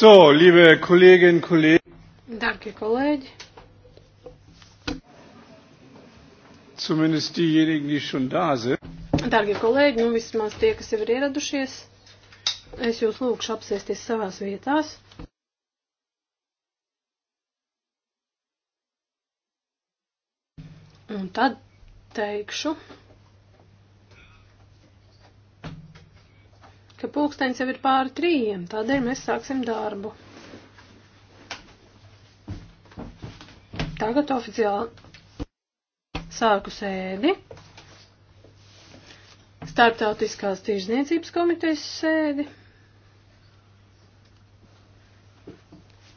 So, liebe Kolleginnen und Kollegen. Danke, kolēģi. Zumindest diejenigen, die schon da sind. Dargie kolēģi, nu vismaz tie, kas jau ir ieradušies, es jūs lūkšu apsēsties savās vietās. Un tad teikšu, ka pulkstenis jau ir pāri trījiem, tādēļ mēs sāksim darbu. Tagad oficiāli sāku sēdi. Startautiskās tirzniecības komitejas sēdi.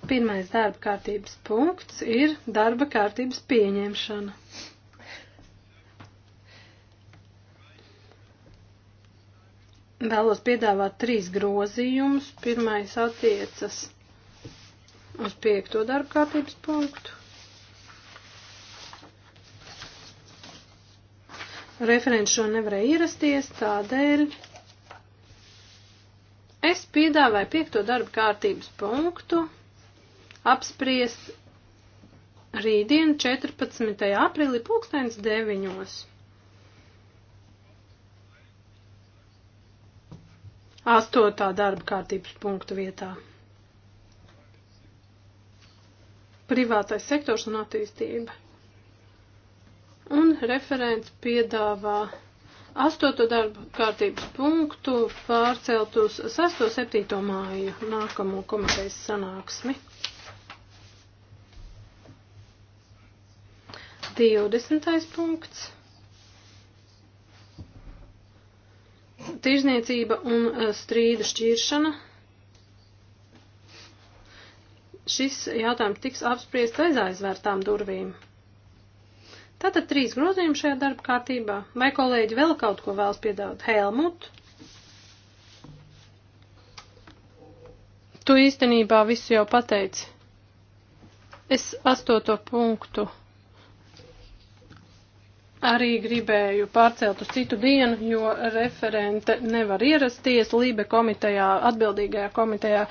Pirmais darba kārtības punkts ir darba kārtības pieņemšana. vēlos piedāvāt trīs grozījumus. Pirmais attiecas uz piekto darba kārtības punktu. Referents šo nevarēja ierasties, tādēļ es piedāvāju piekto darba kārtības punktu apspriest rītdien 14. aprīlī pulkstens 9. astotā darba kārtības punktu vietā. Privātais sektors un attīstība. Un referents piedāvā astoto darba kārtības punktu pārcelt uz 6.7. māju nākamo komitejas sanāksmi. 20. punkts. Tirzniecība un eh, strīdu šķiršana. Šis jautājums tiks apspriests aiz aizvērtām durvīm. Tātad trīs grozījumi šajā darba kārtībā. Vai kolēģi vēl kaut ko vēlas piedāvāt? Helmut? Tu īstenībā visu jau pateici. Es astoto punktu arī gribēju pārcelt uz citu dienu, jo referente nevar ierasties. Lībe komitejā, atbildīgajā komitejā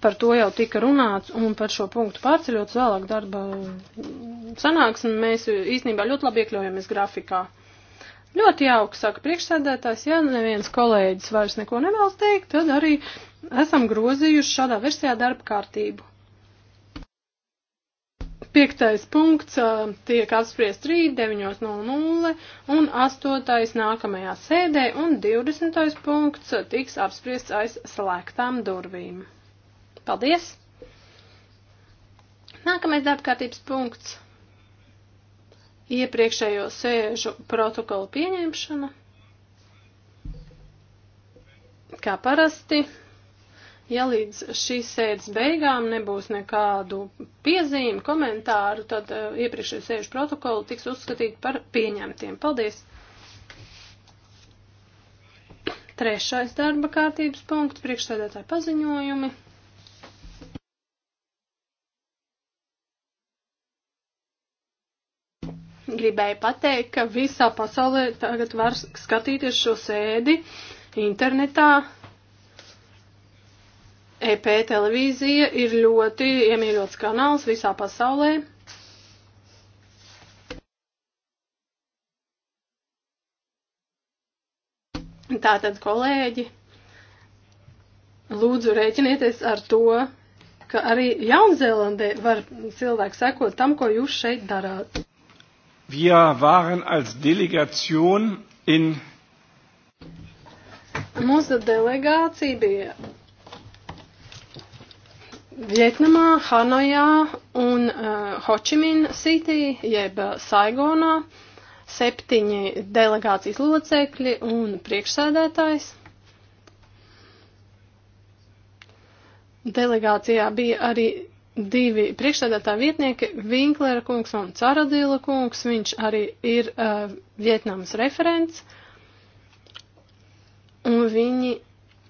par to jau tika runāts un par šo punktu pārceļot vēlāk darba sanāksmi. Mēs īstenībā ļoti labi iekļaujamies grafikā. Ļoti jauki, saka priekšsēdētājs, ja neviens kolēģis vairs neko nevēlas teikt, tad arī esam grozījuši šādā versijā darba kārtību. Piektais punkts tiek apspriest rīt 9.00 un 8. nākamajā sēdē un 20. punkts tiks apspriests aiz slēgtām durvīm. Paldies! Nākamais darbkārtības punkts - iepriekšējo sēžu protokolu pieņemšana. Kā parasti. Ja līdz šīs sēdes beigām nebūs nekādu piezīmu, komentāru, tad uh, eh, iepriekšēju sēžu protokolu tiks uzskatīt par pieņemtiem. Paldies! Trešais darba kārtības punkts - priekšstādātāja paziņojumi. gribēju pateikt, ka visā pasaulē tagad var skatīties šo sēdi internetā. EP televīzija ir ļoti iemīļots kanāls visā pasaulē. Tātad, kolēģi, lūdzu rēķinieties ar to, ka arī Jaunzēlandē var cilvēki sekot tam, ko jūs šeit darāt. Wir waren als Delegation in. Mūsu delegācija bija Vietnamā, Hanojā un uh, Hočimin City, jeb Saigonā, septiņi delegācijas locekļi un priekšsēdētājs. Delegācijā bija arī divi priekšsēdētāji vietnieki, Vinklera kungs un Caradīla kungs, viņš arī ir uh, Vietnamas referents, un viņi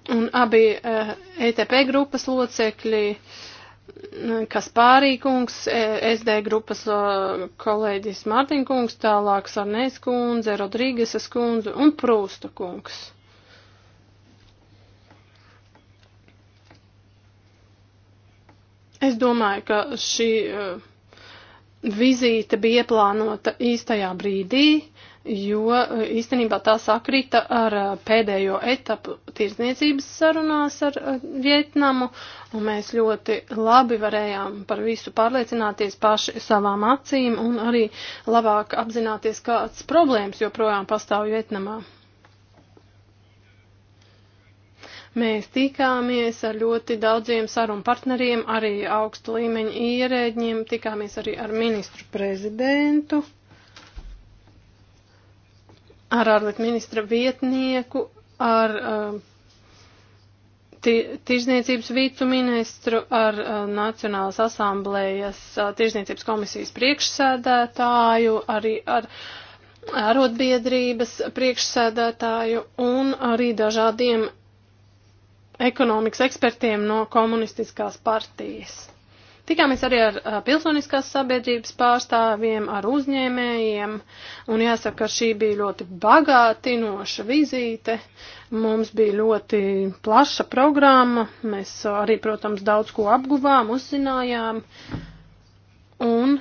Un abi ETP eh, e grupas locekļi, mm, Kaspārī kungs, eh, SD grupas eh, kolēģis Mārtiņ kungs, tālāk Sarnēs kundze, Rodrīgesas kundze un Prūsta kungs. Es domāju, ka šī vizīte bija ieplānota īstajā brīdī. Uh, jo eh, īstenībā tā sakrita ar eh, pēdējo etapu tirzniecības sarunās ar eh, Vietnamu, un mēs ļoti labi varējām par visu pārliecināties paši savām acīm un arī labāk apzināties, kāds problēmas joprojām pastāv Vietnamā. Mēs tikāmies ar ļoti daudziem sarunu partneriem, arī augstu līmeņu ierēģiem, tikāmies arī ar ministru prezidentu ar ārlietu ministra vietnieku, ar um, tirzniecības viceministru, ar um, Nacionālas asamblējas uh, tirzniecības komisijas priekšsēdētāju, arī ar arotbiedrības priekšsēdētāju un arī dažādiem ekonomikas ekspertiem no komunistiskās partijas. Tikāmies arī ar pilsoniskās sabiedrības pārstāvjiem, ar uzņēmējiem, un jāsaka, ka šī bija ļoti bagātinoša vizīte. Mums bija ļoti plaša programma, mēs arī, protams, daudz ko apguvām, uzzinājām, un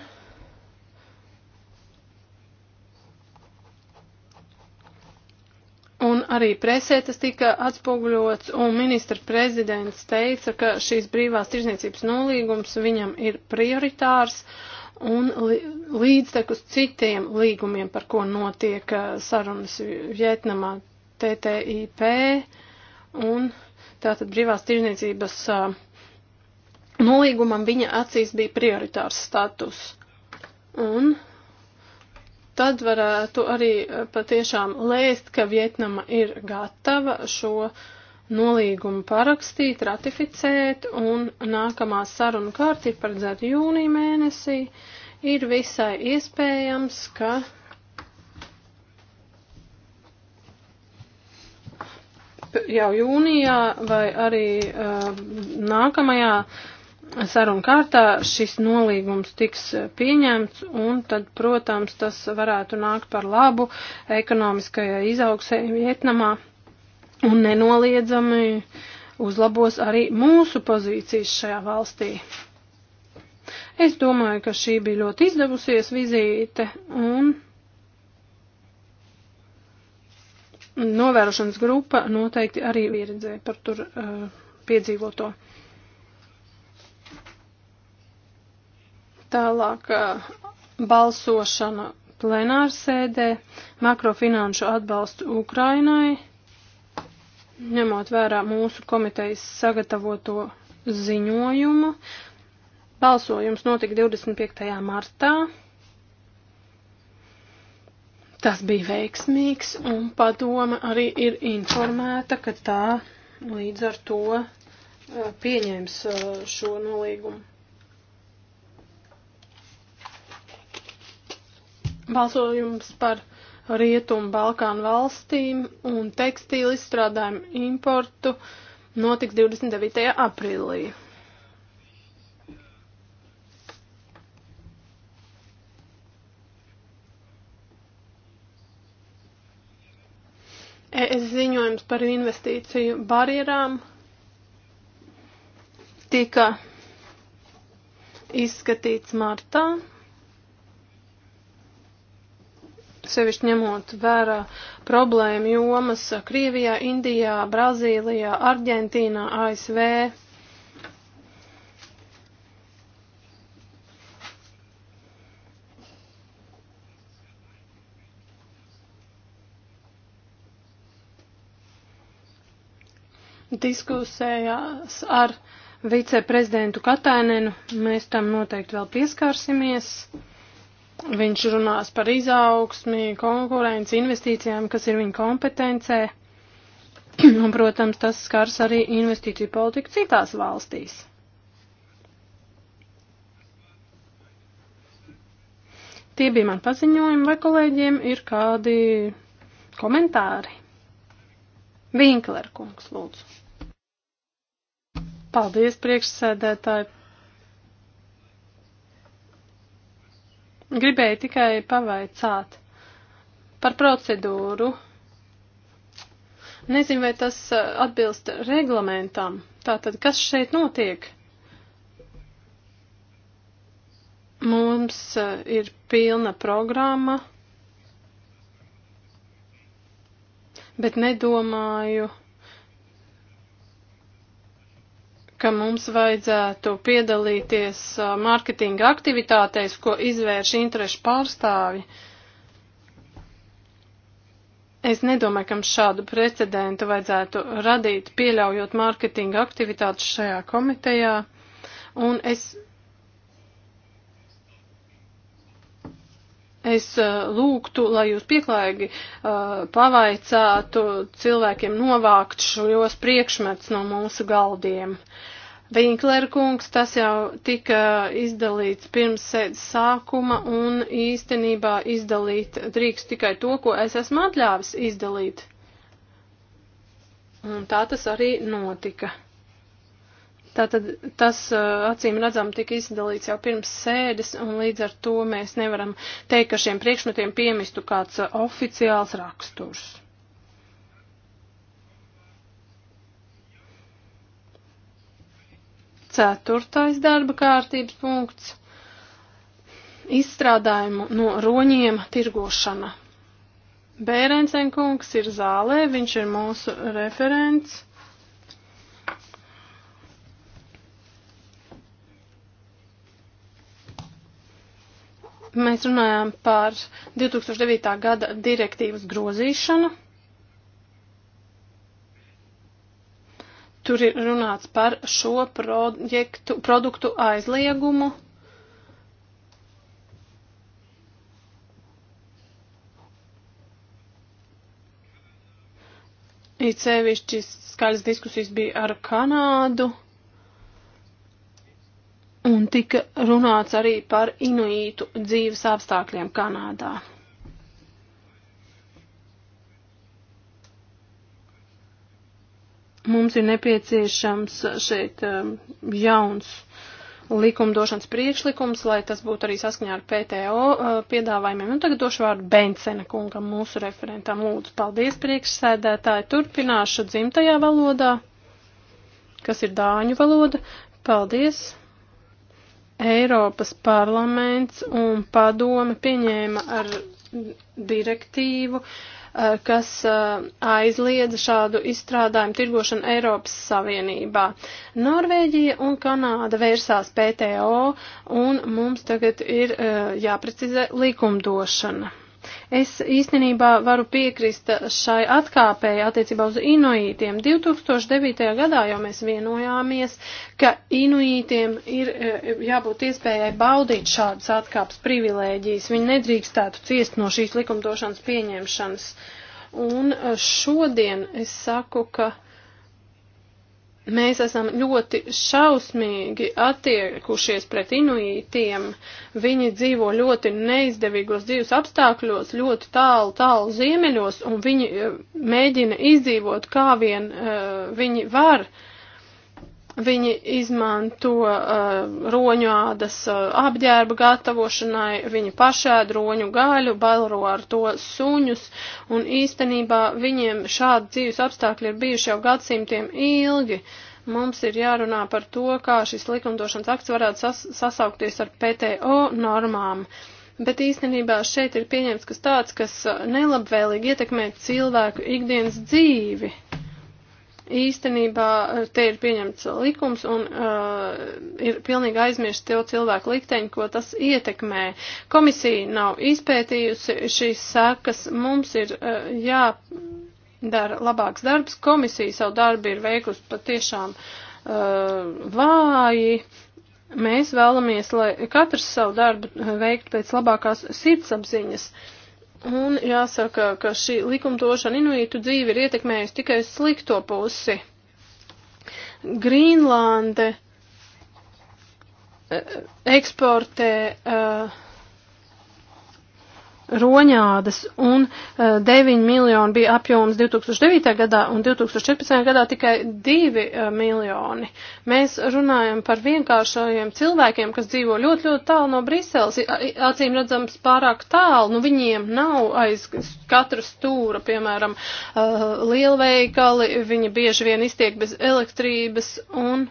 Un arī presē tas tika atspoguļots, un ministra prezidents teica, ka šīs brīvās tirzniecības nolīgums viņam ir prioritārs un līdztekus citiem līgumiem, par ko notiek sarunas Vietnamā TTIP, un tātad brīvās tirzniecības nolīgumam viņa acīs bija prioritārs status. Un tad varētu arī eh, patiešām lēst, ka Vietnama ir gatava šo nolīgumu parakstīt, ratificēt, un nākamā saruna kārta ir paredzēta jūnija mēnesī. Ir visai iespējams, ka jau jūnijā vai arī uh, nākamajā uh, sarunu kārtā šis nolīgums tiks eh, pieņemts, un tad, protams, tas varētu nākt par labu ekonomiskajai izaugsmē Vietnamā un nenoliedzami uzlabos arī mūsu pozīcijas šajā valstī. Es domāju, ka šī bija ļoti izdevusies vizīte un novērošanas grupa noteikti arī virdzē par tur uh, piedzīvoto. Tālāk balsošana plenārsēdē, makrofinanšu atbalsts Ukrainai, ņemot vērā mūsu komitejas sagatavoto ziņojumu. Balsojums notika 25. martā. Tas bija veiksmīgs, un padome arī ir informēta, ka tā līdz ar to pieņems šo nolīgumu. balsojums par Rietumu Balkānu valstīm un tekstīlu izstrādājumu importu notiks 29. aprīlī. ES ziņojums par investīciju barjerām tika izskatīts martā sevišķi ņemot vērā problēmu jomas Krievijā, Indijā, Brazīlijā, Argentīnā, ASV. Diskusējās ar viceprezidentu Katainenu, mēs tam noteikti vēl pieskārsimies. Viņš runās par izaugsmi, konkurenci, investīcijām, kas ir viņa kompetencē. Un, protams, tas skars arī investīciju politiku citās valstīs. Tie bija man paziņojumi, vai kolēģiem ir kādi komentāri? Vinkler kungs, lūdzu. Paldies, priekšsēdētāji, Gribēju tikai pavaicāt par procedūru. Nezinu, vai tas eh, atbilst reglamentam. Tātad, kas šeit notiek? Mums eh, ir pilna programma, bet nedomāju ka mums vajadzētu piedalīties mārketinga aktivitātēs, ko izvērš interešu pārstāvi. Es nedomāju, ka mums šādu precedentu vajadzētu radīt, pieļaujot mārketinga aktivitātes šajā komitejā. Un es, es lūgtu, lai jūs pieklājīgi uh, pavaicātu cilvēkiem novākt šos priekšmets no mūsu galdiem. Uh, Vinklera kungs, tas jau tika izdalīts pirms sēdes sākuma un īstenībā izdalīt drīkst tikai to, ko es esmu atļāvis izdalīt. Un tā tas arī notika. Tātad tas uh, acīm redzam tika izdalīts jau pirms sēdes, un līdz ar to mēs nevaram teikt, ka šiem priekšmetiem piemistu kāds uh, oficiāls raksturs. Ceturtais darba kārtības punkts - izstrādājumu no roņiem tirgošana. Bērensenkungs ir zālē, viņš ir mūsu referents. Mēs runājām par 2009. gada direktīvas grozīšanu. Tur ir runāts par šo projektu, produktu aizliegumu. It sevišķi skaļas diskusijas bija ar Kanādu. Un tika runāts arī par inuītu dzīves apstākļiem Kanādā. Mums ir nepieciešams šeit um, jauns likumdošanas priekšlikums, lai tas būtu arī saskaņā ar PTO uh, piedāvājumiem. Un tagad došu vārdu Bencena kungam, mūsu referentam. Lūdzu, paldies priekšsēdētāji. Turpināšu dzimtajā valodā, kas ir dāņu valoda. Paldies! Eiropas parlaments un padome pieņēma ar direktīvu uh, Eh, kas eh, aizliedza šādu izstrādājumu tirgošanu Eiropas Savienībā. Norvēģija un Kanāda vērsās PTO un mums tagad ir eh, jāprecizē likumdošana. Es īstenībā varu piekrist šai atkāpēji attiecībā uz inuītiem. 2009. gadā jau mēs vienojāmies, ka inuītiem ir e, jābūt iespējai baudīt šādas atkāpes privilēģijas. Viņi nedrīkstētu ciest no šīs likumdošanas pieņemšanas. Un e, šodien es saku, ka. Uh, Mēs esam ļoti šausmīgi attiekušies pret inuītiem. Viņi dzīvo ļoti neizdevīgos dzīves apstākļos, ļoti tālu, tālu ziemeļos, un viņi eh, mēģina izdzīvot, kā vien uh, viņi var. Uh, Viņi izmanto uh, roņādas uh, apģērba gatavošanai, viņi pašēd roņu gaļu, bailo ar to suņus, un īstenībā viņiem šādi dzīves apstākļi ir bijuši jau gadsimtiem ilgi. Mums ir jārunā par to, kā šis likumdošanas akts varētu sas sasaukties ar PTO normām. Bet īstenībā šeit ir pieņemts kas tāds, kas nelabvēlīgi ietekmē cilvēku ikdienas dzīvi. Uh, īstenībā eh, te ir pieņemts likums un uh, ir pilnīgi aizmirst to cilvēku likteņu, ko tas ietekmē. Komisija nav izpētījusi šīs sekas, mums ir uh, jādara labāks darbs, komisija savu darbu ir veikusi patiešām uh, vāji. Mēs vēlamies, lai katrs savu darbu veikt pēc labākās sirdsapziņas. Uh, Un jāsaka, ka šī likumdošana inuītu dzīve ir ietekmējusi tikai slikto pusi. Grīnlande eh, eh, eksportē uh, roņādas un 9 eh, miljoni bija apjoms 2009. gadā un 2014. gadā tikai 2 eh, miljoni. Mēs runājam par vienkāršajiem cilvēkiem, kas dzīvo ļoti, ļoti tālu no Briseles, acīm redzams pārāk tālu, nu viņiem nav aiz katra stūra, piemēram, eh, lielveikali, viņi bieži vien iztiek bez elektrības un.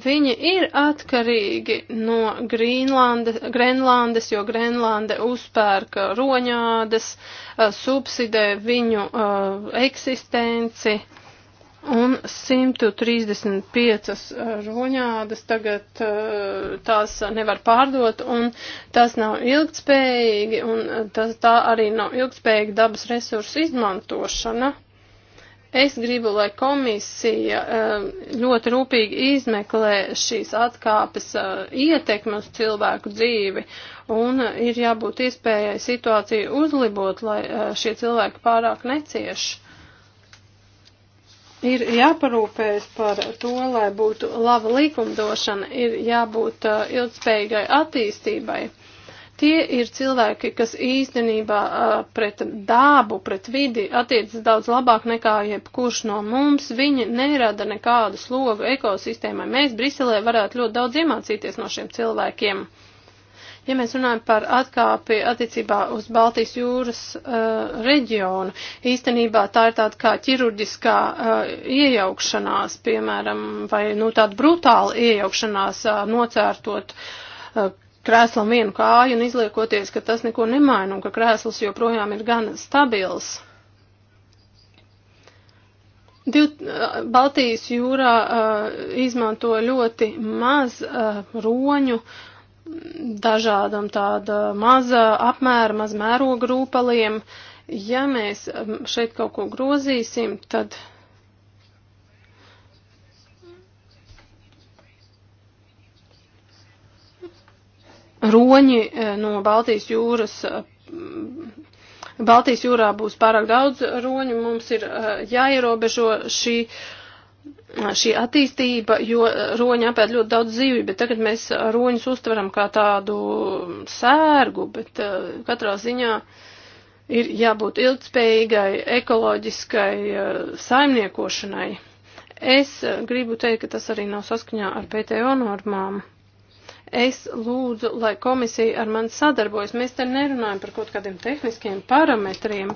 Viņi ir atkarīgi no Grenlandes, jo Grenlande uzpērka roņādas, eh, subsidē viņu uh, eksistenci, un 135 eh, roņādas tagad uh, tās nevar pārdot, un tas nav ilgtspējīgi, un tas, tā arī nav ilgtspējīga dabas resursu izmantošana. Es gribu, lai komisija um, ļoti rūpīgi izmeklē šīs atkāpes uh, ietekmi uz cilvēku dzīvi un uh, ir jābūt iespējai situāciju uzlibot, lai uh, šie cilvēki pārāk necieši. Ir jāparūpējas par to, lai būtu laba likumdošana, ir jābūt ilgspējīgai attīstībai Tie ir cilvēki, kas īstenībā pret dābu, pret vidi attiecas daudz labāk nekā jebkurš no mums. Viņi nerada nekādu slogu ekosistēmai. Mēs Briselē varētu ļoti daudz iemācīties no šiem cilvēkiem. Ja mēs runājam par atkāpi attiecībā uz Baltijas jūras uh, reģionu, īstenībā tā ir tāda kā ķirurģiskā uh, iejaukšanās, piemēram, vai nu tāda brutāla iejaukšanās uh, nocērtot uh, krēslam vienu kāju un izliekoties, ka tas neko nemaina un ka krēsls joprojām ir gan stabils. Div, eh, Baltijas jūrā uh, izmanto ļoti maz uh, roņu, dažādam tāda maza apmēra, maz mēroga rūpaliem. Ja mēs šeit kaut ko grozīsim, tad roņi eh, no Baltijas jūras. Eh, Baltijas jūrā būs pārāk daudz roņu, mums ir eh, jāierobežo šī, šī attīstība, jo roņi apēd ļoti daudz zīvju, bet tagad mēs roņus uztveram kā tādu sērgu, bet katrā ziņā ir jābūt ilgspējīgai, ekoloģiskai saimniekošanai. Es gribu teikt, ka tas arī nav saskaņā ar PTO normām. Es lūdzu, lai komisija ar mani sadarbojas. Mēs te nerunājam par kaut kādiem tehniskiem parametriem.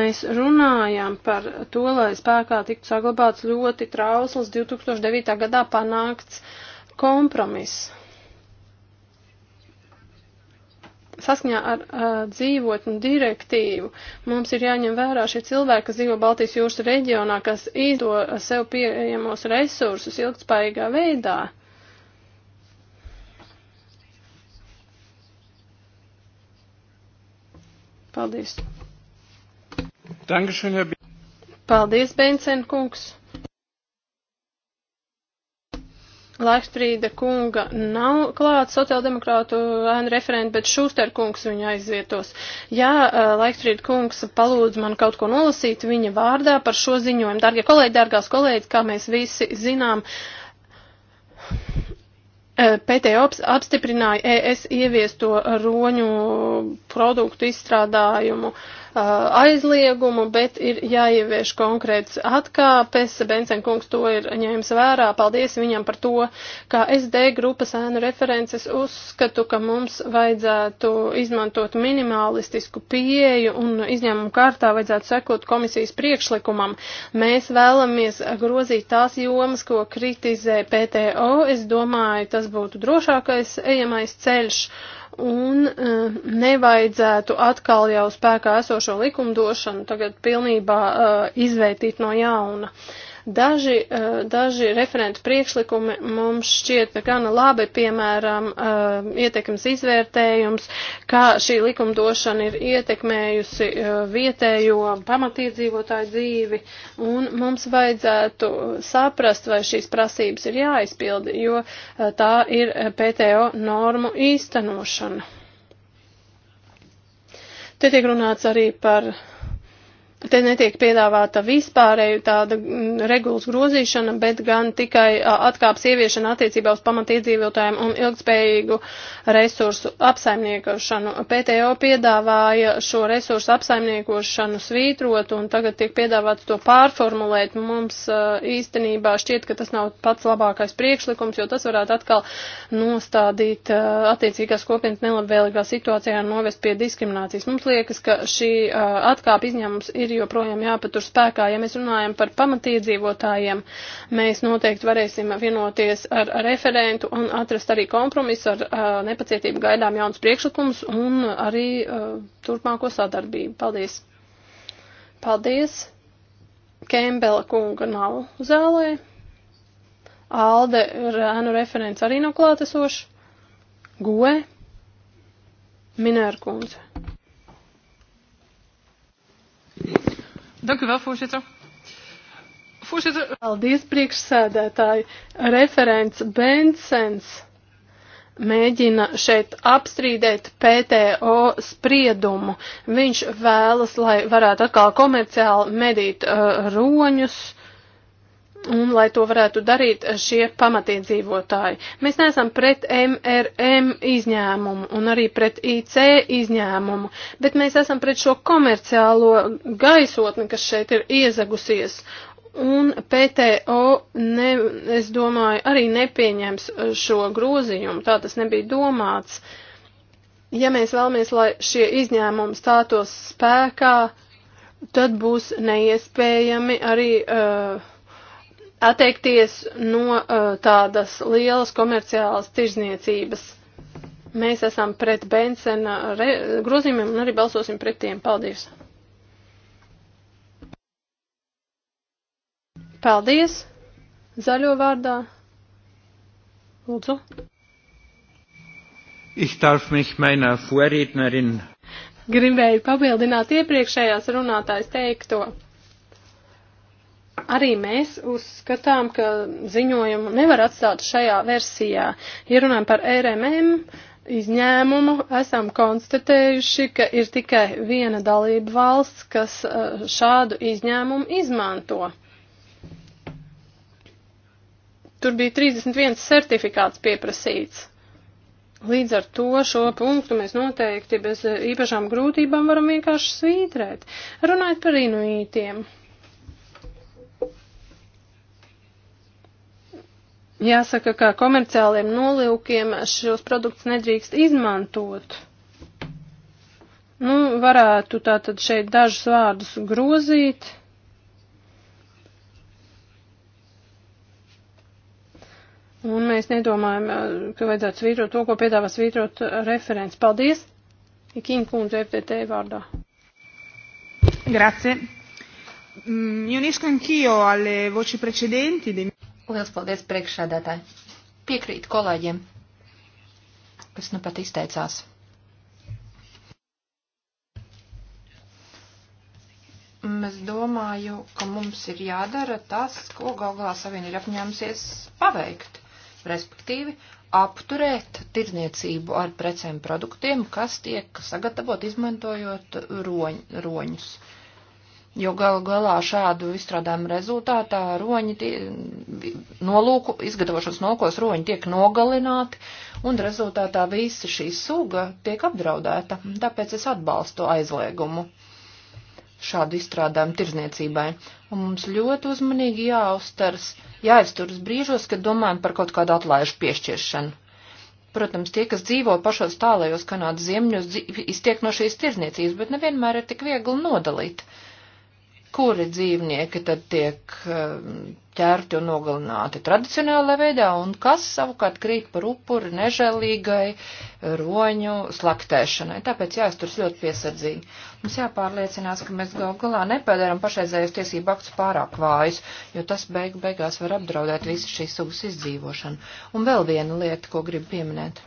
Mēs runājam par to, lai spēkā tiktu saglabāts ļoti trausls 2009. gadā panākts kompromiss. Saskaņā ar uh, dzīvotņu direktīvu mums ir jāņem vērā šie cilvēki, kas dzīvo Baltijas jūras reģionā, kas izdo sev pieejamos resursus ilgtspējīgā veidā. Paldies. Dankeschön, Herr Paldies, Bencen kungs. Laiksprīda kunga nav klāt sociāldemokrātu ēnu referenti, bet Šūster kungs viņu aizvietos. Jā, Laiksprīda kungs palūdz man kaut ko nolasīt viņa vārdā par šo ziņojumu. Dargie kolēģi, dargās kolēģi, kā mēs visi zinām, PTO apstiprināja ES ieviesto roņu produktu izstrādājumu uh, Uh, aizliegumu, bet ir jāievieš konkrēts atkāpes. Bensen kungs to ir ņēmis vērā. Paldies viņam par to, kā SD grupas ēnu references uzskatu, ka mums vajadzētu izmantot minimalistisku pieeju un izņēmumu kārtā vajadzētu sekot komisijas priekšlikumam. Mēs vēlamies grozīt tās jomas, ko kritizē PTO. Es domāju, tas būtu drošākais ejamais ceļš. Uh, un uh, nevajadzētu atkal jau spēkā esošo likumdošanu tagad pilnībā uh, izvērtīt no jauna. Uh, Daži, eh, daži referentu priekšlikumi mums šķiet gana labi, piemēram, eh, ietekmes izvērtējums, kā šī likumdošana ir ietekmējusi eh, vietējo pamatīdzīvotāju dzīvi, un mums vajadzētu saprast, vai šīs prasības ir jāizpilda, jo tā ir PTO normu īstenošana. Te tiek runāts arī par Te netiek piedāvāta vispārēju tāda mm, regulas grozīšana, bet gan tikai atkāps ieviešana attiecībā uz pamatiedzīvotājiem un ilgspējīgu resursu apsaimniekošanu. PTO piedāvāja šo resursu apsaimniekošanu svītrot un tagad tiek piedāvāts to pārformulēt. Mums īstenībā šķiet, ka tas nav pats labākais priekšlikums, jo tas varētu atkal nostādīt attiecīgās kopienas nelabvēlīgā situācijā un novest pie diskriminācijas. Mums liekas, ka šī atkāpa izņēmums ir ir joprojām jāpatur spēkā. Ja mēs runājam par pamatīdzīvotājiem, mēs noteikti varēsim vienoties ar referentu un atrast arī kompromisu ar uh, nepacietību gaidām jauns priekšlikums un arī uh, turpmāko sadarbību. Paldies! Paldies! Kembela kunga nav zālē. Alde ēnu referents arī nav klātesošs. Goe. Minēra kundze. Dank u wel, voorzitter. Voorzitter. Eh, Paldies, priekšsēdētāji. Referents Bensens mēģina šeit apstrīdēt PTO spriedumu. Viņš vēlas, lai varētu atkal komerciāli medīt uh, roņus Un, lai to varētu darīt šie pamatiedzīvotāji. Mēs neesam pret MRM izņēmumu un arī pret IC izņēmumu, bet mēs esam pret šo komerciālo gaisotni, kas šeit ir iezagusies. Un PTO, ne, es domāju, arī nepieņems šo grozījumu, tā tas nebija domāts. Ja mēs vēlamies, lai šie izņēmumi stātos spēkā, tad būs neiespējami arī. Uh, atteikties no uh, tādas lielas komerciālas tirzniecības. Mēs esam pret Bensena grozījumiem un arī balsosim pret tiem. Paldies! Paldies! Zaļo vārdā. Lūdzu. Ich darf mich meiner Vorrednerin. Gribēju papildināt iepriekšējās runātājs teikto arī mēs uzskatām, ka ziņojumu nevar atstāt šajā versijā. Ja runājam par RMM izņēmumu, esam konstatējuši, ka ir tikai viena dalība valsts, kas eh, šādu izņēmumu izmanto. Tur bija 31 certifikāts pieprasīts. Līdz ar to šo punktu mēs noteikti bez eh, īpašām grūtībām varam vienkārši svītrēt. Runājot par inuītiem. No jāsaka, ka komerciāliem nolūkiem šos produktus nedrīkst izmantot. Nu, varētu tātad šeit dažus vārdus grozīt. Un mēs nedomājam, eh, ka vajadzētu svītrot to, ko piedāvā svītrot eh, referents. Paldies! Ikīna kundze FTT vārdā. Grazie. Mi mm, unisco anch'io alle voci precedenti. Dei... Liels paldies priekšsēdētāji. Piekrīt kolēģiem, kas nu pat izteicās. Es domāju, ka mums ir jādara tas, ko galvā savien ir apņēmusies paveikt, respektīvi apturēt tirniecību ar precēm produktiem, kas tiek sagatavot izmantojot roņ, roņus. Uh, Jo galu galā šādu izstrādājumu rezultātā roņi tie, nolūku, izgatavošanas nolūkos roņi tiek nogalināti, un rezultātā visa šī suga tiek apdraudēta. Tāpēc es atbalstu aizliegumu šādu izstrādājumu tirzniecībai. Un mums ļoti uzmanīgi jāuztars, jāizturas brīžos, kad domājam par kaut kādu atlaižu piešķiršanu. Protams, tie, kas dzīvo pašos tālajos Kanādas ziemļos, iztiek no šīs tirzniecības, bet nevienmēr ir tik viegli nodalīt. Uh, kuri dzīvnieki tad tiek um, ķerti un nogalināti tradicionālā veidā, un kas savukārt krīt par upuri nežēlīgai roņu slaktēšanai. Tāpēc jāizturas ļoti piesardzīgi. Mums jāpārliecinās, ka mēs gal galā nepēdējam pašreizējos tiesību aktus pārāk vājus, jo tas beigu beigās var apdraudēt visu šīs sugas izdzīvošanu. Un vēl viena lieta, ko gribu pieminēt.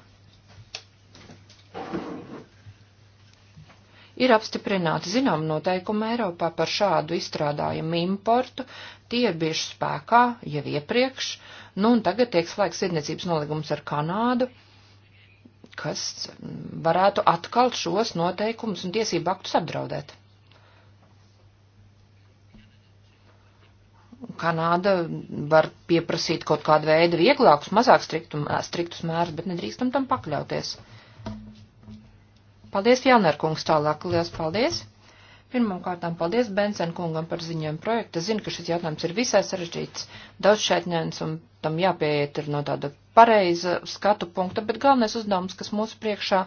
Ir apstiprināti zinām noteikumi Eiropā par šādu izstrādājumu importu, tie ir bijuši spēkā jau iepriekš, nu un tagad tiek slēgts sirdniecības nolīgums ar Kanādu, kas mm, varētu atkal šos noteikumus un tiesību aktus apdraudēt. Kanāda var pieprasīt kaut kādu veidu vieglākus, mazāk striktum, striktus mērus, bet nedrīkstam tam pakļauties. Paldies, Jānērkungs, tālāk. Lielas paldies! Pirmām kārtām paldies Bensen kungam par ziņojumu projektu. Es zinu, ka šis jautājums ir visai sarežģīts, daudz šaitņēns un tam jāpieiet ir no tāda pareiza skatu punkta, bet galvenais uzdevums, kas mūsu priekšā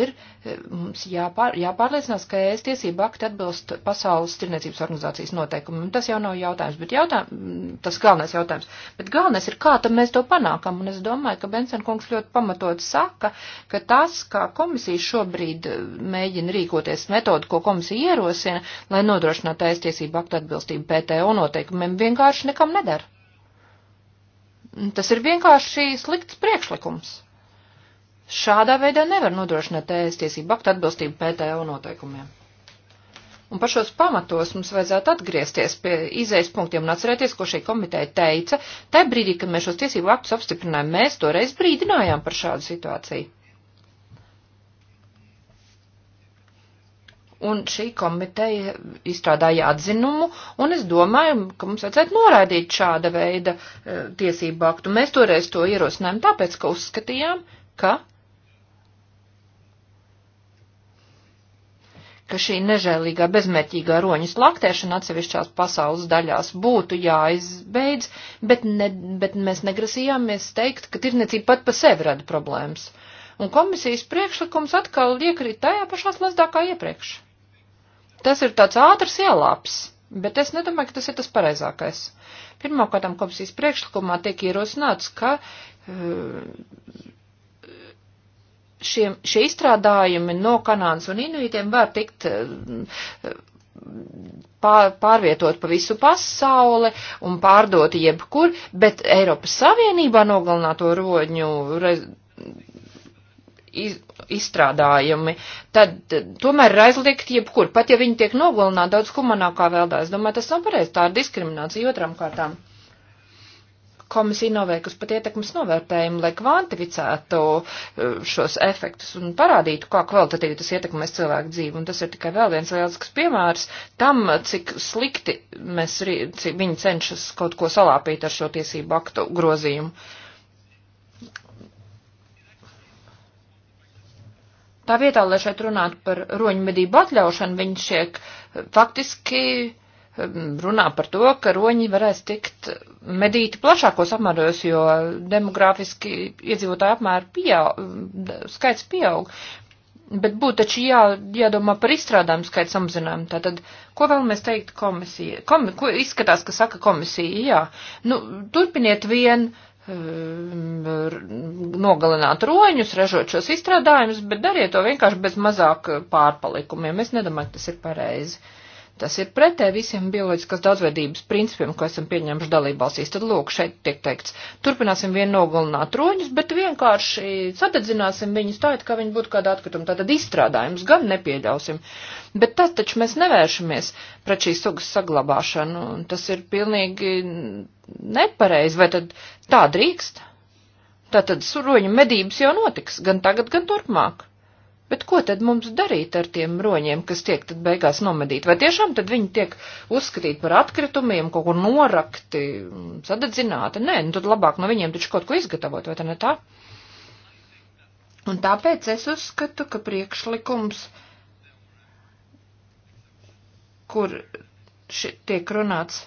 ir, e, mums jāpār, jāpārliecinās, ka ES tiesība akti atbilst Pasaules tirniecības organizācijas noteikumiem. Tas jau nav jautājums, bet jautājums, tas galvenais jautājums. Bet galvenais ir, kā tad mēs to panākam, un es domāju, ka Bensen kungs ļoti pamatot saka, ka tas, kā komisija šobrīd e, mēģina rīkoties metodu, ko komisija ierosina, lai nodrošinātu ES tiesību aktu atbilstību PTO noteikumiem, vienkārši nekam nedara. Tas ir vienkārši slikts priekšlikums. Šādā veidā nevar nodrošināt ES tiesību aktu atbilstību PTO noteikumiem. Un par šos pamatos mums vajadzētu atgriezties pie izējas punktiem un atcerēties, ko šī komiteja teica. Tā brīdī, kad mēs šos tiesību aktus apstiprinājām, mēs toreiz brīdinājām par šādu situāciju. un šī komiteja izstrādāja atzinumu, un es domāju, ka mums vajadzētu noraidīt šāda veida e, tiesību aktu. Mēs toreiz to ierosinājām tāpēc, ka uzskatījām, ka, ka šī nežēlīgā bezmērķīgā roņas laktēšana atsevišķās pasaules daļās būtu jāizbeidz, bet, ne, bet mēs negrasījāmies teikt, ka tirniecība pat pa sevi rada problēmas. Un komisijas priekšlikums atkal iekrīt tajā pašā slazdā kā iepriekš. Tas ir tāds ātrs ielāps, bet es nedomāju, ka tas ir tas pareizākais. Pirmkārt, komisijas priekšlikumā tiek ierosināts, ka eh, šie, šie izstrādājumi no Kanādas un Inuitiem var tikt eh, pārvietot pa visu pasauli un pārdot jebkur, bet Eiropas Savienībā nogalināto roņu iz, izstrādājumi, tad tomēr ir aizliegt jebkur, pat ja viņi tiek nogalināti daudz humanākā veldā. Es domāju, tas nav pareizi, tā ir diskriminācija otram kārtām. Komisija noveikusi pat ietekmes novērtējumu, lai kvantificētu e, šos efektus un parādītu, kā kvalitatīvi tas ietekmēs cilvēku dzīvi. Un tas ir tikai vēl viens lielisks piemērs tam, cik slikti mēs, cik viņi cenšas kaut ko salāpīt ar šo tiesību aktu grozījumu. Tā vietā, lai šeit runātu par roņmedību atļaušanu, viņi šiek faktiski um, runā par to, ka roņi varēs tikt medīti plašākos apmēros, jo demografiski iedzīvotāju apmēru pieaug, skaits pieaug. Bet būtu taču jā, jādomā par izstrādājumu skaitu samazinājumu. Tātad, ko vēlamies teikt komisija? Kom, ko izskatās, ka saka komisija? Jā, nu, turpiniet vien uh, Ehm, nogalināt roņus, ražot šos izstrādājumus, bet dariet to vienkārši bez mazāk pārpalikumiem. Es nedomāju, ka tas ir pareizi. Uh, Tas ir pretēji visiem bioloģiskās daudzveidības principiem, ko esam pieņēmuši dalībvalstīs. Tad lūk, šeit tiek teikts, turpināsim vien nogalināt roņus, bet vienkārši sadedzināsim viņus tā, it kā viņi būtu kāda atkrituma. Tātad izstrādājums gan nepieļausim. Bet tas taču mēs nevēršamies pret šīs sugas saglabāšanu, un tas ir pilnīgi nepareizi. Vai tad tā drīkst? Tātad suroņu medības jau notiks, gan tagad, gan turpmāk. Bet ko tad mums darīt ar tiem roņiem, kas tiek tad beigās nomedīti? Vai tiešām tad viņi tiek uzskatīti par atkritumiem, kaut kur norakti, sadedzināti? Nē, nu tad labāk no viņiem taču kaut ko izgatavot, vai tā ne tā? Un tāpēc es uzskatu, ka priekšlikums, kur tiek runāts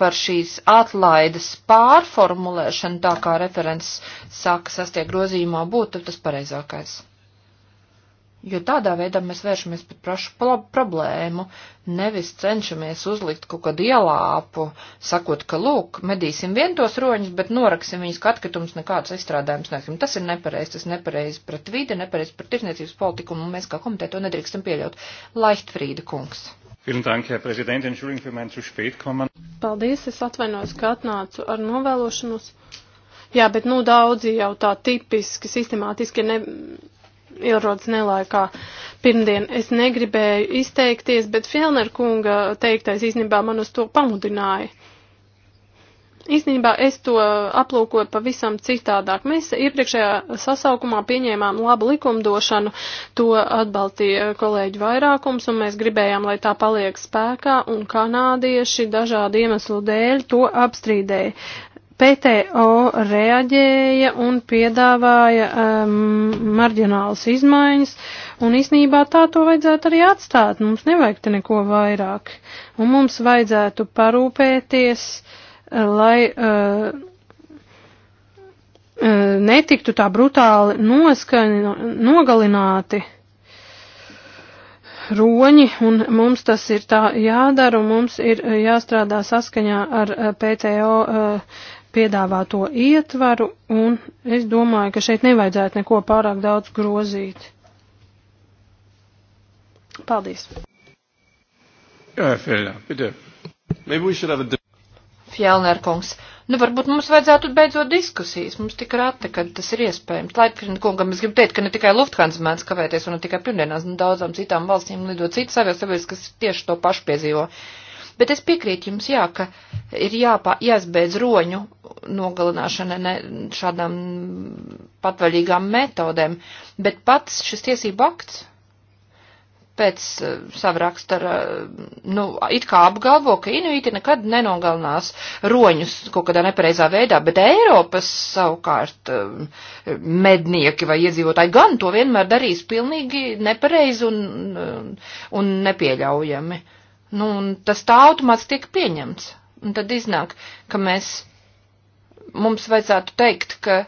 par šīs atlaides pārformulēšanu, tā kā referents saka sastie grozījumā, būtu tas pareizākais. Jo tādā veidā mēs vēršamies pret prašu problēmu, nevis cenšamies uzlikt kaut kādu ielāpu, sakot, ka lūk, medīsim vien tos roņus, bet noraksim viņus, ka atkritums nekāds izstrādājums nesim. Tas ir nepareizi, tas nepareizi pret vīdi, nepareizi pret tirsniecības politiku, un mēs kā komitē to nedrīkstam pieļaut. Laihtfrīda kungs. Paldies, es atvainojos, ka atnācu ar novēlošanos. Jā, bet nu daudzi jau tā tipiski, sistemātiski ne, ierodas nelaikā. Pirmdien es negribēju izteikties, bet Fjellner kunga teiktais īstenībā man uz to pamudināja. Īsnībā es to aplūkoju pavisam citādāk. Mēs iepriekšējā sasaukumā pieņēmām labu likumdošanu, to atbalstīja kolēģi vairākums, un mēs gribējām, lai tā paliek spēkā, un kanādieši dažādu iemeslu dēļ to apstrīdēja. PTO reaģēja un piedāvāja um, marģinālas izmaiņas, un īsnībā tā to vajadzētu arī atstāt. Mums nevajag te neko vairāk, un mums vajadzētu parūpēties lai uh, netiktu tā brutāli noskaņi, nogalināti roņi, un mums tas ir tā jādara, un mums ir jāstrādā saskaņā ar eh, PTO uh, piedāvāto ietvaru, un es domāju, ka šeit nevajadzētu neko pārāk daudz grozīt. Paldies. Jā, Fēļā, bitte. Maybe we should have a Fjellnerkungs. Nu, varbūt mums vajadzētu beidzot diskusijas. Mums tik rata, ka tas ir iespējams. Laitkrina kungam es gribu teikt, ka ne tikai Lufthansa mēdz kavēties un ne tikai pirmdienās, nu daudzām citām valstīm lido citas aviosabiedrības, kas tieši to pašu piezīvo. Bet es piekrītu jums, jā, ka ir jāpā, jāsbeidz roņu nogalināšana ne, šādām patvaļīgām metodēm, bet pats šis tiesību akts pēc uh, sava rakstura, uh, nu, it kā apgalvo, ka inuiti nekad nenogalinās roņus kaut kādā nepareizā veidā, bet Eiropas savukārt uh, mednieki vai iedzīvotāji gan to vienmēr darīs pilnīgi nepareizi un, un nepieļaujami. Nu, un tas tā automāts tiek pieņemts. Un tad iznāk, ka mēs, mums vajadzētu teikt, ka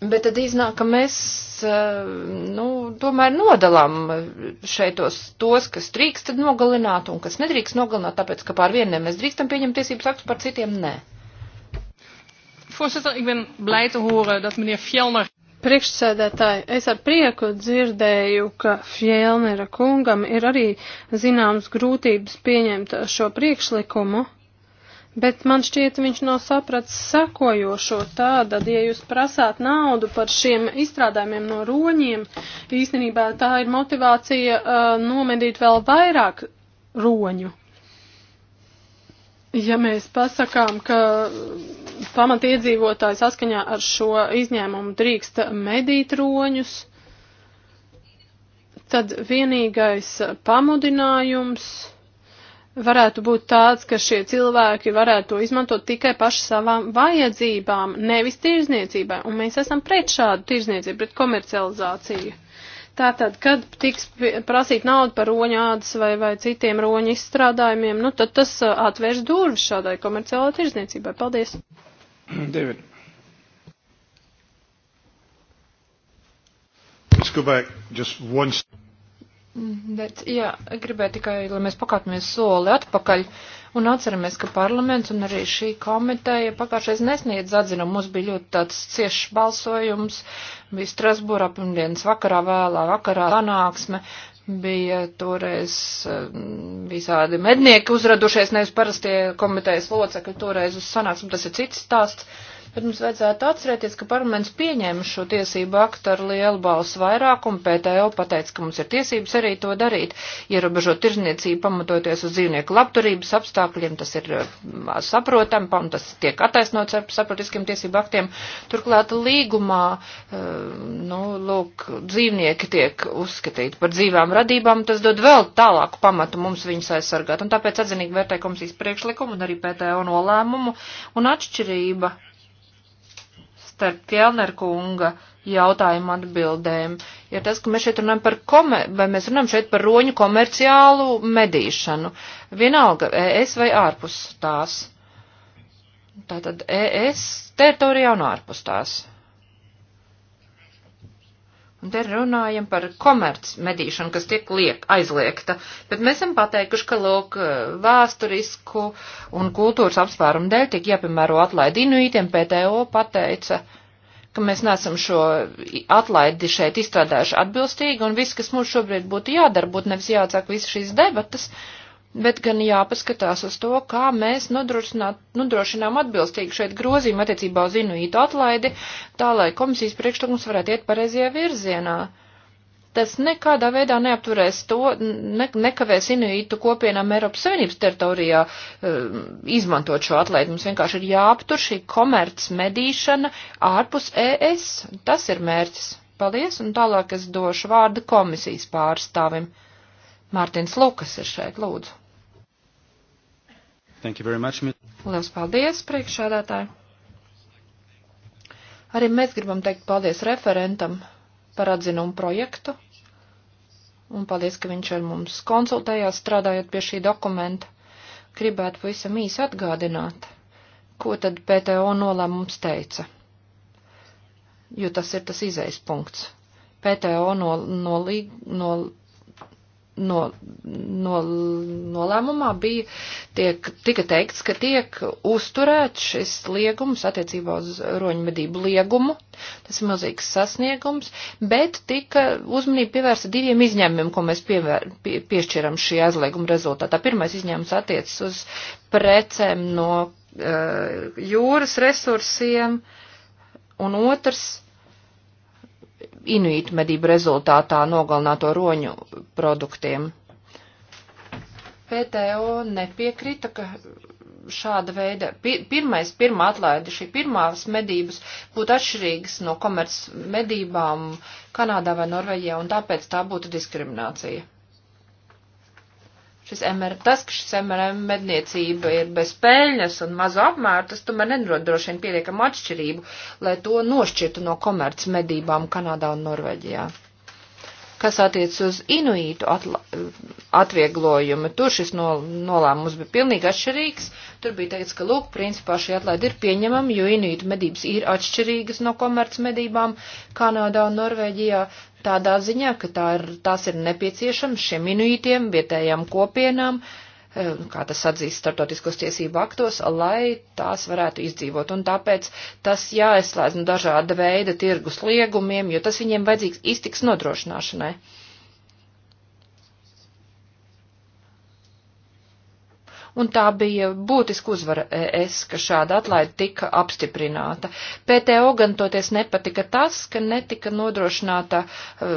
Bet tad iznāk, ka mēs, eh, nu, tomēr nodalām eh, šeit tos, tos, kas drīkst nogalināt un kas nedrīkst nogalināt, tāpēc, ka pār vieniem mēs drīkstam pieņemt tiesības aktus, par citiem nē. Voorzitter, ik ben blij te horen dat meneer Fjellner. Priekšsēdētāji, es ar prieku dzirdēju, ka Fjellnera kungam ir arī zināmas grūtības pieņemt šo priekšlikumu. Bet man šķiet, viņš nav sapratis sekojošo tādu, ja jūs prasāt naudu par šiem izstrādājumiem no roņiem, īstenībā tā ir motivācija uh, nomedīt vēl vairāk roņu. Ja mēs pasakām, ka pamatiedzīvotāji saskaņā ar šo izņēmumu drīkst medīt roņus, tad vienīgais pamudinājums varētu būt tāds, ka šie cilvēki varētu to izmantot tikai paši savām vajadzībām, nevis tirzniecībai, un mēs esam pret šādu tirzniecību, pret komercializāciju. Tātad, kad tiks prasīt naudu par roņu ādas vai, vai citiem roņu izstrādājumiem, nu tad tas uh, atvērs durvis šādai komerciālai tirzniecībai. Paldies! David. Let's go back just once. Mm, bet, jā, gribēju tikai, lai mēs pakāpjamies soli atpakaļ un atceramies, ka parlaments un arī šī komiteja pagājušais nesniedz atzinumu. Mums bija ļoti tāds ciešs balsojums, bija Strasbūrā pirmdienas vakarā vēlā vakarā sanāksme, bija toreiz eh, visādi mednieki uzradušies, nevis parastie komitejas locekļi toreiz uz sanāksmi, tas ir cits stāsts. Bet mums vajadzētu atcerēties, ka parlaments pieņēma šo tiesību aktu ar lielu balsu vairākumu. PTO pateica, ka mums ir tiesības arī to darīt. Ierobežot tirzniecību pamatoties uz dzīvnieku labturības apstākļiem, tas ir saprotami, un tas tiek attaisnots ar saprotiskiem tiesību aktiem. Turklāt līgumā, nu, lūk, dzīvnieki tiek uzskatīti par dzīvām radībām, tas dod vēl tālāku pamatu mums viņus aizsargāt. Un tāpēc atzinīgi vērtē komisijas priekšlikumu un arī PTO nolēmumu un atšķirība starp Fjellner kunga jautājumu atbildēm, ir tas, ka mēs šeit runājam par, komer, vai mēs runājam šeit par roņu komerciālu medīšanu. Vienalga, ES vai ārpus tās. Tātad ES teritorijā un ārpus tās. Un te runājam par komerc medīšanu, kas tiek liek, aizliegta. Bet mēs esam pateikuši, ka, lūk, vēsturisku un kultūras apsvērumu dēļ tiek jāpiemēro atlaidi inuitiem. PTO pateica, ka mēs nesam šo atlaidi šeit izstrādājuši atbilstīgi, un viss, kas mums šobrīd būtu jādara, būtu nevis jāatsāk visas šīs debatas, uh, bet gan jāpaskatās uz to, kā mēs nodrošinām atbilstīgu šeit grozījumu attiecībā uz inuītu atlaidi, tā lai komisijas priekšlikums varētu iet pareizajā virzienā. Tas nekādā veidā neapturēs to, ne, nekavēs inuītu kopienām Eiropas Savienības teritorijā e, izmantot šo atlaidi. Mums vienkārši ir jāaptur šī komerc medīšana ārpus ES. Tas ir mērķis. Paldies, un tālāk es došu vārdu komisijas pārstāvim. Mārtiņš Lukas ir šeit, lūdzu. Lielas paldies, priekšādātāji! Arī mēs gribam teikt paldies referentam par atzinumu projektu, un paldies, ka viņš ar mums konsultējās strādājot pie šī dokumenta. Gribētu pavisam īsi atgādināt, ko tad PTO nolēmums teica, jo tas ir tas izejas punkts. PTO no, no, no no, no, nolēmumā bija tiek, tika teikts, ka tiek uzturēts šis liegums attiecībā uz roņmedību liegumu. Tas ir milzīgs sasniegums, bet tika uzmanība pievērsta diviem izņēmumiem, ko mēs pievēr, pie, piešķiram šī aizlieguma rezultātā. Pirmais izņēmums attiecas uz precēm no uh, jūras resursiem, un otrs inuitu medību rezultātā nogalināto roņu produktiem. PTO nepiekrita, ka šāda veida, pirmais, pirmā atlaide, šī pirmās medības būtu atšķirīgas no komerc medībām Kanādā vai Norvēģijā, un tāpēc tā būtu diskriminācija šis MR, tas, ka šis MRM medniecība ir bez peļņas un maza apmēra, tas tomēr nenodrošina pietiekamu atšķirību, lai to nošķirtu no komerc medībām Kanādā un Norvēģijā. Kas attiec uz inuītu atla, atvieglojumu, tur šis no, nolēmums bija pilnīgi atšķirīgs. Tur bija teikts, ka, lūk, principā šī atlaida ir pieņemama, jo inuītu medības ir atšķirīgas no komerc medībām Kanādā un Norvēģijā tādā ziņā, ka tā ir, tās ir nepieciešams šiem inuitiem, vietējām kopienām, eh, kā tas atzīst startotiskos tiesību aktos, lai tās varētu izdzīvot. Un tāpēc tas jāieslēdz no dažāda veida tirgus liegumiem, jo tas viņiem vajadzīgs iztiks nodrošināšanai. un tā bija būtiska uzvara es, ka šāda atlaida tika apstiprināta. PTO gan toties nepatika tas, ka netika nodrošināta eh,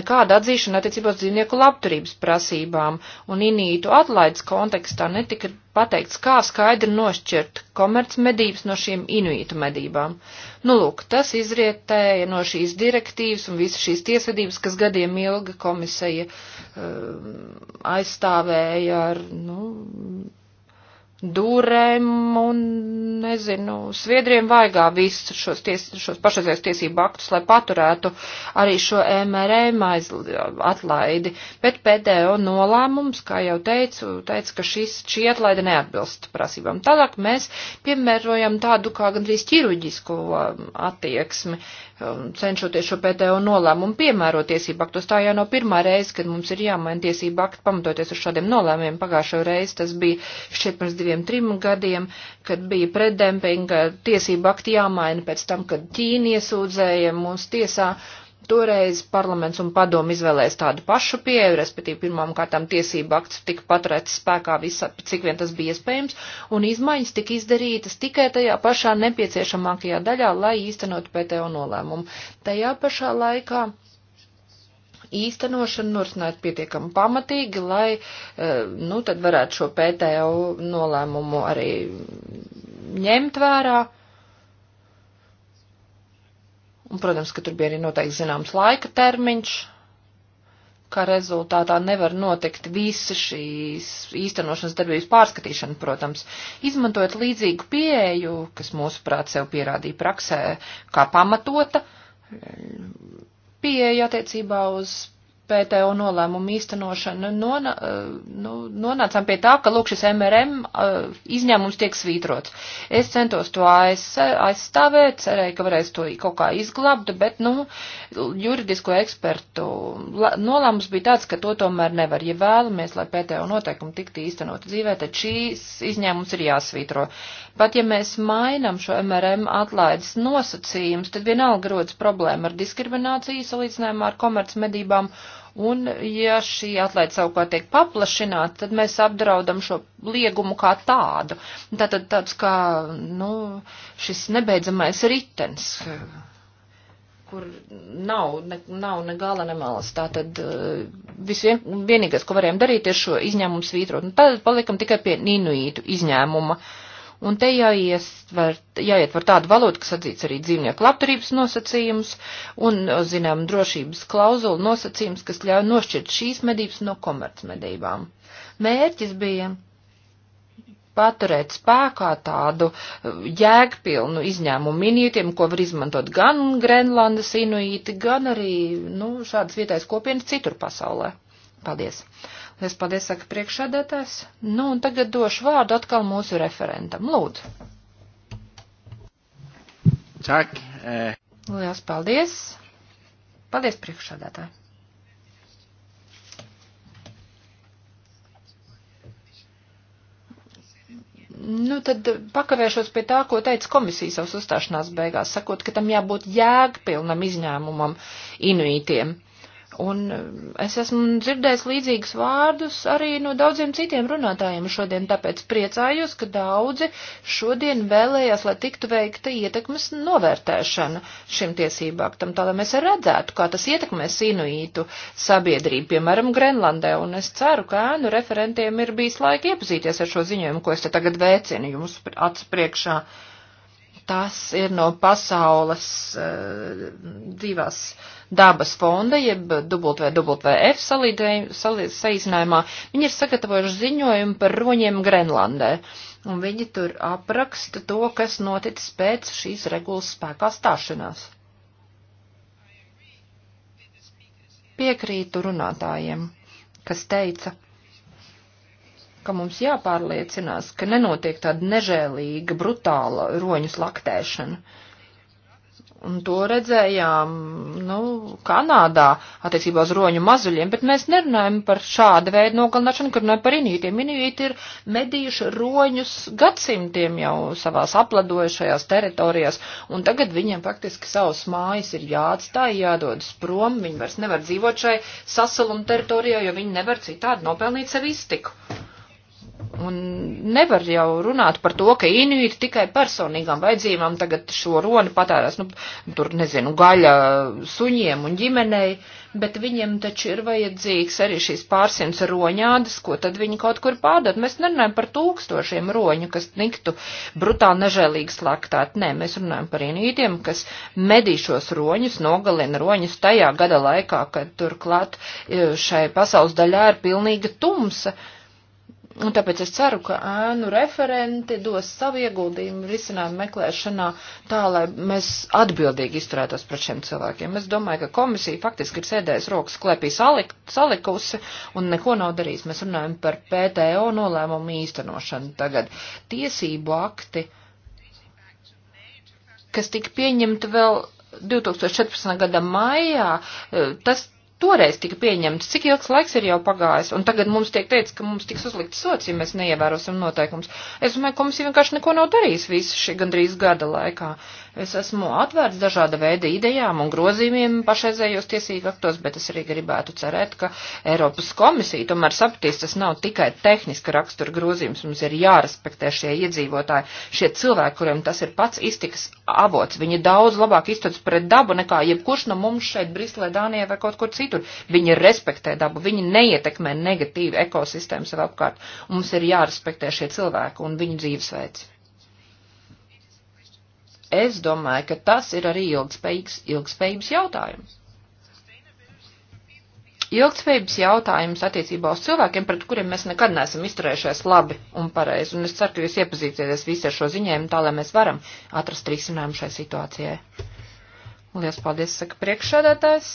nekāda atzīšana attiecībos dzīvnieku labturības prasībām, un inītu atlaides kontekstā netika pateikts, kā skaidri nošķirt komercmedības no šīm inuītu medībām. Nu, lūk, tas izrietēja no šīs direktīvas un visas šīs tiesvedības, kas gadiem ilga komisija uh, aizstāvēja ar, nu, durēm un, nezinu, sviedriem vaigā visus šos, ties, šos pašreizējos tiesību aktus, lai paturētu arī šo MRM aiz, atlaidi. Bet PDO nolēmums, kā jau teicu, teica, ka šis, šī atlaide neatbilst prasībām. Tālāk mēs piemērojam tādu kā gandrīz ķirurģisku um, attieksmi, um, cenšoties šo PTO nolēmumu piemērot tiesību aktus. Tā jau nav pirmā reize, kad mums ir jāmaina tiesību aktu pamatoties uz šādiem nolēmumiem. Pagājušo reizi tas bija šķiet pirms diviem diviem, trim gadiem, kad bija preddempinga tiesība akti jāmaina pēc tam, kad Ķīna iesūdzēja mūsu tiesā. Toreiz parlaments un padomu izvēlēs tādu pašu pieeju, respektīvi pirmām kārtām tiesība akts tika paturēts spēkā visā, cik vien tas bija iespējams, un izmaiņas tika izdarītas tikai tajā pašā nepieciešamākajā daļā, lai īstenot PTO nolēmumu. Tajā pašā laikā īstenošanu norisināt pietiekami pamatīgi, lai, eh, nu, tad varētu šo PTO nolēmumu arī ņemt vērā. Un, protams, ka tur bija arī noteikti zināms laika termiņš, kā rezultātā nevar notikt visa šīs īstenošanas darbības pārskatīšana, protams. Izmantojot līdzīgu pieeju, kas mūsuprāt sev pierādīja praksē kā pamatota, pieeja attiecībā uz PTO nolēmumu īstenošanu non, eh, nu, nonācām pie tā, ka lūk šis MRM eh, izņēmums tiek svītrots. Es centos to aiz, aizstāvēt, cerēju, ka varēs to kaut kā izglabt, bet, nu, juridisko ekspertu nolēmums bija tāds, ka to tomēr nevar. Ja vēlamies, lai PTO noteikumi tiktu īstenot dzīvē, tad šīs izņēmums ir jāsvītro. Pat ja mēs mainam šo MRM atlaides nosacījums, tad vienalga rodas problēma ar diskrimināciju salīdzinājumā ar komercmedībām Un, ja šī atlaide savukārt tiek paplašināta, tad mēs apdraudam šo liegumu kā tādu. Tātad tāds kā, nu, šis nebeidzamais ritens, kur nav ne, nav ne gala, ne malas. Tātad eh, visvien, vienīgais, ko varējām darīt, ir šo izņēmumu svītrot. Un nu, tad palikam tikai pie inuītu izņēmuma. Uh, un te jāiestver, jāietver tāda valota, kas atzīts arī dzīvnieku labturības nosacījumus un, zinām, drošības klauzulu nosacījumus, kas ļauj nošķirt šīs medības no komercmedībām. Mērķis bija paturēt spēkā tādu uh, jēgpilnu izņēmumu minītiem, ko var izmantot gan Grenlandes inuīti, gan arī, nu, šādas vietais kopienas citur pasaulē. Paldies! Es paldies, saka priekšsēdētājs. Nu, un tagad došu vārdu atkal mūsu referentam. Lūdzu. Čak. Eh. Lielas paldies. Paldies, priekšsēdētāji. Nu, tad pakavēšos pie tā, ko teica komisija savas uzstāšanās beigās, sakot, ka tam jābūt jēgpilnam izņēmumam inuitiem. Un eh, es esmu dzirdējis līdzīgus vārdus arī no daudziem citiem runātājiem šodien, tāpēc priecājos, ka daudzi šodien vēlējās, lai tiktu veikta ietekmes novērtēšana šim tiesību aktam, tā lai mēs redzētu, kā tas ietekmēs inuītu sabiedrību, piemēram, Grenlandē. Un es ceru, ka ēnu referentiem ir bijis laika iepazīties ar šo ziņojumu, ko es te tagad vēcinu jums acu priekšā. Tas ir no pasaules uh, divas. Uh, dabas fonda, jeb WWF saīsinājumā, viņi ir sagatavojuši ziņojumu par roņiem Grenlandē. Un viņi tur apraksta to, kas noticis pēc šīs regulas spēkā stāšanās. Piekrītu runātājiem, kas teica, ka mums jāpārliecinās, ka nenotiek tāda nežēlīga, brutāla roņu slaktēšana. Un to redzējām, nu, Kanādā attiecībā uz roņu mazuļiem, bet mēs nerunājam par šādu veidu nogalināšanu, kur runājam par inītiem. Inīti ir medījuši roņus gadsimtiem jau savās apladojušajās teritorijās, un tagad viņiem faktiski savas mājas ir jāatstāj, jādodas prom, viņi vairs nevar dzīvot šai sasaluma teritorijā, jo viņi nevar citādi nopelnīt sev iztiku. Un nevar jau runāt par to, ka inuiti tikai personīgām vajadzībām tagad šo roni patērās, nu, tur nezinu, gaļa suņiem un ģimenei, bet viņiem taču ir vajadzīgs arī šīs pārsimts roņādas, ko tad viņi kaut kur pārdod. Mēs nerunājam par tūkstošiem roņu, kas niktu brutāli nežēlīgi slaktāt. Nē, mēs runājam par inuitiem, kas medī šos roņus, nogalina roņus tajā gada laikā, kad turklāt e, šai pasaules daļā ir pilnīga tumsa. Un tāpēc es ceru, ka ēnu referenti dos savu ieguldījumu risinājumu meklēšanā tā, lai mēs atbildīgi izturētos pret šiem cilvēkiem. Es domāju, ka komisija faktiski ir sēdējusi rokas klēpī salik, salikusi un neko nav darījis. Mēs runājam par PTO nolēmumu īstenošanu tagad. Tiesību akti, kas tika pieņemti vēl 2014. gada maijā, tas toreiz tika pieņemts, cik ilgs laiks ir jau pagājis, un tagad mums tiek teicis, ka mums tiks uzlikts sots, ja mēs neievērosim noteikums. Es domāju, komisija vienkārši neko nav darījusi visu šī gandrīz gada laikā. Es esmu atvērts dažāda veida idejām un grozījumiem pašreizējos tiesību aktos, bet es arī gribētu cerēt, ka Eiropas komisija tomēr sapratīs, tas nav tikai tehniska rakstura grozījums, mums ir jārespektē šie iedzīvotāji, šie cilvēki, kuriem tas ir pats iztikas avots. Viņi daudz labāk izturas pret dabu nekā jebkurš no mums šeit Briselē, Dānijā vai kaut kur citur. Viņi respektē dabu, viņi neietekmē negatīvi ekosistēmu sev apkārt. Mums ir jārespektē šie cilvēki un viņu dzīvesveids es domāju, ka tas ir arī ilgspējīgs, ilgspējības jautājums. Ilgspējības jautājums attiecībā uz cilvēkiem, pret kuriem mēs nekad neesam izturējušies labi un pareizi, un es ceru, ka jūs iepazīsieties visi ar šo ziņojumu, tā lai mēs varam atrast risinājumu šai situācijai. Lielas paldies, saka priekšsādātājs.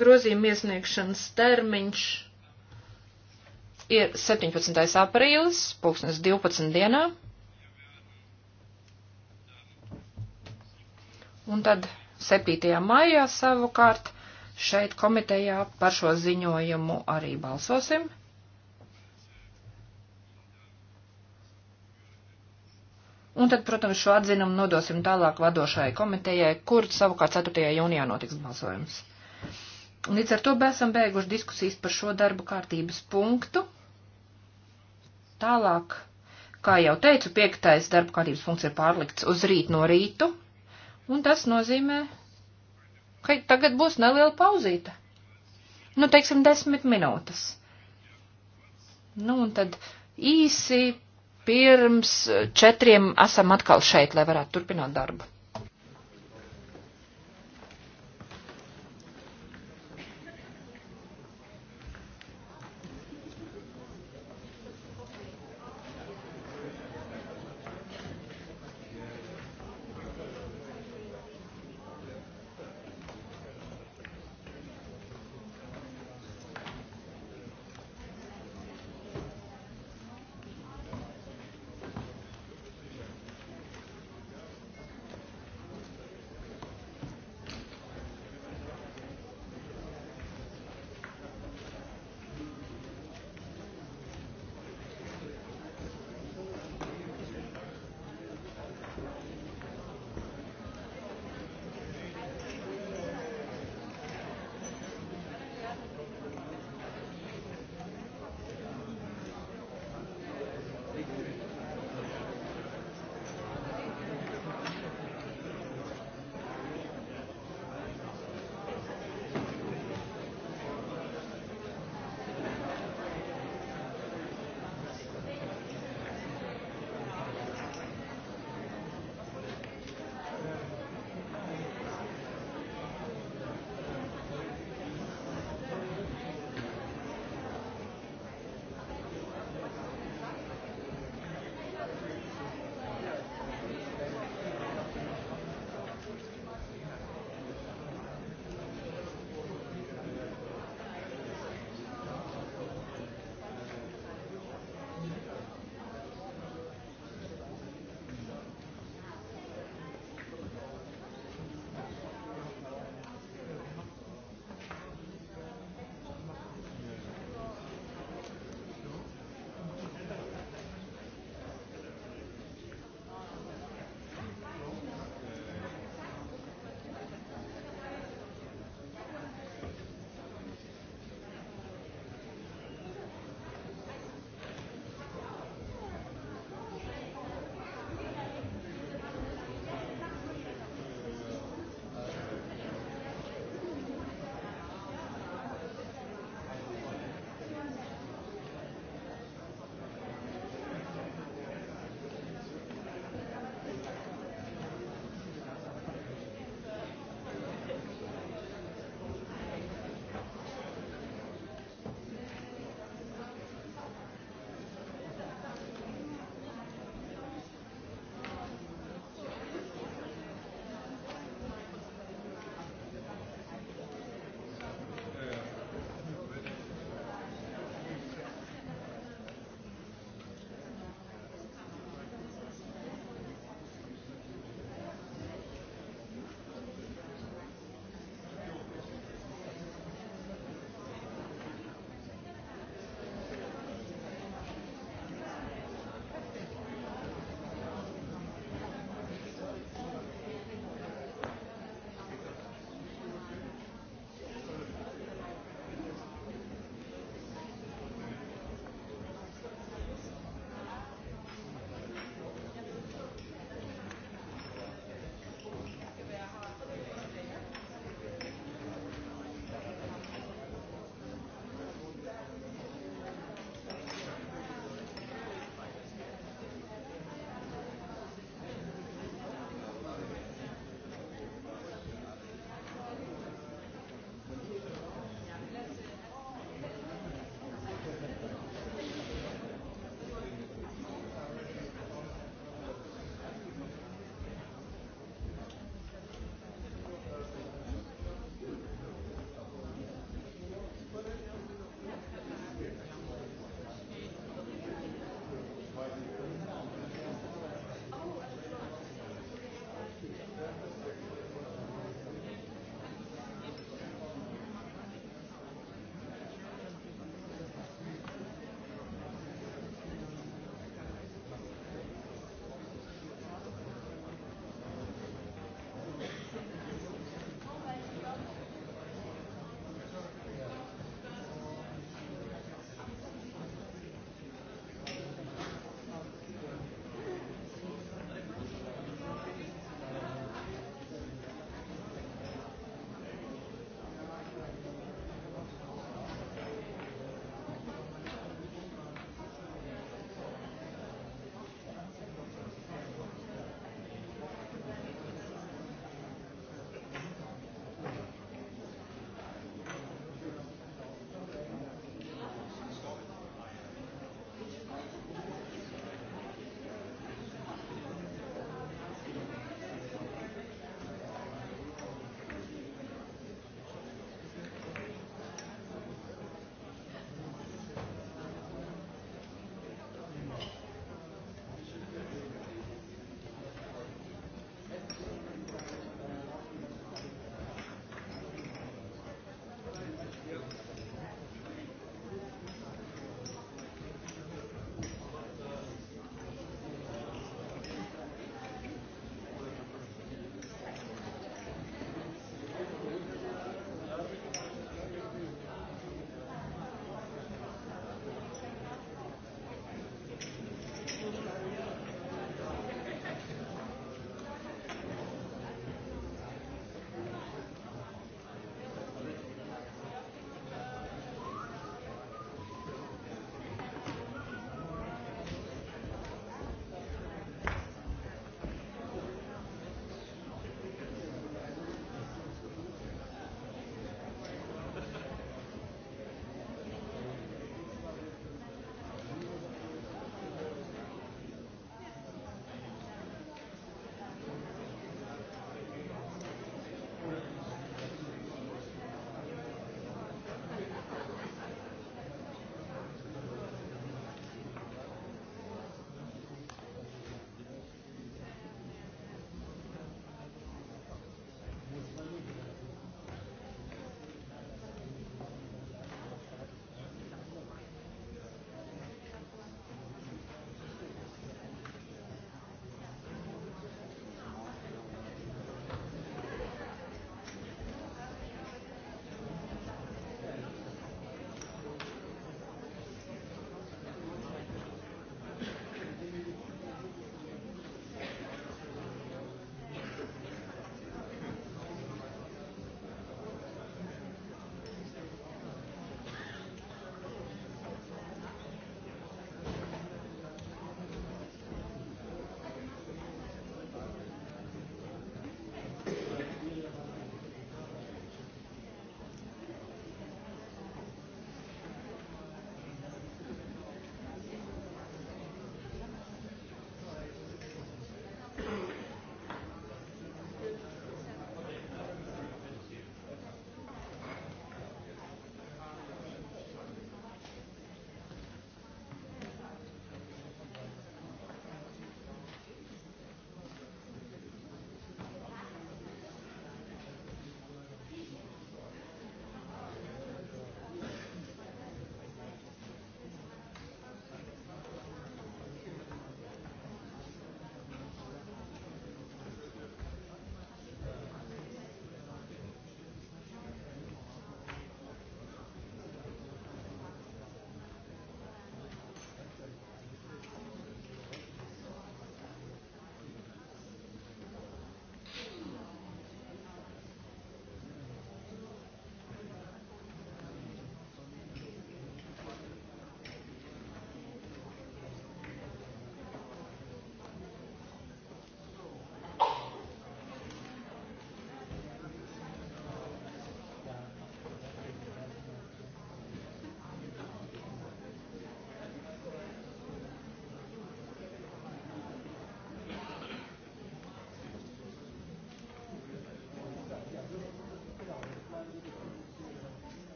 Grozījuma iesniegšanas termiņš ir 17. aprīlis, pulksnes 12. dienā. Un tad 7. maijā savukārt šeit komitejā par šo ziņojumu arī balsosim. Un tad, protams, šo atzinumu nodosim tālāk vadošajai komitejai, kur savukārt 4. jūnijā notiks balsojums. Līdz ar to esam beiguši diskusijas par šo darbu kārtības punktu. Tālāk, kā jau teicu, piektais darba kārtības punkts ir pārlikts uz rīt no rītu, Un tas nozīmē, ka tagad būs neliela pauzīte. Nu, teiksim, desmit minūtes. Nu, un tad īsi pirms četriem esam atkal šeit, lai varētu turpināt darbu.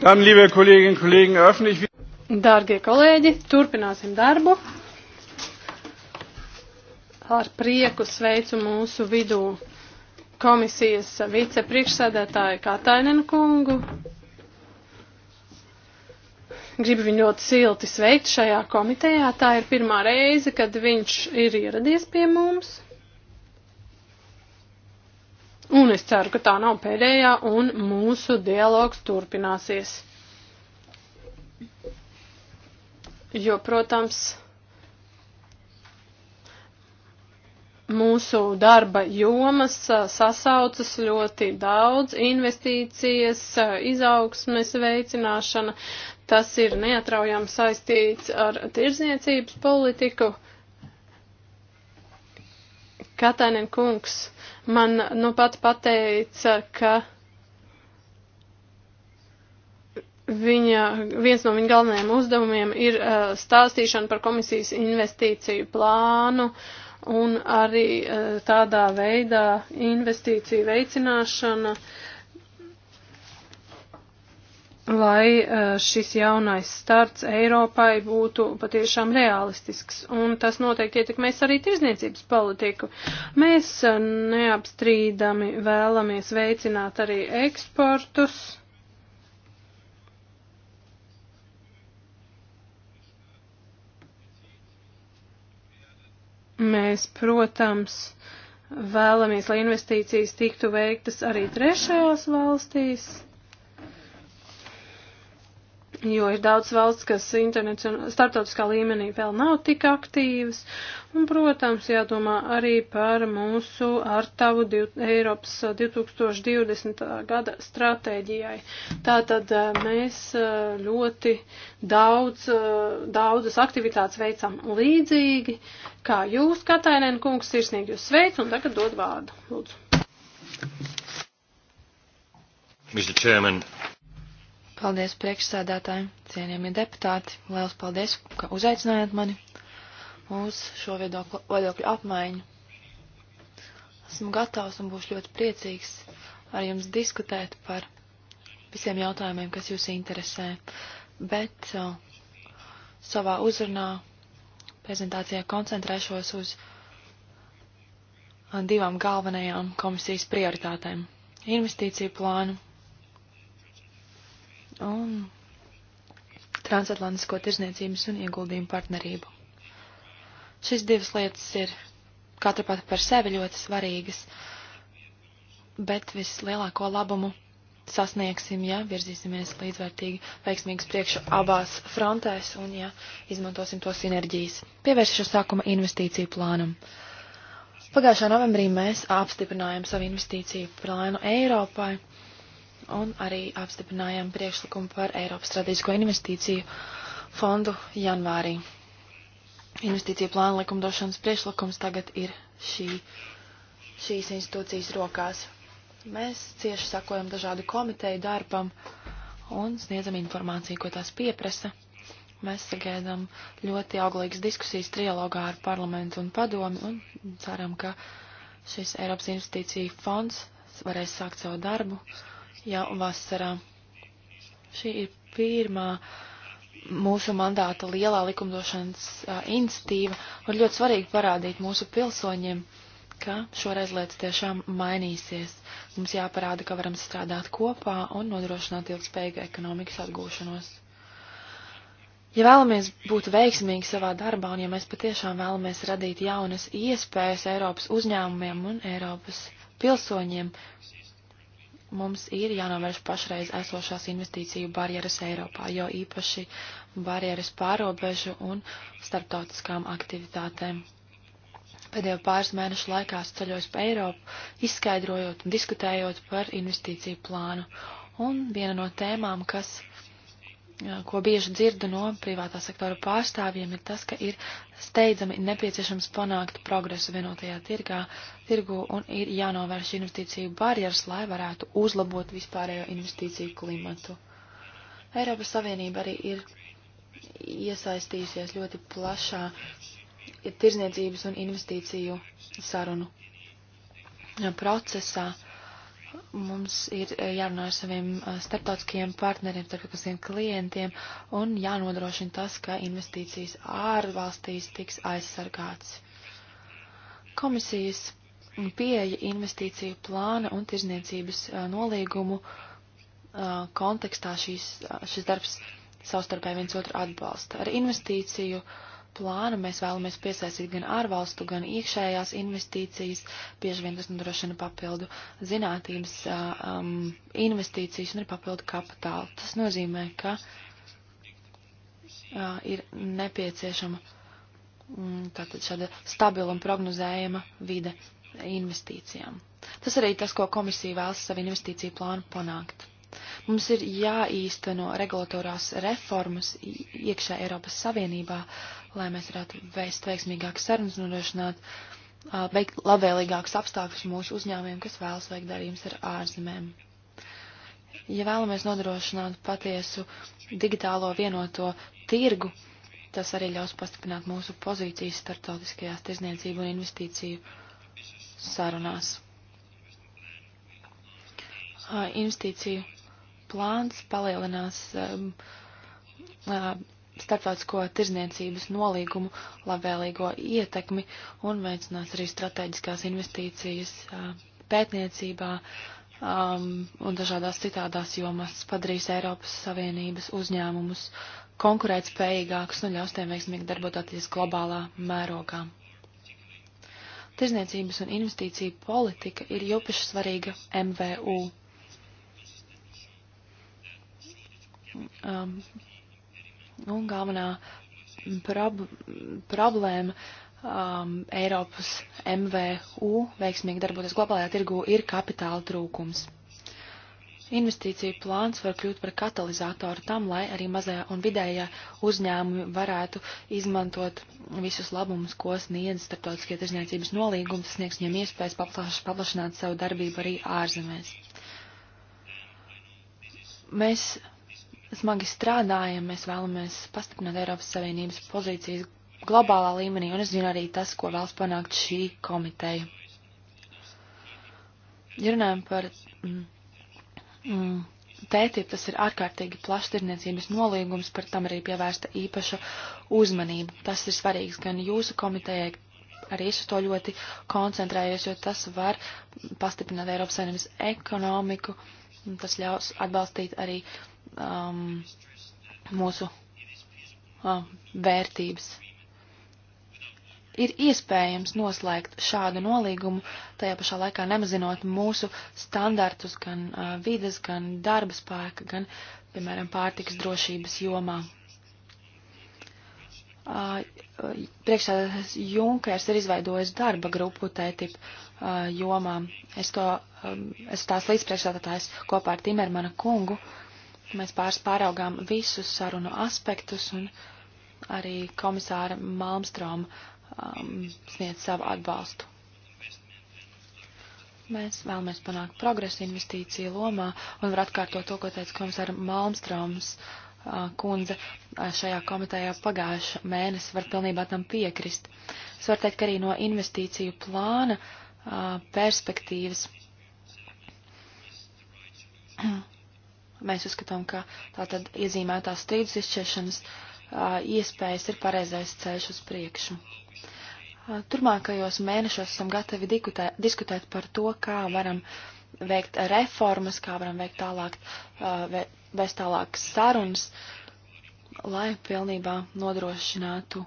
Dann, liebe Kolleginnen und Kollegen, öffne ich. Dārgie kolēģi, turpināsim darbu. Ar prieku sveicu mūsu vidū komisijas vicepriekšsēdētāju Katainenu kungu. Gribu viņu ļoti silti sveikt šajā komitejā. Tā ir pirmā reize, kad viņš ir ieradies pie mums. Es ceru, ka tā nav pēdējā un mūsu dialogs turpināsies. Jo, protams, mūsu darba jomas sasaucas ļoti daudz investīcijas, izaugsmes veicināšana. Tas ir neatraujami saistīts ar tirzniecības politiku. Katainen kungs man nu pat pateica, ka viņa, viens no viņa galvenajiem uzdevumiem ir uh, stāstīšana par komisijas investīciju plānu un arī uh, tādā veidā investīciju veicināšana. Uh, lai eh, šis jaunais starts Eiropai būtu patiešām realistisks. Un tas noteikti ietekmēs arī tirzniecības politiku. Mēs eh, neapstrīdami vēlamies veicināt arī eksportus. Mēs, protams, vēlamies, lai investīcijas tiktu veiktas arī trešajās valstīs jo ir daudz valsts, kas startautiskā līmenī vēl nav tik aktīvas, un, protams, jādomā arī par mūsu ārtavu Eiropas 2020. gada stratēģijai. Tātad mēs ļoti daudz, daudzas aktivitātes veicam līdzīgi, kā jūs, Katainēn kungs, sirsnīgi jūs sveicu, un tagad dod vārdu. Lūdzu. Mr. Chairman, Paldies priekšsēdētājiem, cienījamie deputāti. Liels paldies, ka uzaicinājāt mani uz šo viedokļu apmaiņu. Esmu gatavs un būšu ļoti priecīgs ar jums diskutēt par visiem jautājumiem, kas jūs interesē. Bet o, uh, savā uzrunā prezentācijā koncentrēšos uz uh, divām galvenajām komisijas prioritātēm - investīciju plānu un transatlantisko tirzniecības un ieguldījumu partnerību. Šīs divas lietas ir katra pat par sevi ļoti svarīgas, bet vislielāko labumu sasniegsim, ja virzīsimies līdzvērtīgi veiksmīgas priekšu abās frontēs un ja izmantosim to sinerģijas. Pievēršu sākuma investīciju plānam. Pagājušā novembrī mēs apstiprinājām savu investīciju plānu Eiropai un arī apstiprinājām priekšlikumu par Eiropas strateģisko investīciju fondu janvārī. Investīcija plāna likumdošanas priekšlikums tagad ir šī, šīs institūcijas rokās. Mēs cieši sakojam dažādu komiteju darbam un sniedzam informāciju, ko tās pieprasa. Mēs sagaidām ļoti auglīgas diskusijas trialogā ar parlamentu un padomi un ceram, ka šis Eiropas investīcija fonds varēs sākt savu darbu jau vasarā. Šī ir pirmā mūsu mandāta lielā likumdošanas uh, institīva, un ļoti svarīgi parādīt mūsu pilsoņiem, ka šoreiz lietas tiešām mainīsies. Mums jāparāda, ka varam strādāt kopā un nodrošināt ilgspējīgu ekonomikas atgūšanos. Ja vēlamies būt veiksmīgi savā darbā un ja mēs patiešām vēlamies radīt jaunas iespējas Eiropas uzņēmumiem un Eiropas pilsoņiem, mums ir jānovērš pašreiz esošās investīciju barjeras Eiropā, jo īpaši barjeras pārobežu un starptautiskām aktivitātēm. Pēdējo pāris mēnešu laikā ceļojos pa Eiropu, izskaidrojot un diskutējot par investīciju plānu, un viena no tēmām, kas ko bieži dzirdu no privātā sektora pārstāvjiem, ir tas, ka ir steidzami nepieciešams panākt progresu vienotajā tirgā, tirgu un ir jānovērš investīciju barjeras, lai varētu uzlabot vispārējo investīciju klimatu. Eiropas Savienība arī ir iesaistījusies ļoti plašā tirzniecības un investīciju sarunu procesā. Uh, mums ir eh, jārunā ar saviem eh, starptautiskajiem partneriem, starptautiskajiem klientiem un jānodrošina tas, ka investīcijas ārvalstīs tiks aizsargāts. Komisijas pieeja investīciju plāna un tirzniecības eh, nolīgumu kontekstā šīs, šis darbs savstarpēji viens otru atbalsta. Ar investīciju uh, plānu mēs vēlamies piesaistīt gan ārvalstu, gan iekšējās investīcijas, bieži vien tas nodrošina papildu zinātības um, investīcijas un arī papildu kapitālu. Tas nozīmē, ka uh, ir nepieciešama mm, tātad šāda stabila un prognozējama vide investīcijām. Tas arī tas, ko komisija vēlas savu investīciju plānu panākt. Mums ir jāīsteno regulatorās reformas iekšā Eiropas Savienībā, lai mēs varētu vēst veiksmīgākas sarunas un nodrošināt veikt labvēlīgākus apstākļus mūsu uzņēmumiem, kas vēlas veikt darījumus ar ārzemēm. Ja vēlamies nodrošināt patiesu digitālo vienoto tirgu, tas arī ļaus pastiprināt mūsu pozīcijas starptautiskajās tirzniecību un investīciju sarunās. Investīciju plāns palielinās starptautisko tirzniecības nolīgumu labvēlīgo ietekmi un veicinās arī strateģiskās investīcijas pētniecībā um, un dažādās citādās jomās, padarīs Eiropas Savienības uzņēmumus konkurētspējīgākus un ļaus tiem veiksmīgi darboties globālā mērogā. Tirzniecības un investīcija politika ir jopaši svarīga MVU. Um, Un galvenā prob problēma um, Eiropas MVU veiksmīgi darboties globālajā tirgu ir kapitāla trūkums. Investīciju plāns var kļūt par katalizātoru tam, lai arī mazajā un vidējā uzņēmumi varētu izmantot visus labumus, ko sniedz starptautiskie tirzniecības nolīgumi, tas sniegs viņiem iespējas paplaš, paplašināt savu darbību arī ārzemēs. Mēs smagi strādājam, mēs vēlamies pastiprināt Eiropas Savienības pozīcijas globālā līmenī, un es zinu arī tas, ko vēlas panākt šī komiteja. Ja runājam par mm, mm, tētību, tas ir ārkārtīgi plašs tirniecības nolīgums, par tam arī pievērsta īpaša uzmanība. Tas ir svarīgs gan jūsu komitejai, arī es uz to ļoti koncentrējos, jo tas var pastiprināt Eiropas Savienības ekonomiku, un tas ļaus atbalstīt arī um, mūsu um, vērtības. Ir iespējams noslēgt šādu nolīgumu, tajā pašā laikā nemazinot mūsu standartus gan uh, vides, gan darba spēka, gan, piemēram, pārtikas drošības jomā. Uh, priekšsēdētājs Junkers ir izveidojis darba grupu tētip uh, jomā. Es to, um, es tās līdzpriekšsēdētājs kopā ar Timermana kungu, Mēs pārspāraugām visus sarunu aspektus un arī komisāra Malmstrom um, sniedz savu atbalstu. Mēs vēlamies panākt progresu investīciju lomā un var atkārtot to, ko teica komisāra Malmstroms uh, kundze uh, šajā komitējā pagājušā mēnesi, var pilnībā tam piekrist. Es varu teikt, ka arī no investīciju plāna uh, perspektīvas uh, Mēs uzskatām, ka tātad iezīmētās strīdus izšķiršanas iespējas ir pareizais ceļš uz priekšu. Turmākajos mēnešos esam gatavi dikutē, diskutēt par to, kā varam veikt reformas, kā varam veikt tālāk, vēst tālāk sarunas, lai pilnībā nodrošinātu,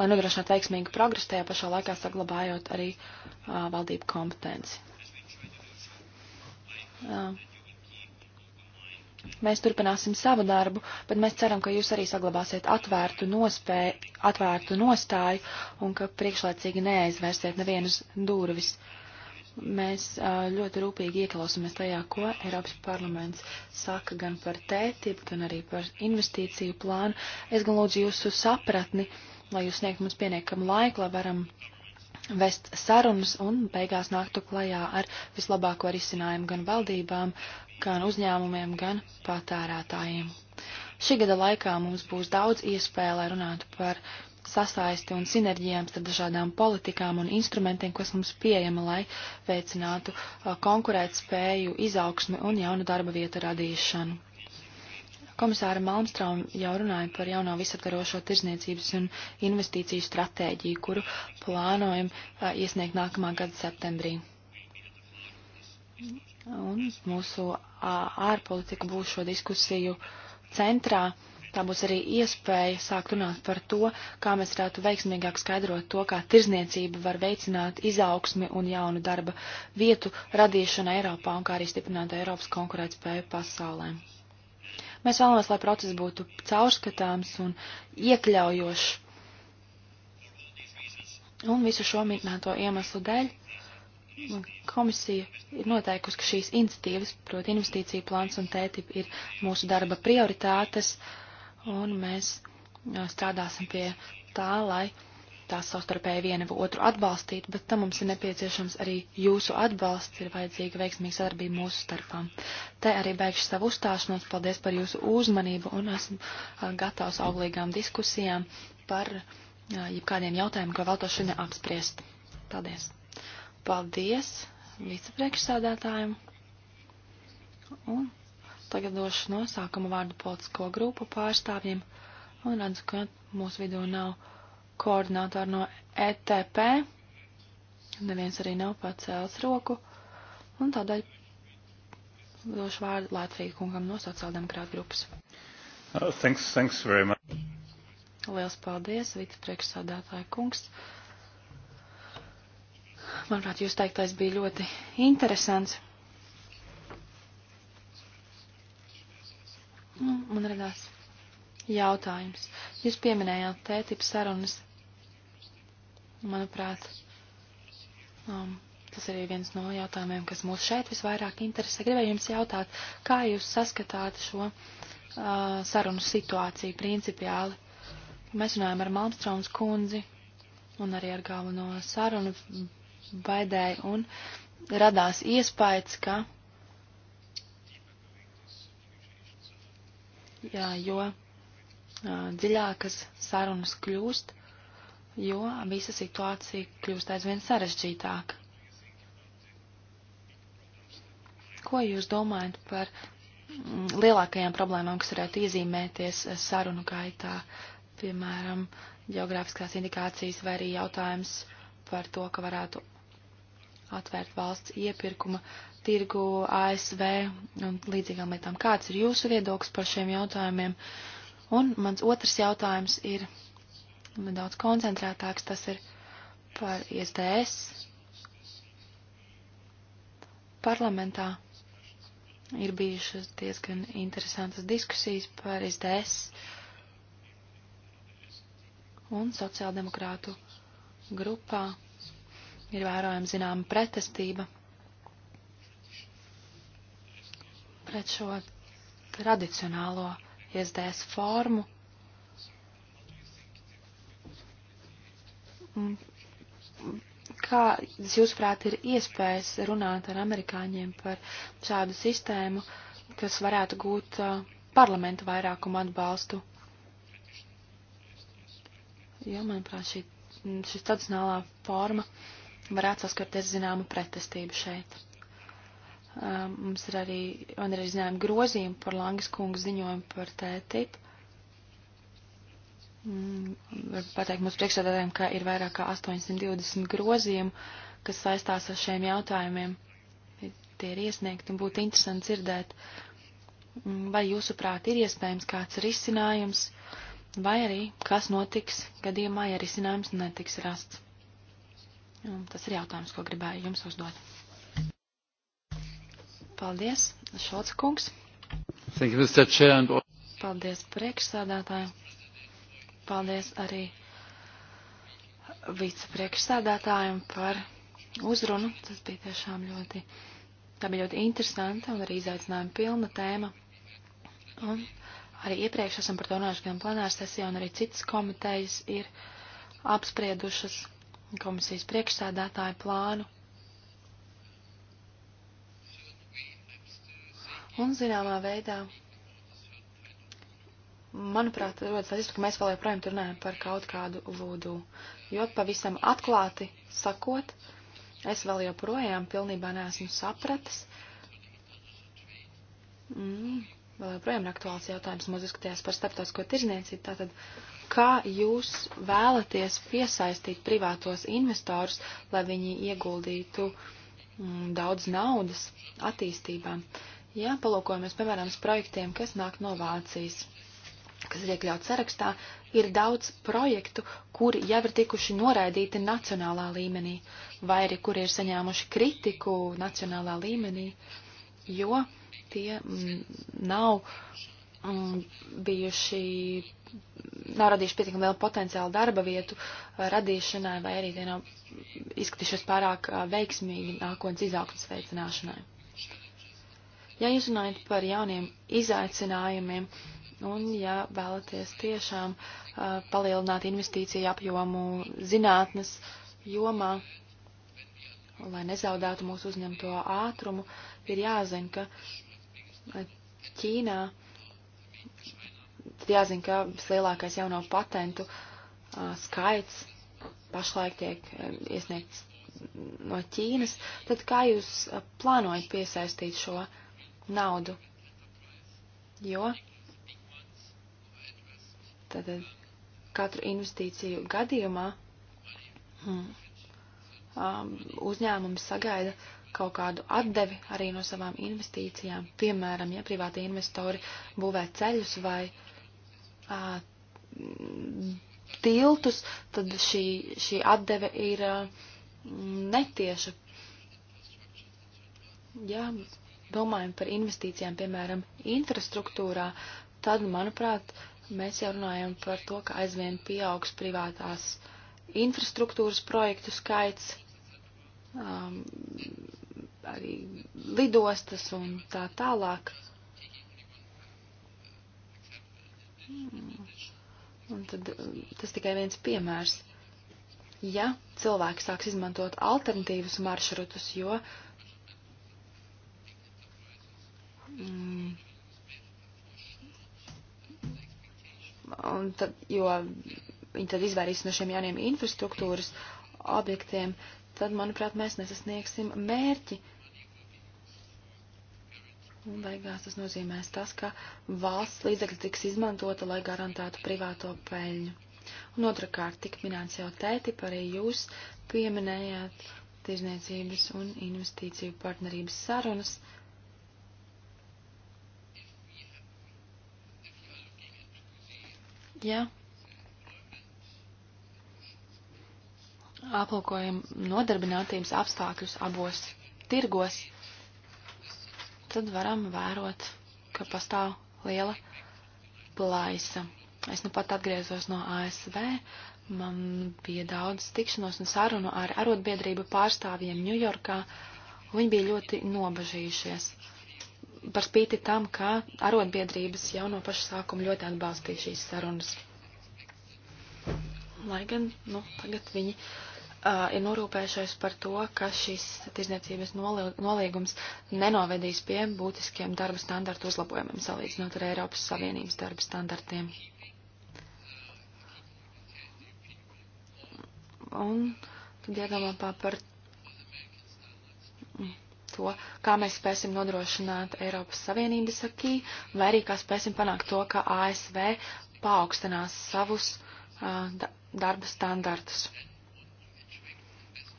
lai nodrošinātu veiksmīgu progresu, tajā pašā laikā saglabājot arī valdību kompetenci. Uh, Mēs turpināsim savu darbu, bet mēs ceram, ka jūs arī saglabāsiet atvērtu, nospēju, atvērtu nostāju un ka priekšlaicīgi neaizvērsiet nevienas durvis. Mēs ļoti rūpīgi ieklausāmies tajā, ko Eiropas parlaments saka gan par tētību, gan arī par investīciju plānu. Es gan lūdzu jūsu sapratni, lai jūs sniegt mums pieniekam laiku, lai varam vest sarunas un beigās nāktu klajā ar vislabāko risinājumu gan valdībām, gan uzņēmumiem, gan patērētājiem. Šī gada laikā mums būs daudz iespēju, lai runātu par sasaisti un sinerģijām starp dažādām politikām un instrumentiem, kas mums pieejama, lai veicinātu uh, konkurēt spēju, izaugsmi un jaunu darba vietu radīšanu. Komisāra Malmstrom jau runāja par jauno visaptvarošo tirzniecības un investīciju stratēģiju, kuru plānojam uh, iesniegt nākamā gada septembrī Un mūsu ārpolitika būs šo diskusiju centrā. Tā būs arī iespēja sākt runāt par to, kā mēs varētu veiksmīgāk skaidrot to, kā tirzniecība var veicināt izaugsmi un jaunu darba vietu radīšanu Eiropā un kā arī stiprināt Eiropas konkurētspēju pasaulē. Mēs vēlamies, lai process būtu caurskatāms un iekļaujošs. Un visu šo mītnēto iemeslu dēļ Komisija ir noteikusi, ka šīs iniciatīvas, proti investīcija plāns un tētip, ir mūsu darba prioritātes, un mēs strādāsim pie tā, lai tās savstarpēji viena otru atbalstīt, bet tam mums ir nepieciešams arī jūsu atbalsts, ir vajadzīga veiksmīga sadarbība mūsu starpām. Te arī beigšu savu uzstāšanos, paldies par jūsu uzmanību un esmu gatavs auglīgām diskusijām par jebkādiem jautājumiem, ko vēl to šodien apspriest. Paldies! Paldies vicepriekšsādātājiem. Un tagad došu nosākumu vārdu politisko grupu pārstāvjiem. Un redzu, ka mūsu vidū nav koordinātori no ETP. Neviens arī nav pacēlis roku. Un tādēļ došu vārdu Latvijas kungam no sociāldemokrāta grupas. Uh, thanks, thanks very much. Liels paldies, vicepriekšsādātāja kungs. Uh, Manuprāt, jūs teiktais bija ļoti interesants. Nu, man radās jautājums. Jūs pieminējāt tētipu sarunas. Manuprāt, um, tas arī viens no jautājumiem, kas mūs šeit visvairāk interesē. Gribēju jums jautāt, kā jūs saskatāt šo uh, sarunu situāciju principiāli? Mēs runājam ar Malmstrāns kundzi un arī ar galveno sarunu baidēja un radās iespējas, ka. Jā, jo uh, dziļākas sarunas kļūst, jo visa situācija kļūst aizvien sarežģītāka. Ko jūs domājat par mm, lielākajām problēmām, kas varētu iezīmēties sarunu gaitā? Piemēram, geogrāfiskās indikācijas vai arī jautājums par to, ka varētu atvērt valsts iepirkuma tirgu ASV un līdzīgām lietām. Kāds ir jūsu viedoklis par šiem jautājumiem? Un mans otrs jautājums ir daudz koncentrētāks, tas ir par ISDS. Parlamentā ir bijušas diezgan interesantas diskusijas par SDS un sociāldemokrātu grupā ir vērojama zināma pretestība pret šo tradicionālo iesdēs formu. Kā, jūsuprāt, ir iespējas runāt ar amerikāņiem par šādu sistēmu, kas varētu gūt uh, parlamentu vairākumu atbalstu? Jo, manuprāt, šī, šī tradicionālā forma uh, varētu saskarties zināmu pretestību šeit. Um, mums ir arī, man ir arī zinājumi grozījumi par Langas kungu ziņojumu par tētību. Mm, var pateikt mūsu priekšsēdētājiem, ka ir vairāk kā 820 grozījumu, kas saistās ar šiem jautājumiem. Tie ir iesniegti un būtu interesanti dzirdēt, mm, vai jūsuprāt ir iespējams kāds risinājums, vai arī kas notiks gadījumā, ja risinājums netiks rasts. Un tas ir jautājums, ko gribēju jums uzdot. Paldies, Šolca kungs. Paldies priekšsādātāju. Paldies arī vicepriekšsādātājiem par uzrunu. Tas bija tiešām ļoti, tā bija ļoti interesanta un arī izaicinājuma pilna tēma. Un arī iepriekš esam par to runājuši gan plenāru sesijā, un arī citas komitejas ir apspriedušas komisijas priekšsēdētāju plānu. Un zināmā veidā, manuprāt, rodas sajūta, ka mēs vēl joprojām tur runājam par kaut kādu vūdu. Jo pavisam atklāti sakot, es vēl joprojām pilnībā neesmu sapratis. Mm, vēl joprojām ir aktuāls jautājums, mums diskutējās par starptautisko tirzniecību, tātad kā jūs vēlaties piesaistīt privātos investorus, lai viņi ieguldītu mm, daudz naudas attīstībā. Ja palūkojamies, piemēram, uz projektiem, kas nāk no Vācijas, kas ir iekļauts sarakstā, ir daudz projektu, kuri jau ir tikuši noraidīti nacionālā līmenī, vai arī kuri ir saņēmuši kritiku nacionālā līmenī, jo tie mm, nav mm, bijuši nav radījuši pietiekami lielu potenciālu darba vietu uh, radīšanai, vai arī tie nav izskatījušies pārāk uh, veiksmīgi nākotnes izaugsmas veicināšanai. Ja jūs runājat par jauniem izaicinājumiem, un ja vēlaties tiešām uh, palielināt investīciju apjomu zinātnes jomā, lai nezaudētu mūsu uzņemto ātrumu, ir jāzina, ka Ķīnā tad jāzina, ka vislielākais jauno patentu uh, skaits pašlaik tiek iesniegts no Ķīnas. Tad kā jūs uh, plānojat piesaistīt šo naudu? Jo tad katru investīciju gadījumā hmm, um, uzņēmumi sagaida kaut kādu atdevi arī no savām investīcijām. Piemēram, ja privāti investori būvē ceļus vai uh, uh, tiltus, tad šī, šī atdeve ir uh, netieša. Ja domājam par investīcijām, piemēram, infrastruktūrā, tad, manuprāt, mēs jau runājam par to, ka aizvien pieaugs privātās infrastruktūras projektu skaits, um, arī lidostas un tā tālāk. Uh, Un tad um, tas tikai viens piemērs. Ja cilvēki sāks izmantot alternatīvus maršrutus, jo mm, un tad, jo viņi tad izvairīs no šiem jauniem infrastruktūras objektiem, tad, manuprāt, mēs nesasniegsim mērķi, uh, Un beigās tas nozīmēs tas, ka valsts līdzekļi tiks izmantota, lai garantētu privāto peļņu. Un otrkārt, tik minēts jau tētip, arī jūs pieminējāt tirzniecības un investīciju partnerības sarunas. Jā. Aplūkojam nodarbinātības apstākļus abos tirgos tad varam vērot, ka pastāv liela plaisa. Es nu pat atgriezos no ASV, man bija daudz tikšanos un sarunu ar arotbiedrību pārstāvjiem Ņujorkā. Viņi bija ļoti nobažījušies par spīti tam, ka arotbiedrības jau no paša sākuma ļoti atbalstīja šīs sarunas. Lai gan, nu, tagad viņi uh, uh, ir norūpējušies par to, ka šis tirzniecības nolīgums nenovedīs pie būtiskiem darba standartu uzlabojumiem salīdzinot ar Eiropas Savienības darba standartiem. Un tad iedomā par to, kā mēs spēsim nodrošināt Eiropas Savienības akī, vai arī kā spēsim panākt to, ka ASV paaugstinās savus uh, darba standartus.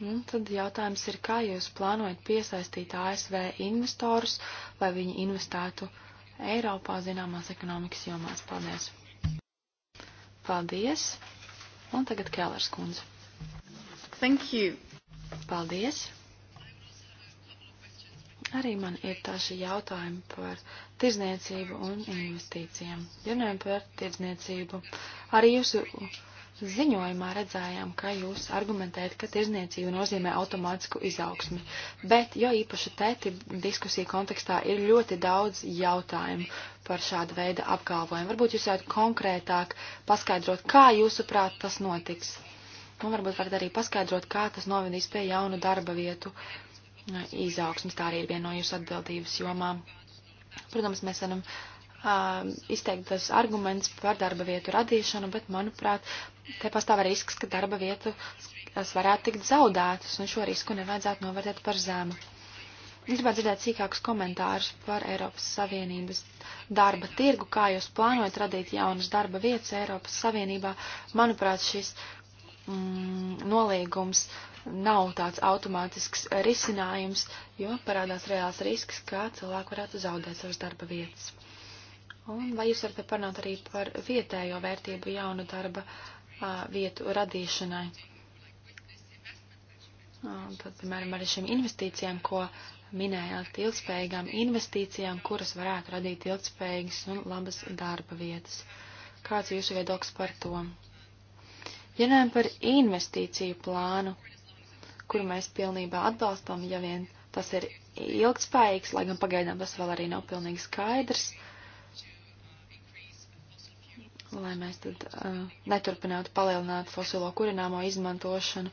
Un nu, tad jautājums ir, kā jūs plānojat piesaistīt ASV investorus, lai viņi investētu Eiropā zināmās ekonomikas jomās? Paldies! Paldies! Un tagad Kēlers kundze. Thank you! Paldies! Arī man ir tāši jautājumi par tirzniecību un investīcijām. Runājot par tirzniecību, arī jūsu Ziņojumā redzējām, ka jūs argumentējat, ka tirzniecība nozīmē automātisku izaugsmi, bet jo īpaši tēti diskusija kontekstā ir ļoti daudz jautājumu par šādu veidu apgalvojumu. Varbūt jūs varētu konkrētāk paskaidrot, kā jūsuprāt tas notiks. Un varbūt varat arī paskaidrot, kā tas novedīs pie jaunu darba vietu e, izaugsmas. Tā arī ir viena no jūsu atbildības jomām. Protams, mēs varam uh, Um, izteiktas arguments par darba vietu radīšanu, bet, manuprāt, te pastāv risks, ka darba vietas varētu tikt zaudētas, un šo risku nevajadzētu novērtēt par zemu. Gribētu dzirdēt sīkākus komentārus par Eiropas Savienības darba tirgu, kā jūs plānojat radīt jaunas darba vietas Eiropas Savienībā. Manuprāt, šis mm, nolīgums nav tāds automātisks risinājums, jo parādās reāls risks, kā cilvēki varētu zaudēt savas darba vietas. Un vai jūs varat parunāt arī par vietējo vērtību jaunu darba a, vietu radīšanai? Un tad, piemēram, arī šīm investīcijām, ko minējāt, ilgspējīgām investīcijām, kuras varētu radīt ilgspējīgas un labas darba vietas. Kāds ir jūsu viedoklis par to? Ja runājam par investīciju plānu, kuru mēs pilnībā atbalstam, ja vien tas ir ilgspējīgs, lai gan pagaidām tas vēl arī nav pilnīgi skaidrs. Uh, lai mēs tad uh, neturpinātu palielināt fosilo kurināmo izmantošanu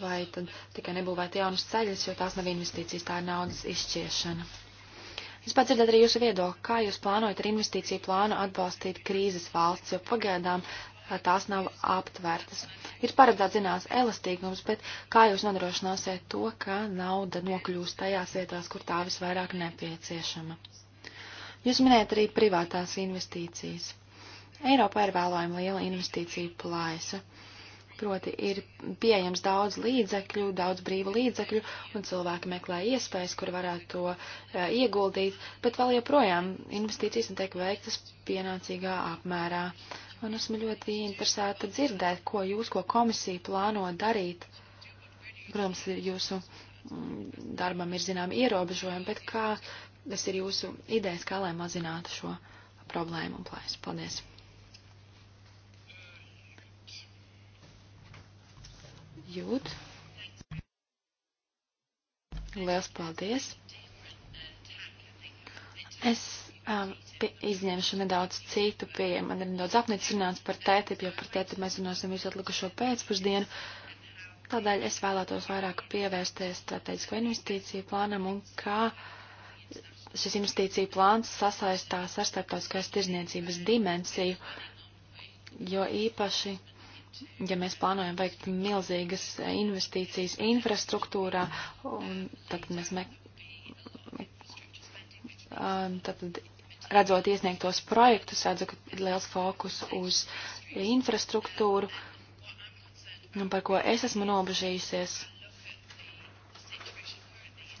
vai tad tikai nebūvētu jaunas ceļas, jo tās nav investīcijas, tā ir naudas izšķiešana. Es pats dzirdētu arī jūsu viedokli, kā jūs plānojat ar investīciju plānu atbalstīt krīzes valsts, jo pagaidām tās nav aptvērtas. Ir paredzēts zinās elastīgums, bet kā jūs nodrošināsiet to, ka nauda nokļūst tajās vietās, kur tā visvairāk nepieciešama? Jūs minējat arī privātās investīcijas. Eiropā ir vēlojama liela investīcija plājas. Proti ir pieejams daudz līdzekļu, daudz brīvu līdzekļu, un cilvēki meklē iespējas, kur varētu to uh, ieguldīt, bet vēl joprojām investīcijas netiek veiktas pienācīgā apmērā. Un esmu ļoti interesēta dzirdēt, ko jūs, ko komisija plāno darīt. Protams, jūsu mm, darbam ir zinām ierobežojumi, bet kā tas ir jūsu idejas, kā lai mazinātu šo problēmu un plēsu? Paldies! jūt. Liels paldies! Es um, pie, izņemšu nedaudz citu pieeju. Man ir nedaudz apnicināts par tēti, jo par tēti mēs runāsim visu atlikušo pēcpusdienu. Tādēļ es vēlētos vairāk pievērsties strateģisko investīciju plānam un kā šis investīciju plāns sasaistās ar starptautiskās tirzniecības dimensiju, jo īpaši ja mēs plānojam veikt milzīgas investīcijas infrastruktūrā, un tad mēs me, um, tad redzot iesniegtos projektus, redzu, ka ir liels fokus uz infrastruktūru, un par ko es esmu nobežījusies.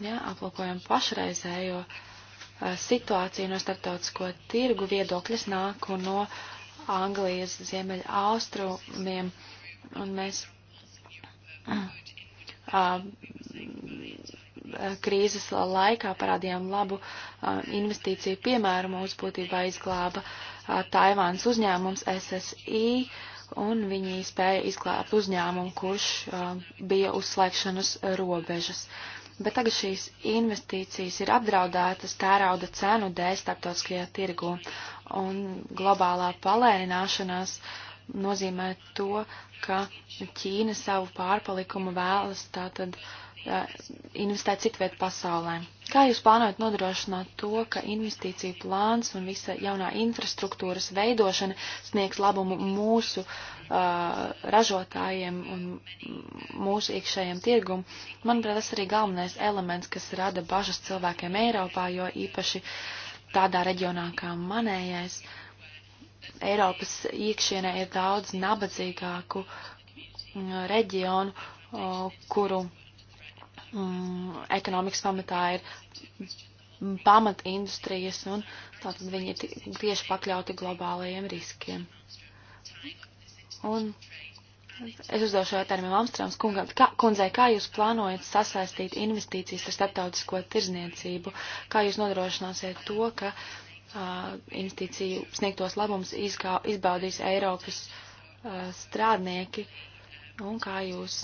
Jā, aplūkojam pašreizējo uh, situāciju no starptautisko tirgu viedokļas nāk un no uh, Anglijas ziemeļa austrumiem, un mēs a, krīzes laikā parādījām labu a, investīciju piemēru. Mūsu būtībā izglāba a, Taivāns uzņēmums SSI, un viņi spēja izglābt uzņēmumu, kurš bija uzslēgšanas robežas bet tagad šīs investīcijas ir apdraudētas tērauda cenu dēļ starptautiskajā tirgu un globālā palēnināšanās nozīmē to, ka Ķīna savu pārpalikumu vēlas tātad investēt citviet pasaulē. Kā jūs plānojat nodrošināt to, ka investīcija plāns un visa jaunā infrastruktūras veidošana sniegs labumu mūsu uh, ražotājiem un mūsu iekšējiem tirgum? Manuprāt, tas arī galvenais elements, kas rada bažas cilvēkiem Eiropā, jo īpaši uh, tādā reģionā kā manējais, Eiropas iekšienē ir daudz nabadzīgāku mm, reģionu, kuru mm, ekonomikas pamatā ir mm, pamatindustrijas, un tātad viņi ir tieši pakļauti globālajiem riskiem. Un Es uzdošu jautājumu Amstrāms kungam. Kā, kundzei, kā jūs plānojat sasaistīt investīcijas ar starptautisko tirzniecību? Kā jūs nodrošināsiet to, ka uh, investīciju sniegtos labumus izbaudīs Eiropas uh, strādnieki? Un kā jūs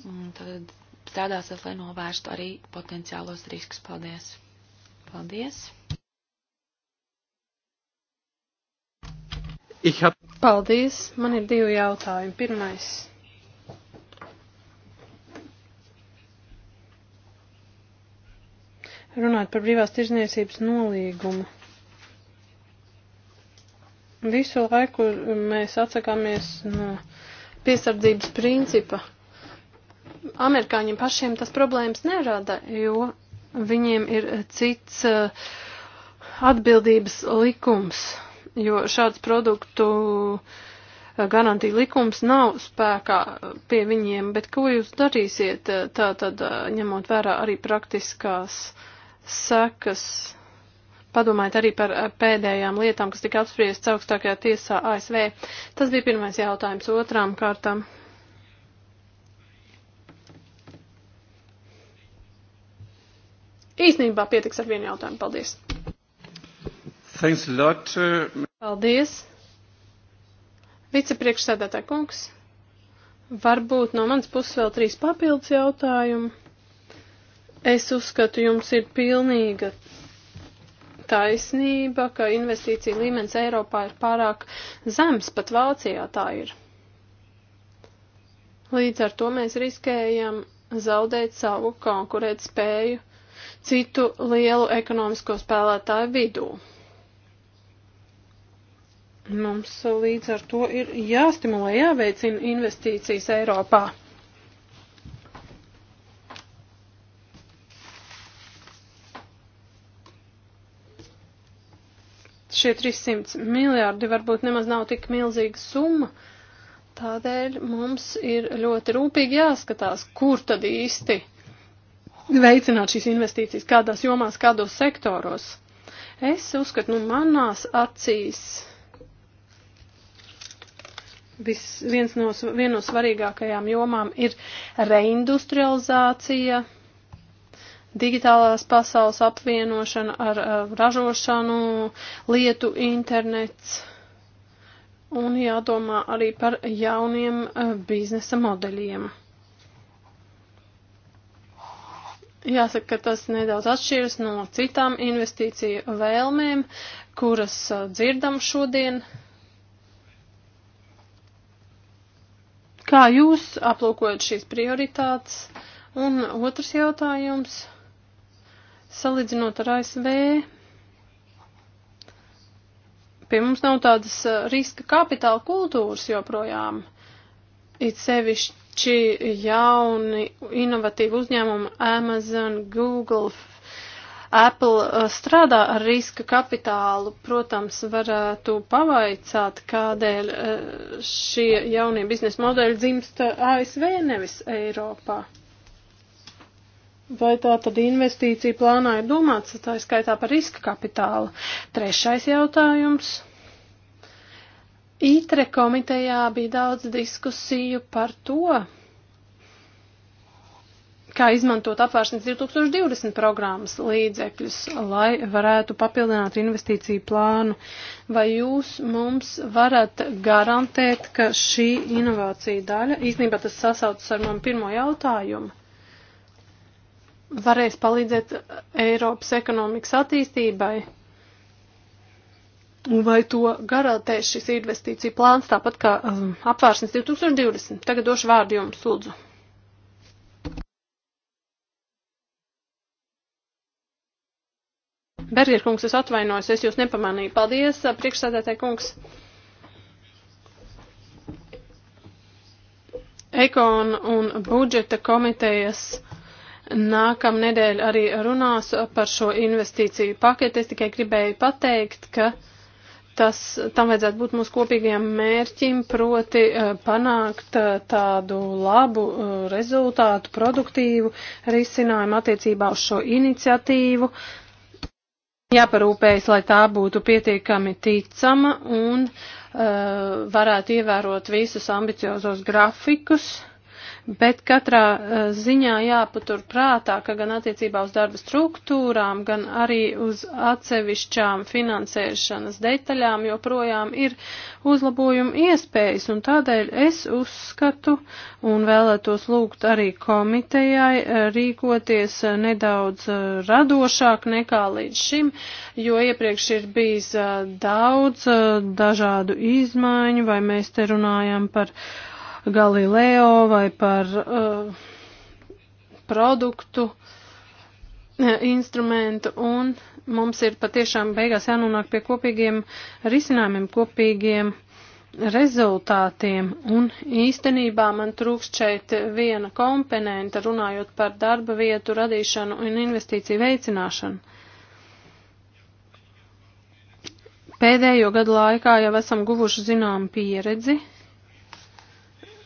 mm, tad strādāsiet, lai novērstu arī potenciālos riskus? Paldies! Paldies! Hab... Paldies, man ir divi jautājumi. Pirmais. Runāt par brīvās tirzniecības nolīgumu. Visu laiku mēs atsakāmies no piesardzības principa. Amerikāņiem pašiem tas problēmas nerada, jo viņiem ir cits eh, atbildības likums jo šāds produktu eh, garantija likums nav spēkā eh, pie viņiem, bet ko jūs darīsiet eh, tā tad ņemot vērā arī praktiskās sekas? Padomājiet arī par pēdējām lietām, kas tika apspriestas augstākajā tiesā ASV. Tas bija pirmais jautājums otrām kārtām. Īsnībā pietiks ar vienu jautājumu. Paldies! Thanks a lot, uh, Paldies! Vicepriekšsēdētāj kungs, varbūt no mans puses vēl trīs papildus jautājumu. Es uzskatu, jums ir pilnīga taisnība, ka investīcija līmenis Eiropā ir pārāk zems, pat Vācijā tā ir. Līdz ar to mēs riskējam zaudēt savu konkurēt spēju citu lielu ekonomisko spēlētāju vidū. Mums līdz ar to ir jāstimulē, jāveicina investīcijas Eiropā. Šie 300 miljārdi varbūt nemaz nav tik milzīga summa, tādēļ mums ir ļoti rūpīgi jāskatās, kur tad īsti veicināt šīs investīcijas, kādās jomās, kādos sektoros. Es uzskatu, nu manās acīs Vis, viens no, vien no svarīgākajām jomām ir reindustrializācija, digitālās pasaules apvienošana ar, ar ražošanu, lietu internets un jādomā arī par jauniem e, biznesa modeļiem. Jāsaka, ka tas nedaudz atšķiras no citām investīciju vēlmēm, kuras e, dzirdam šodien. Uh, Kā jūs aplūkojat šīs prioritātes? Un otrs jautājums, salīdzinot ar ASV, pie mums nav tādas eh, riska kapitāla kultūras joprojām. It sevišķi jauni, inovatīvi uzņēmumi Amazon, Google, Apple uh, strādā ar riska kapitālu, protams, varētu pavaicāt, kādēļ uh, šie jaunie biznesa modeļi dzimst ASV nevis Eiropā. Vai tā tad investīcija plānā ir domāts, tā ir skaitā par riska kapitālu? Trešais jautājums. ITRE komitejā bija daudz diskusiju par to, kā izmantot apvāršanas 2020 programmas līdzekļus, lai varētu papildināt investīciju plānu. Vai jūs mums varat garantēt, ka šī inovācija daļa, īstenībā tas sasaucas ar manu pirmo jautājumu, varēs palīdzēt Eiropas ekonomikas attīstībai? Vai to garantē šis investīcija plāns, tāpat kā um, apvāršanas 2020? Tagad došu vārdu jums, lūdzu. Berger kungs, es atvainojos, es jūs nepamanīju. Paldies, priekšsēdētāji kungs. Ekon un budžeta komitejas nākamnedēļ arī runās par šo investīciju paketi. Es tikai gribēju pateikt, ka tas, tam vajadzētu būt mūsu kopīgajam mērķim, proti panākt tādu labu rezultātu, produktīvu risinājumu attiecībā uz šo iniciatīvu. Uh, jāparūpējas, lai tā būtu pietiekami ticama un uh, varētu ievērot visus ambiciozos grafikus. Uh, bet katrā eh, ziņā jāpatur prātā, ka gan attiecībā uz darba struktūrām, gan arī uz atsevišķām finansēšanas detaļām joprojām ir uzlabojuma iespējas, un tādēļ es uzskatu un vēlētos lūgt arī komitejai eh, rīkoties eh, nedaudz radošāk nekā līdz šim, jo iepriekš ir bijis daudz dažādu izmaiņu, vai mēs te runājam par uh, Galileo vai par uh, produktu uh, instrumentu un mums ir patiešām beigās jānonāk pie kopīgiem risinājumiem, kopīgiem rezultātiem. Un īstenībā man trūkst šeit viena komponenta, runājot par darba vietu radīšanu un investīciju veicināšanu. Pēdējo gadu laikā jau esam guvuši zinām pieredzi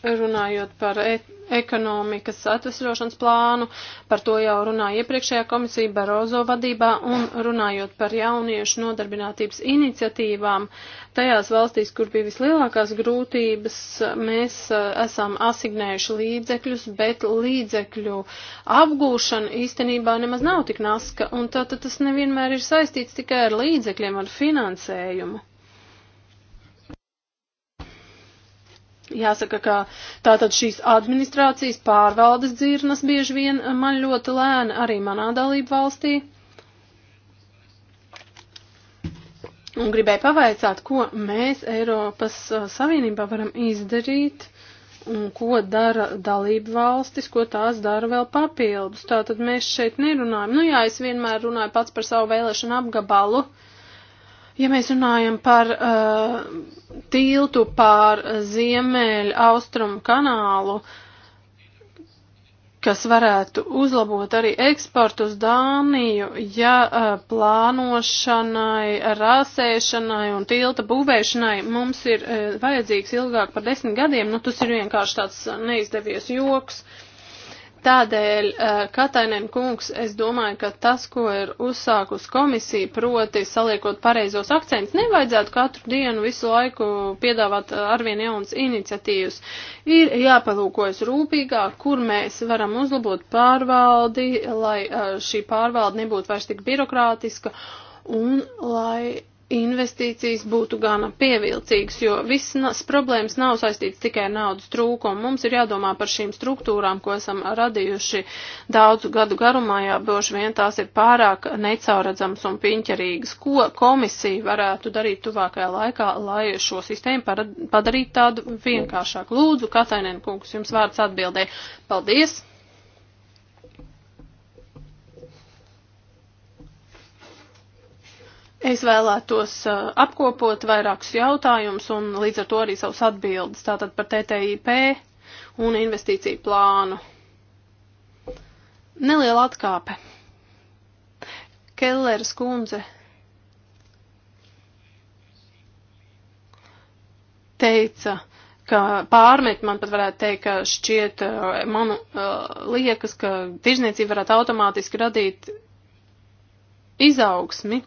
runājot par e ekonomikas atvesļošanas plānu, par to jau runāja iepriekšējā komisija Barozo vadībā, un runājot par jauniešu nodarbinātības iniciatīvām, tajās valstīs, kur bija vislielākās grūtības, mēs e, esam asignējuši līdzekļus, bet līdzekļu apgūšana īstenībā nemaz nav tik naska, un tātad tas nevienmēr ir saistīts tikai ar līdzekļiem, ar finansējumu. Jāsaka, ka tātad šīs administrācijas pārvaldes dzirnas bieži vien man ļoti lēna arī manā dalību valstī. Un gribēju pavaicāt, ko mēs Eiropas Savienībā varam izdarīt un ko dara dalību valstis, ko tās dara vēl papildus. Tātad mēs šeit nerunājam. Nu jā, es vienmēr runāju pats par savu vēlēšanu apgabalu. Uh, Ja mēs runājam par uh, tiltu pār ziemeļu austrumu kanālu, kas varētu uzlabot arī eksportu uz Dāniju, ja uh, plānošanai, rāsēšanai un tilta būvēšanai mums ir uh, vajadzīgs ilgāk par desmit gadiem, nu tas ir vienkārši tāds neizdevies joks. Uh, Tādēļ, eh, Katainen kungs, es domāju, ka tas, ko ir uzsākus komisija, proti saliekot pareizos akcentus, nevajadzētu katru dienu visu laiku piedāvāt eh, arvien jaunas iniciatīvas. Ir jāpalūkojas rūpīgāk, kur mēs varam uzlabot pārvaldi, lai eh, šī pārvalde nebūtu vairs tik birokrātiska un lai investīcijas būtu gana pievilcīgas, jo visas problēmas nav saistīts tikai ar naudas trūkumu. Mums ir jādomā par šīm struktūrām, ko esam radījuši daudzu gadu garumā, jā, boši vien tās ir pārāk necauredzams un piņķerīgas. Ko komisija varētu darīt tuvākajā laikā, lai šo sistēmu padarītu tādu vienkāršāku? Lūdzu, Katainen kungs, jums vārds atbildē. Paldies! Es vēlētos uh, apkopot vairākus jautājumus un līdz ar to arī savus atbildes, tātad par TTIP un investīciju plānu. Neliela atkāpe. Kelleres kundze teica, ka pārmet, man pat varētu teikt, ka šķiet, uh, man uh, liekas, ka tirzniecība varētu automātiski radīt izaugsmi.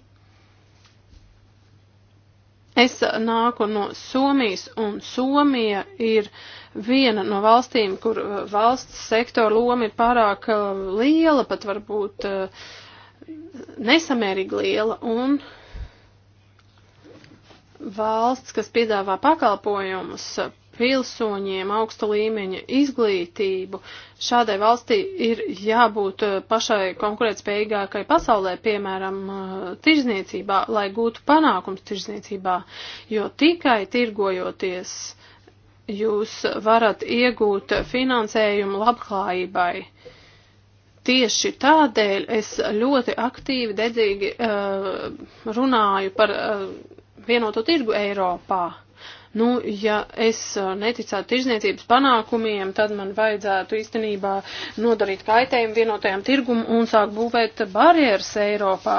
Es nāku no Somijas, un Somija ir viena no valstīm, kur uh, valsts sektora loma ir pārāk uh, liela, pat varbūt uh, nesamērīgi liela, un valsts, kas piedāvā pakalpojumus, pilsoņiem augsta līmeņa izglītību. Šādai valstī ir jābūt eh, pašai konkurētspējīgākai pasaulē, piemēram, eh, tirzniecībā, lai gūtu panākums tirzniecībā, jo tikai tirgojoties jūs varat iegūt finansējumu labklājībai. Tieši tādēļ es ļoti aktīvi, dedzīgi uh, runāju par uh, vienoto tirgu Eiropā. Nu, ja es uh, neticētu tirzniecības panākumiem, tad man vajadzētu īstenībā nodarīt kaitējumu vienotajam tirgumu un sāk būvēt barjeras Eiropā.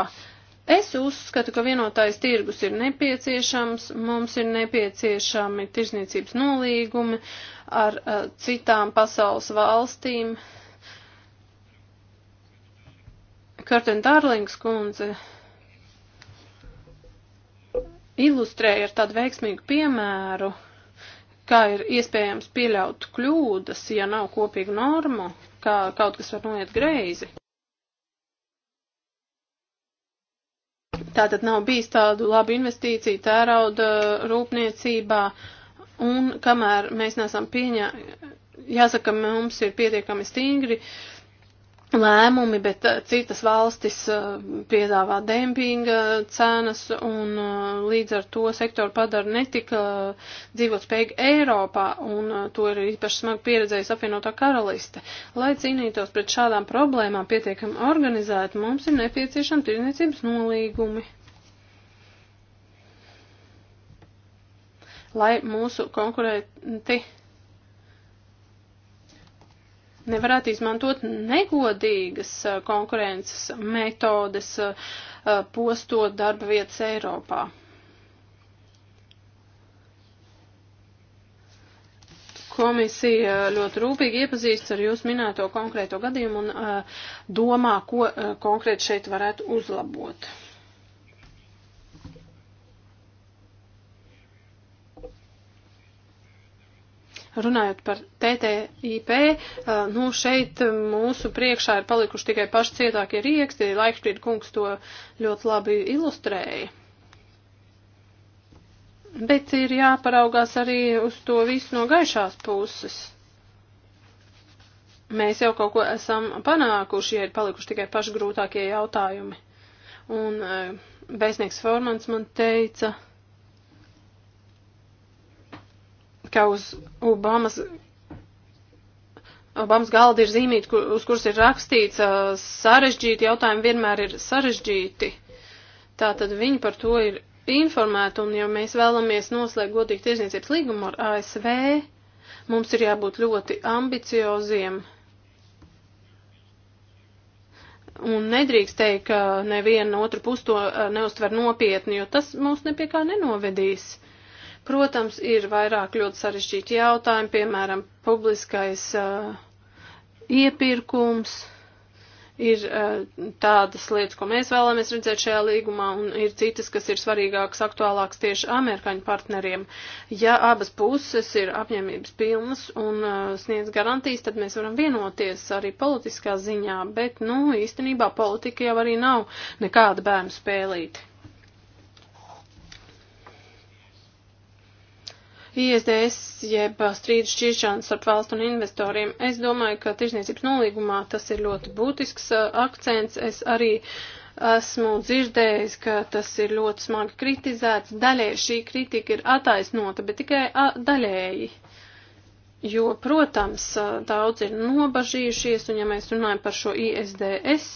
Es uzskatu, ka vienotais tirgus ir nepieciešams, mums ir nepieciešami tirzniecības nolīgumi ar uh, citām pasaules valstīm. Karten Darlings kundze ilustrēja ar tādu veiksmīgu piemēru, kā ir iespējams pieļaut kļūdas, ja nav kopīgu normu, kā kaut kas var noiet greizi. Tātad nav bijis tādu labu investīciju tērauda rūpniecībā, un kamēr mēs nesam pieņēmuši, jāsaka, mums ir pietiekami stingri uh, lēmumi, bet uh, citas valstis uh, piedāvā dempinga cenas un uh, līdz ar to sektoru padara netika dzīvot spējīgi Eiropā un to ir īpaši smagi pieredzējis apvienotā karaliste. Lai cīnītos pret šādām problēmām pietiekami organizēt, mums ir nepieciešami tirniecības nolīgumi. Lai mūsu konkurenti nevarētu izmantot negodīgas konkurences metodes, postot darba vietas Eiropā. Komisija ļoti rūpīgi iepazīstas ar jūsu minēto konkrēto gadījumu un domā, ko konkrēti šeit varētu uzlabot. Runājot par TTIP, eh, nu šeit mūsu priekšā ir palikuši tikai paši cietākie rieksti, Laikšķīt kungs to ļoti labi ilustrēja. Bet ir jāparaugās arī uz to visu no gaišās puses. Mēs jau kaut ko esam panākuši, ja ir palikuši tikai paši grūtākie jautājumi. Un eh, vēstnieks Formans man teica, ka uz Obamas Obamas galda ir zīmīti, kur, uz kuras ir rakstīts uh, sarežģīti jautājumi vienmēr ir sarežģīti. Tā tad viņi par to ir informēti, un ja mēs vēlamies noslēgt godīgi tiesniecības līgumu ar ASV, mums ir jābūt ļoti ambicioziem. Un nedrīkst teikt, ka neviena otru pusi to neuztver nopietni, jo tas mūs nepie kā nenovedīs. Protams, ir vairāk ļoti sarežģīti jautājumi, piemēram, publiskais uh, iepirkums. Ir uh, tādas lietas, ko mēs vēlamies redzēt šajā līgumā, un ir citas, kas ir svarīgākas, aktuālākas tieši amerikāņu partneriem. Ja abas puses ir apņemības pilnas un uh, sniedz garantijas, tad mēs varam vienoties arī politiskā ziņā, bet, nu, īstenībā politika jau arī nav nekāda bērnu spēlīta. ISDS jeb strīdu šķiršanu starp valstu un investoriem. Es domāju, ka tirzniecības nolīgumā tas ir ļoti būtisks uh, akcents. Es arī esmu dzirdējis, ka tas ir ļoti smagi kritizēts. Daļēji šī kritika ir attaisnota, bet tikai daļēji. Jo, protams, uh, daudz ir nobažījušies, un ja mēs runājam par šo ISDS,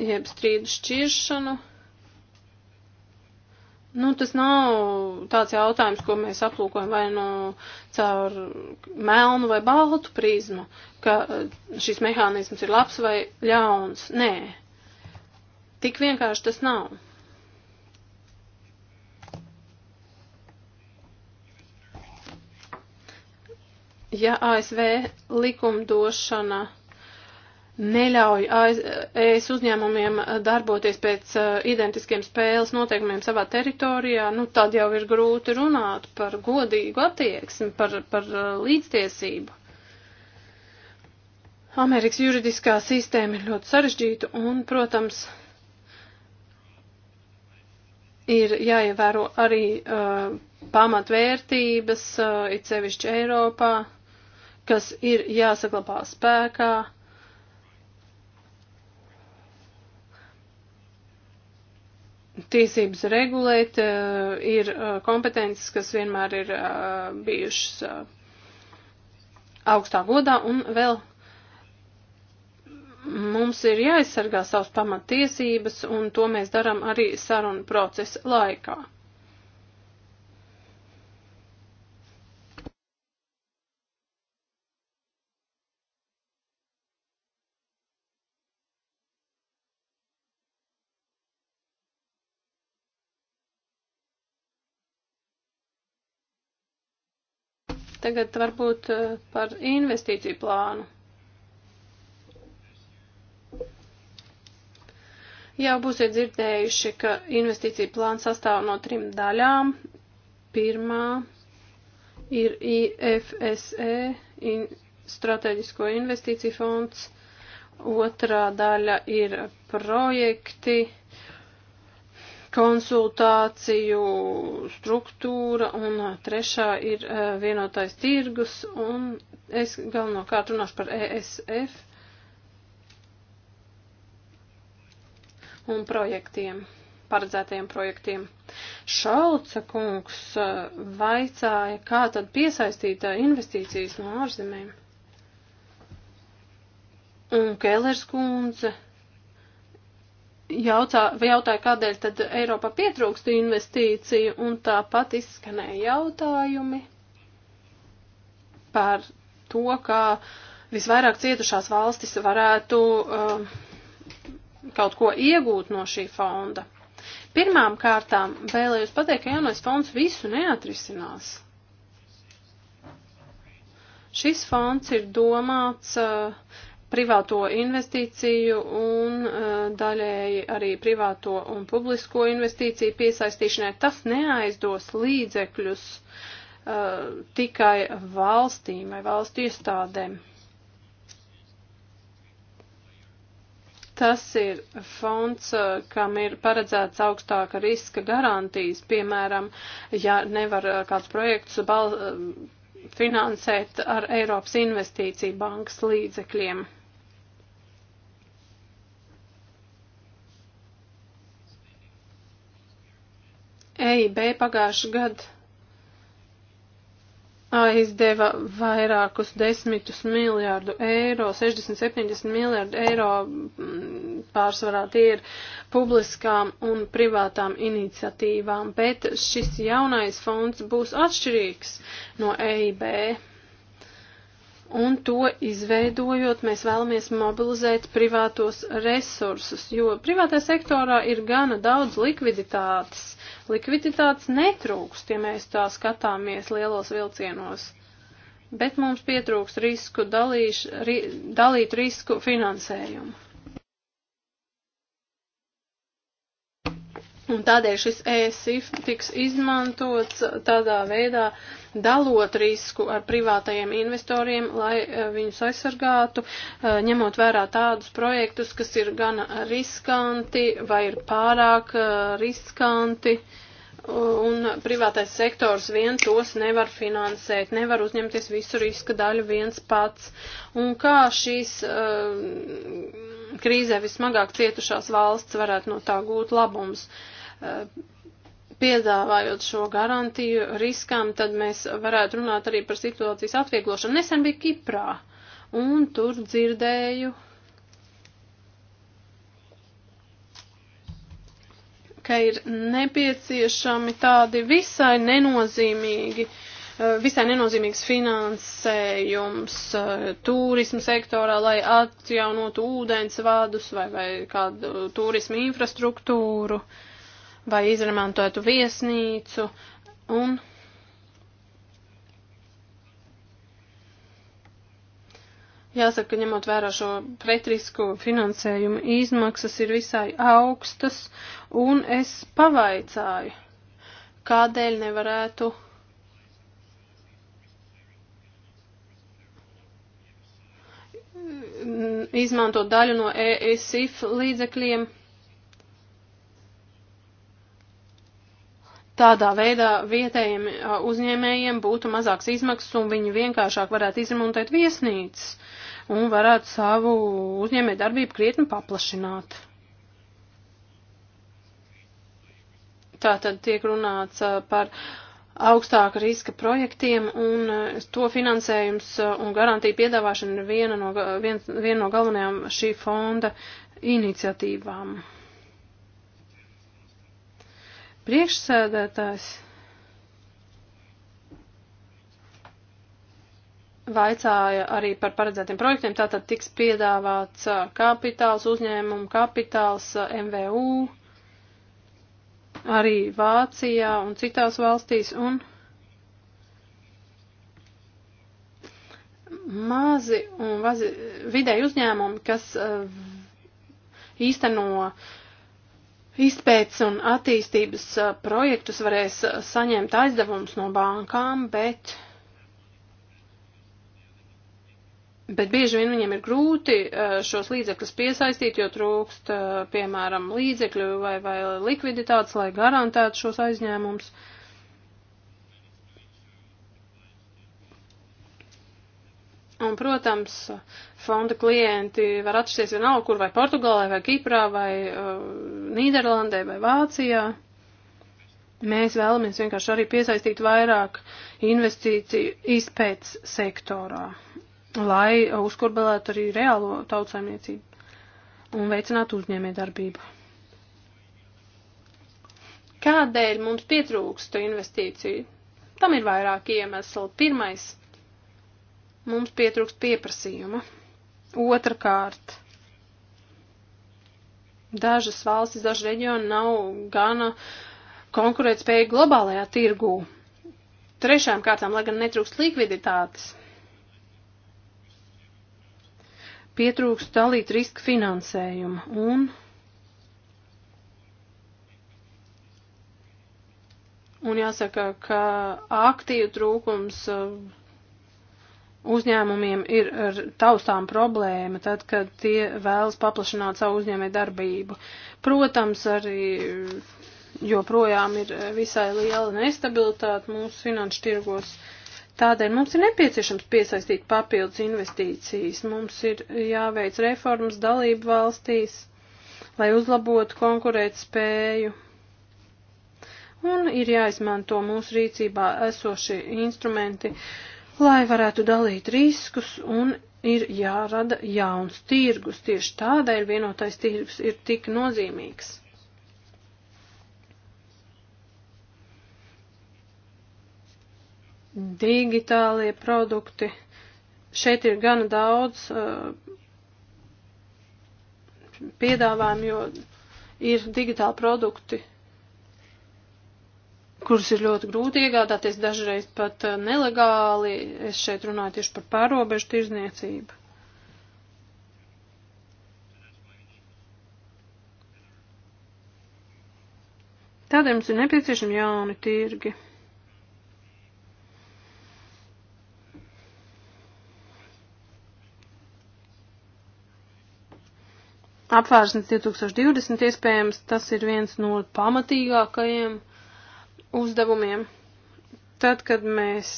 jeb strīdu šķiršanu, Nu, tas nav tāds jautājums, ko mēs aplūkojam vai nu caur melnu vai baltu prizmu, ka eh, šis mehānisms ir labs vai ļauns. Nē, tik vienkārši tas nav. Ja ASV likumdošana neļauj ES uzņēmumiem darboties pēc uh, identiskiem spēles noteikumiem savā teritorijā, nu tad jau ir grūti runāt par godīgu attieksmi, par, par uh, līdztiesību. Amerikas juridiskā sistēma ir ļoti sarežģīta un, protams, ir jāievēro arī uh, pamatvērtības, uh, it sevišķi Eiropā, kas ir jāsaglabā spēkā. Uh, tiesības regulēt eh, ir eh, kompetences, kas vienmēr ir eh, bijušas augstā godā un vēl mums ir jāaizsargā savas pamatiesības, un to mēs darām arī sarunu procesa laikā. Tagad varbūt eh, par investīciju plānu. Jau būsiet dzirdējuši, ka investīcija plāns sastāv no trim daļām. Pirmā ir IFSE, in, Strateģisko investīciju fonds, otrā daļa ir projekti, konsultāciju struktūra un trešā ir eh, vienotais tirgus un es galvenokārt runāšu par ESF un projektiem, paredzētajiem projektiem. Šalca kungs eh, vaicāja, kā tad piesaistīt eh, investīcijas no ārzemēm. Un Kēlers kundze jautā, jautāja, kādēļ tad Eiropā pietrūkst investīciju, un tāpat izskanēja jautājumi par to, kā visvairāk cietušās valstis varētu uh, kaut ko iegūt no šī fonda. Pirmām kārtām vēlējos pateikt, ka jaunais fonds visu neatrisinās. Šis fonds ir domāts uh, privāto investīciju un eh, daļēji arī privāto un publisko investīciju piesaistīšanai. Tas neaizdos līdzekļus uh, tikai valstīm vai valstu iestādēm. Tas ir fonds, eh, kam ir paredzēts augstāka riska garantijas, piemēram, ja nevar kāds projekts bal finansēt ar Eiropas investīciju bankas līdzekļiem. EIB pagājuši gadu aizdeva vairākus desmitus miljārdu eiro, 60-70 miljārdu eiro mm, pārsvarā tie ir publiskām un privātām iniciatīvām, bet šis jaunais fonds būs atšķirīgs no EIB. Un to izveidojot, mēs vēlamies mobilizēt privātos resursus, jo privātajā sektorā ir gana daudz likviditātes Likviditātes netrūkst, ja mēs tā skatāmies lielos vilcienos, bet mums pietrūkst risku dalīš, ri, dalīt risku finansējumu. Un tādēļ šis ESIF tiks izmantots tādā veidā, dalot risku ar privātajiem investoriem, lai eh, viņus aizsargātu, eh, ņemot vērā tādus projektus, kas ir gan riskanti vai ir pārāk eh, riskanti. Uh, un privātais sektors vien tos nevar finansēt, nevar uzņemties visu riska daļu viens pats. Un kā šīs uh, krīzē vismagāk cietušās valsts varētu no tā gūt labums? Uh, piedāvājot šo garantiju riskam, tad mēs varētu runāt arī par situācijas atvieglošanu. Nesen bija Kiprā, un tur dzirdēju, uh, ka ir nepieciešami tādi visai nenozīmīgi, eh, visai nenozīmīgs finansējums eh, turismu sektorā, lai atjaunotu ūdens vadus vai, vai kādu turismu infrastruktūru vai izremantotu viesnīcu un Jāsaka, ka ņemot vērā šo pretrisko finansējumu izmaksas ir visai augstas, un es pavaicāju, kādēļ nevarētu izmantot daļu no ESIF līdzekļiem. Tādā veidā vietējiem uzņēmējiem būtu mazāks izmaksas un viņi vienkāršāk varētu izremontēt viesnīcas. Uh, un varētu savu uzņēmē darbību krietni paplašināt. Tātad tiek runāts par augstāka riska projektiem, un to finansējums un garantija piedāvāšana ir viena no, vien, viena no galvenajām šī fonda iniciatīvām. Priekšsēdētājs vaicāja arī par paredzētiem projektiem, tātad tiks piedāvāts uh, kapitāls, uzņēmumu kapitāls, uh, MVU, arī Vācijā un citās valstīs, un mazi un vazi, vidēji uzņēmumi, kas uh, īsteno izpētes un attīstības projektus, varēs saņemt aizdevumus no bankām, bet Bet bieži vien viņiem ir grūti eh, šos līdzekļus piesaistīt, jo trūkst, eh, piemēram, līdzekļu vai, vai likviditātes, lai garantētu šos aizņēmumus. Un, protams, fonda klienti var atšķirties vienalga, kur vai Portugālē, vai Kiprā, vai uh, Nīderlandē, vai Vācijā. Mēs vēlamies vienkārši arī piesaistīt vairāk investīciju izpētes sektorā lai uzkurbelētu arī reālo tautsaimniecību un veicinātu uzņēmē darbību. Kādēļ mums pietrūksta investīciju? Tam ir vairāki iemesli. Pirmais - mums pietrūkst pieprasījuma. Otrakārt - dažas valstis, daži reģioni nav gana konkurētspēja globālajā tirgū. Trešām kārtām, lai gan netrūkst likviditātes, pietrūkst dalīt riska finansējuma un Un jāsaka, ka aktīvu trūkums uh, uzņēmumiem ir taustām problēma, tad, kad tie vēlas paplašināt savu uzņēmē darbību. Protams, arī joprojām ir uh, visai liela nestabilitāte mūsu finanšu tirgos. Uh, Tādēļ mums ir nepieciešams piesaistīt papildus investīcijas, mums ir jāveic reformas dalību valstīs, lai uzlabotu konkurēt spēju. Un ir jāizmanto mūsu rīcībā esošie instrumenti, lai varētu dalīt riskus un ir jārada jauns tirgus. Tieši tādēļ vienotais tirgus ir tik nozīmīgs. digitālie produkti. Šeit ir gana daudz uh, piedāvājumu, jo ir digitāli produkti, kurus ir ļoti grūti iegādāties, dažreiz pat uh, nelegāli. Es šeit runāju tieši par pārobežu tirzniecību. Tādēļ mums ir nepieciešami jauni tirgi. Apvērsnes 2020 iespējams tas ir viens no pamatīgākajiem uzdevumiem. Tad, kad mēs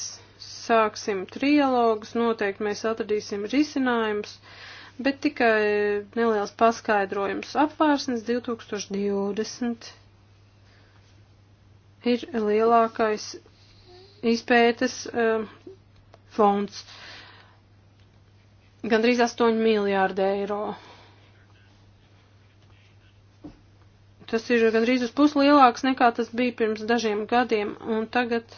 sāksim trialogus, noteikti mēs atradīsim risinājumus, bet tikai neliels paskaidrojums. Apvērsnes 2020 ir lielākais izpētes uh, fonds. Gandrīz 8 miljārdi eiro. Tas ir gandrīz uz pus lielāks nekā tas bija pirms dažiem gadiem, un tagad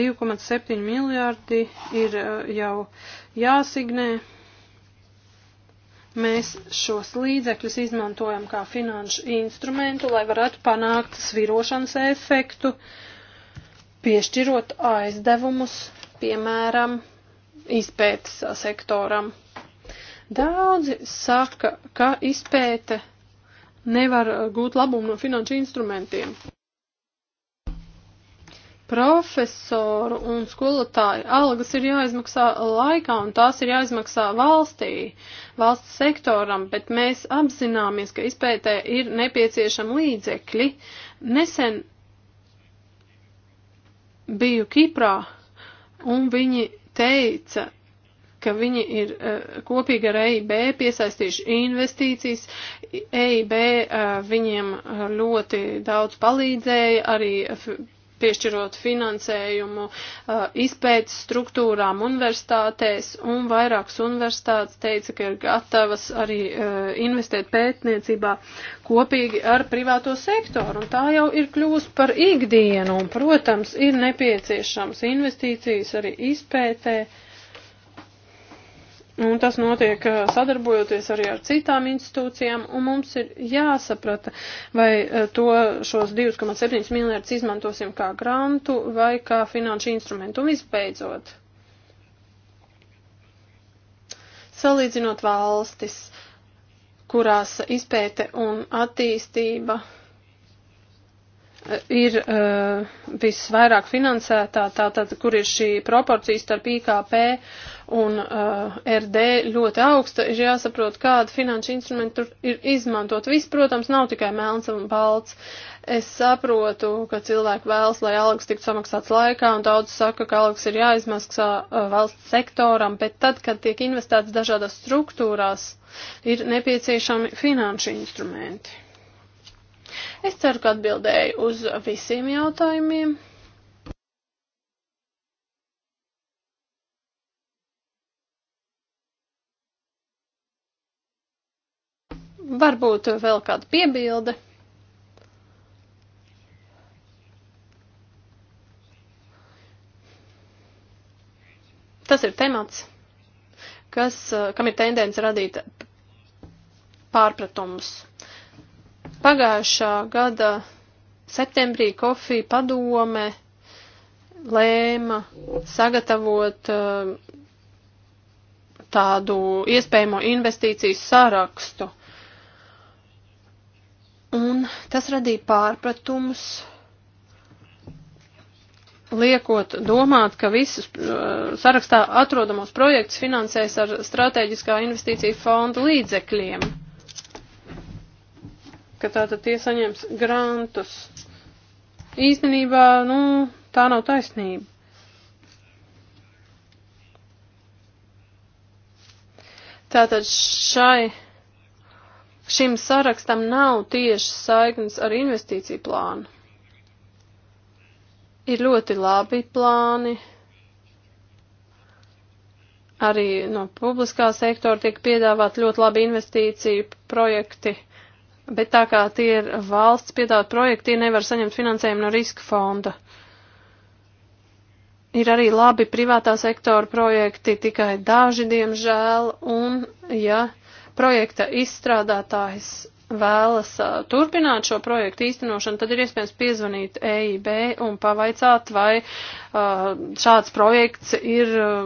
2,7 miljārdi ir eh, jau jāsignē. Mēs šos līdzekļus izmantojam kā finanšu instrumentu, lai varētu panākt svirošanas efektu, piešķirot aizdevumus, piemēram, izpētes sektoram. Daudzi saka, ka izpēte nevar gūt labumu no finanšu instrumentiem. Profesoru un skolotāju algas ir jāizmaksā laikā un tās ir jāizmaksā valstī, valsts sektoram, bet mēs apzināmies, ka izpētē ir nepieciešama līdzekļi. Nesen biju Kiprā un viņi teica, ka viņi ir eh, kopīgi ar EIB piesaistījuši investīcijas. EIB eh, viņiem eh, ļoti daudz palīdzēja arī piešķirot finansējumu uh, izpētes struktūrām universitātēs, un vairākas universitātes teica, ka ir gatavas arī uh, investēt pētniecībā kopīgi ar privāto sektoru, un tā jau ir kļūst par ikdienu, un, protams, ir nepieciešams investīcijas arī izpētē. Uh, Un tas notiek eh, sadarbojoties arī ar citām institūcijām, un mums ir jāsaprata, vai eh, to šos 2,7 miljardus izmantosim kā grantu vai kā finanšu instrumentu. Un visbeidzot, salīdzinot valstis, kurās izpēte un attīstība ir uh, visvairāk finansētā, tātad, kur ir šī proporcija starp IKP un uh, eh, RD ļoti augsta, ir jāsaprot, kāda finanšu instrumenta tur ir izmantot. Viss, protams, nav tikai melns un balts. Es saprotu, ka cilvēki vēlas, lai algas tiktu samaksāts laikā, un daudz saka, ka algas ir jāizmaksā uh, valsts sektoram, bet tad, kad tiek investēts dažādās struktūrās, ir nepieciešami finanšu instrumenti. Es ceru, ka atbildēju uz visiem jautājumiem. Varbūt vēl kāda piebilde. Tas ir temats, kas, kam ir tendence radīt pārpratumus. Uh, Pagājušā gada septembrī kofija padome lēma sagatavot eh, tādu iespējamo investīciju sarakstu. Un tas radīja pārpratumus, liekot domāt, ka visus eh, sarakstā atrodamos projektus finansēs ar strateģiskā investīcija fonda līdzekļiem ka tātad tie saņems grantus. Īstenībā, nu, tā nav taisnība. Tātad šai, šim sarakstam nav tieši saiknes ar investīciju plānu. Ir ļoti labi plāni. Arī no publiskā sektora tiek piedāvāt ļoti labi investīciju projekti bet tā kā tie ir valsts piedāvāt projekti, tie nevar saņemt finansējumu no riska fonda. Ir arī labi privātā sektora projekti, tikai daži, diemžēl, un, ja projekta izstrādātājs vēlas uh, turpināt šo projektu īstenošanu, tad ir iespējams piezvanīt EIB un pavaicāt, vai uh, šāds projekts ir uh,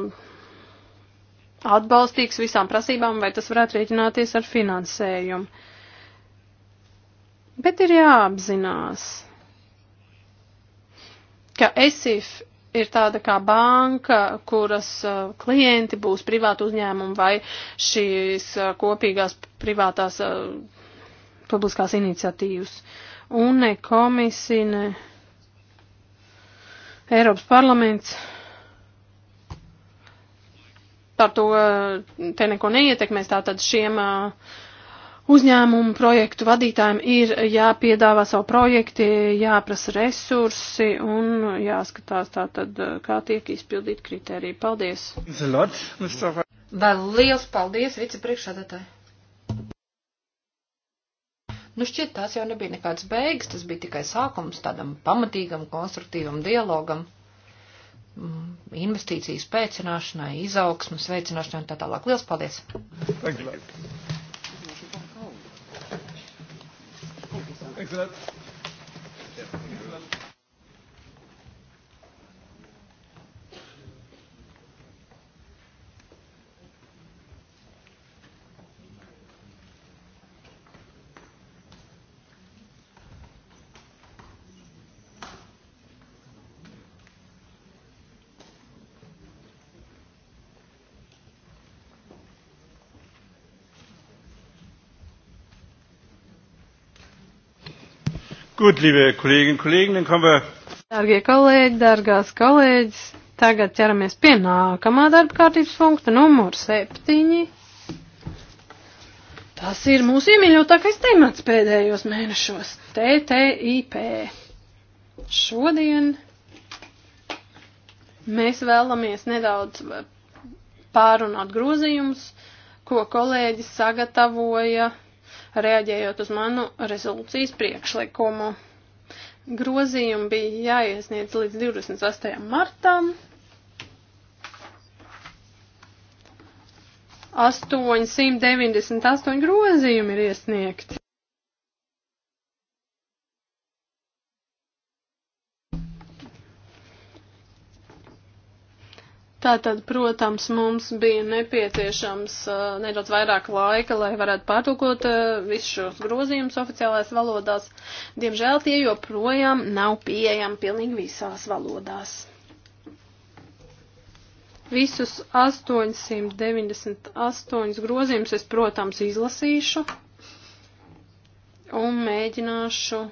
atbalstīgs visām prasībām, vai tas varētu rēķināties ar finansējumu. Bet ir jāapzinās, ka ESIF ir tāda kā banka, kuras uh, klienti būs privāti uzņēmumi vai šīs uh, kopīgās privātās uh, publiskās iniciatīvas. Un ne komisija, ne Eiropas parlaments par to uh, te neko neietekmēs, tātad šiem uh, Uzņēmumu projektu vadītājiem ir jāpiedāvā savu projekti, jāprasa resursi un jāskatās tātad, eh, kā tiek izpildīt kritēriju. Paldies! Vēl liels paldies vicepriekšādātāji! Nu, šķiet, tās jau nebija nekāds beigas, tas bija tikai sākums tādam pamatīgam, konstruktīvam dialogam, mm, investīcijas pēcināšanai, izaugsmas veicināšanai un tā tālāk. Lielas paldies! Thank you. Thanks for that. Gut, liebe Kolleginnen und Kollegen, dann kommen wir. Dargie kolēģi, dargās kolēģis, tagad ķeramies pie nākamā darba kārtības punkta, numur septiņi. Tas ir mūsu iemīļotākais temats pēdējos mēnešos - TTIP. Šodien mēs vēlamies nedaudz pārunāt grozījumus, ko kolēģis sagatavoja reaģējot uz manu rezolūcijas priekšlikumu. Grozījumi bija jāiesniedz līdz 28. martam. 898 grozījumi ir iesniegti. Tātad, protams, mums bija nepieciešams uh, nedaudz vairāk laika, lai varētu pārtulkot uh, visus šos grozījumus oficiālās valodās. Diemžēl tie joprojām nav pieejami pilnīgi visās valodās. Visus 898 grozījumus es, protams, izlasīšu un mēģināšu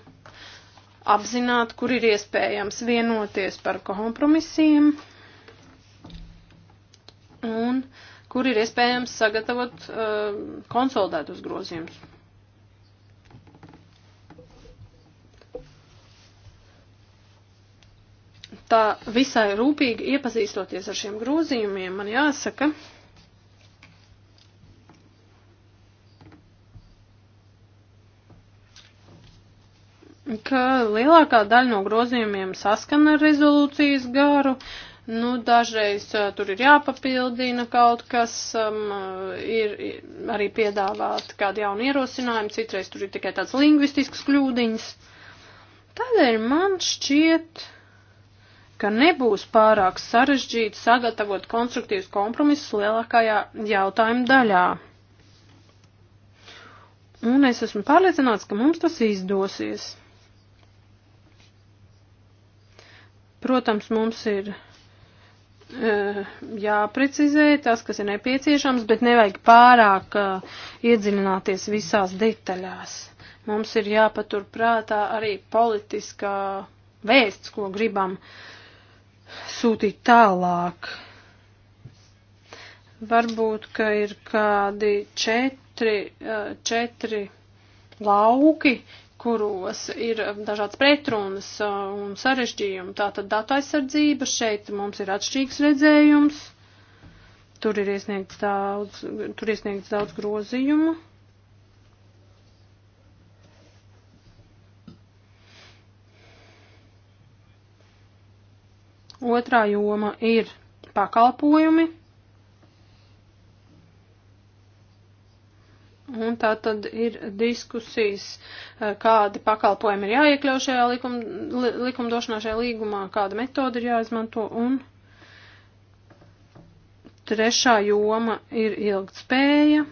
apzināt, kur ir iespējams vienoties par kompromisiem un kur ir iespējams sagatavot uh, konsolidētus grozījumus. Tā visai rūpīgi iepazīstoties ar šiem grozījumiem, man jāsaka, ka lielākā daļa no grozījumiem saskana ar rezolūcijas garu, uh, Nu, dažreiz tur ir jāpapildina kaut kas, um, ir, ir arī piedāvāt kādu jaunu ierosinājumu, citreiz tur ir tikai tāds lingvistisks kļūdiņas. Tādēļ man šķiet, ka nebūs pārāk sarežģīti sagatavot konstruktīvus kompromisus lielākajā jautājuma daļā. Un es esmu pārliecināts, ka mums tas izdosies. Protams, mums ir Eh, jāprecizē tas, kas ir nepieciešams, bet nevajag pārāk eh, iedziļināties visās detaļās. Mums ir jāpatur prātā arī politiskā vēsts, ko gribam sūtīt tālāk. Varbūt, ka ir kādi četri, eh, četri lauki, kuros ir um, dažādas pretrunas uh, un sarežģījumi. Tātad datu aizsardzība šeit mums ir atšķirīgs redzējums. Tur ir iesniegts daudz, tur iesniegts daudz grozījumu. Otrā joma ir pakalpojumi. Un tā tad ir diskusijas, e, kādi pakalpojumi ir jāiekļau šajā likum, li, likumdošanā, šajā līgumā, kāda metoda ir jāizmanto. Un trešā joma ir ilgtspēja.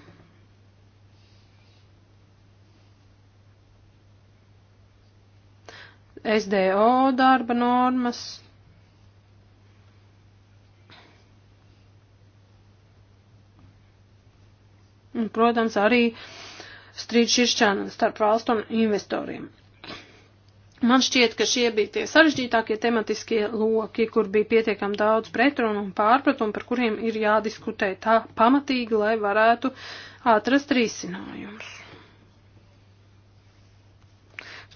SDO darba normas, un, protams, arī strīdšķiršana starp valstu un investoriem. Man šķiet, ka šie bija tie sarežģītākie tematiskie loki, kur bija pietiekami daudz pretrunu un pārpratumu, par kuriem ir jādiskutē tā pamatīgi, lai varētu atrast risinājumus.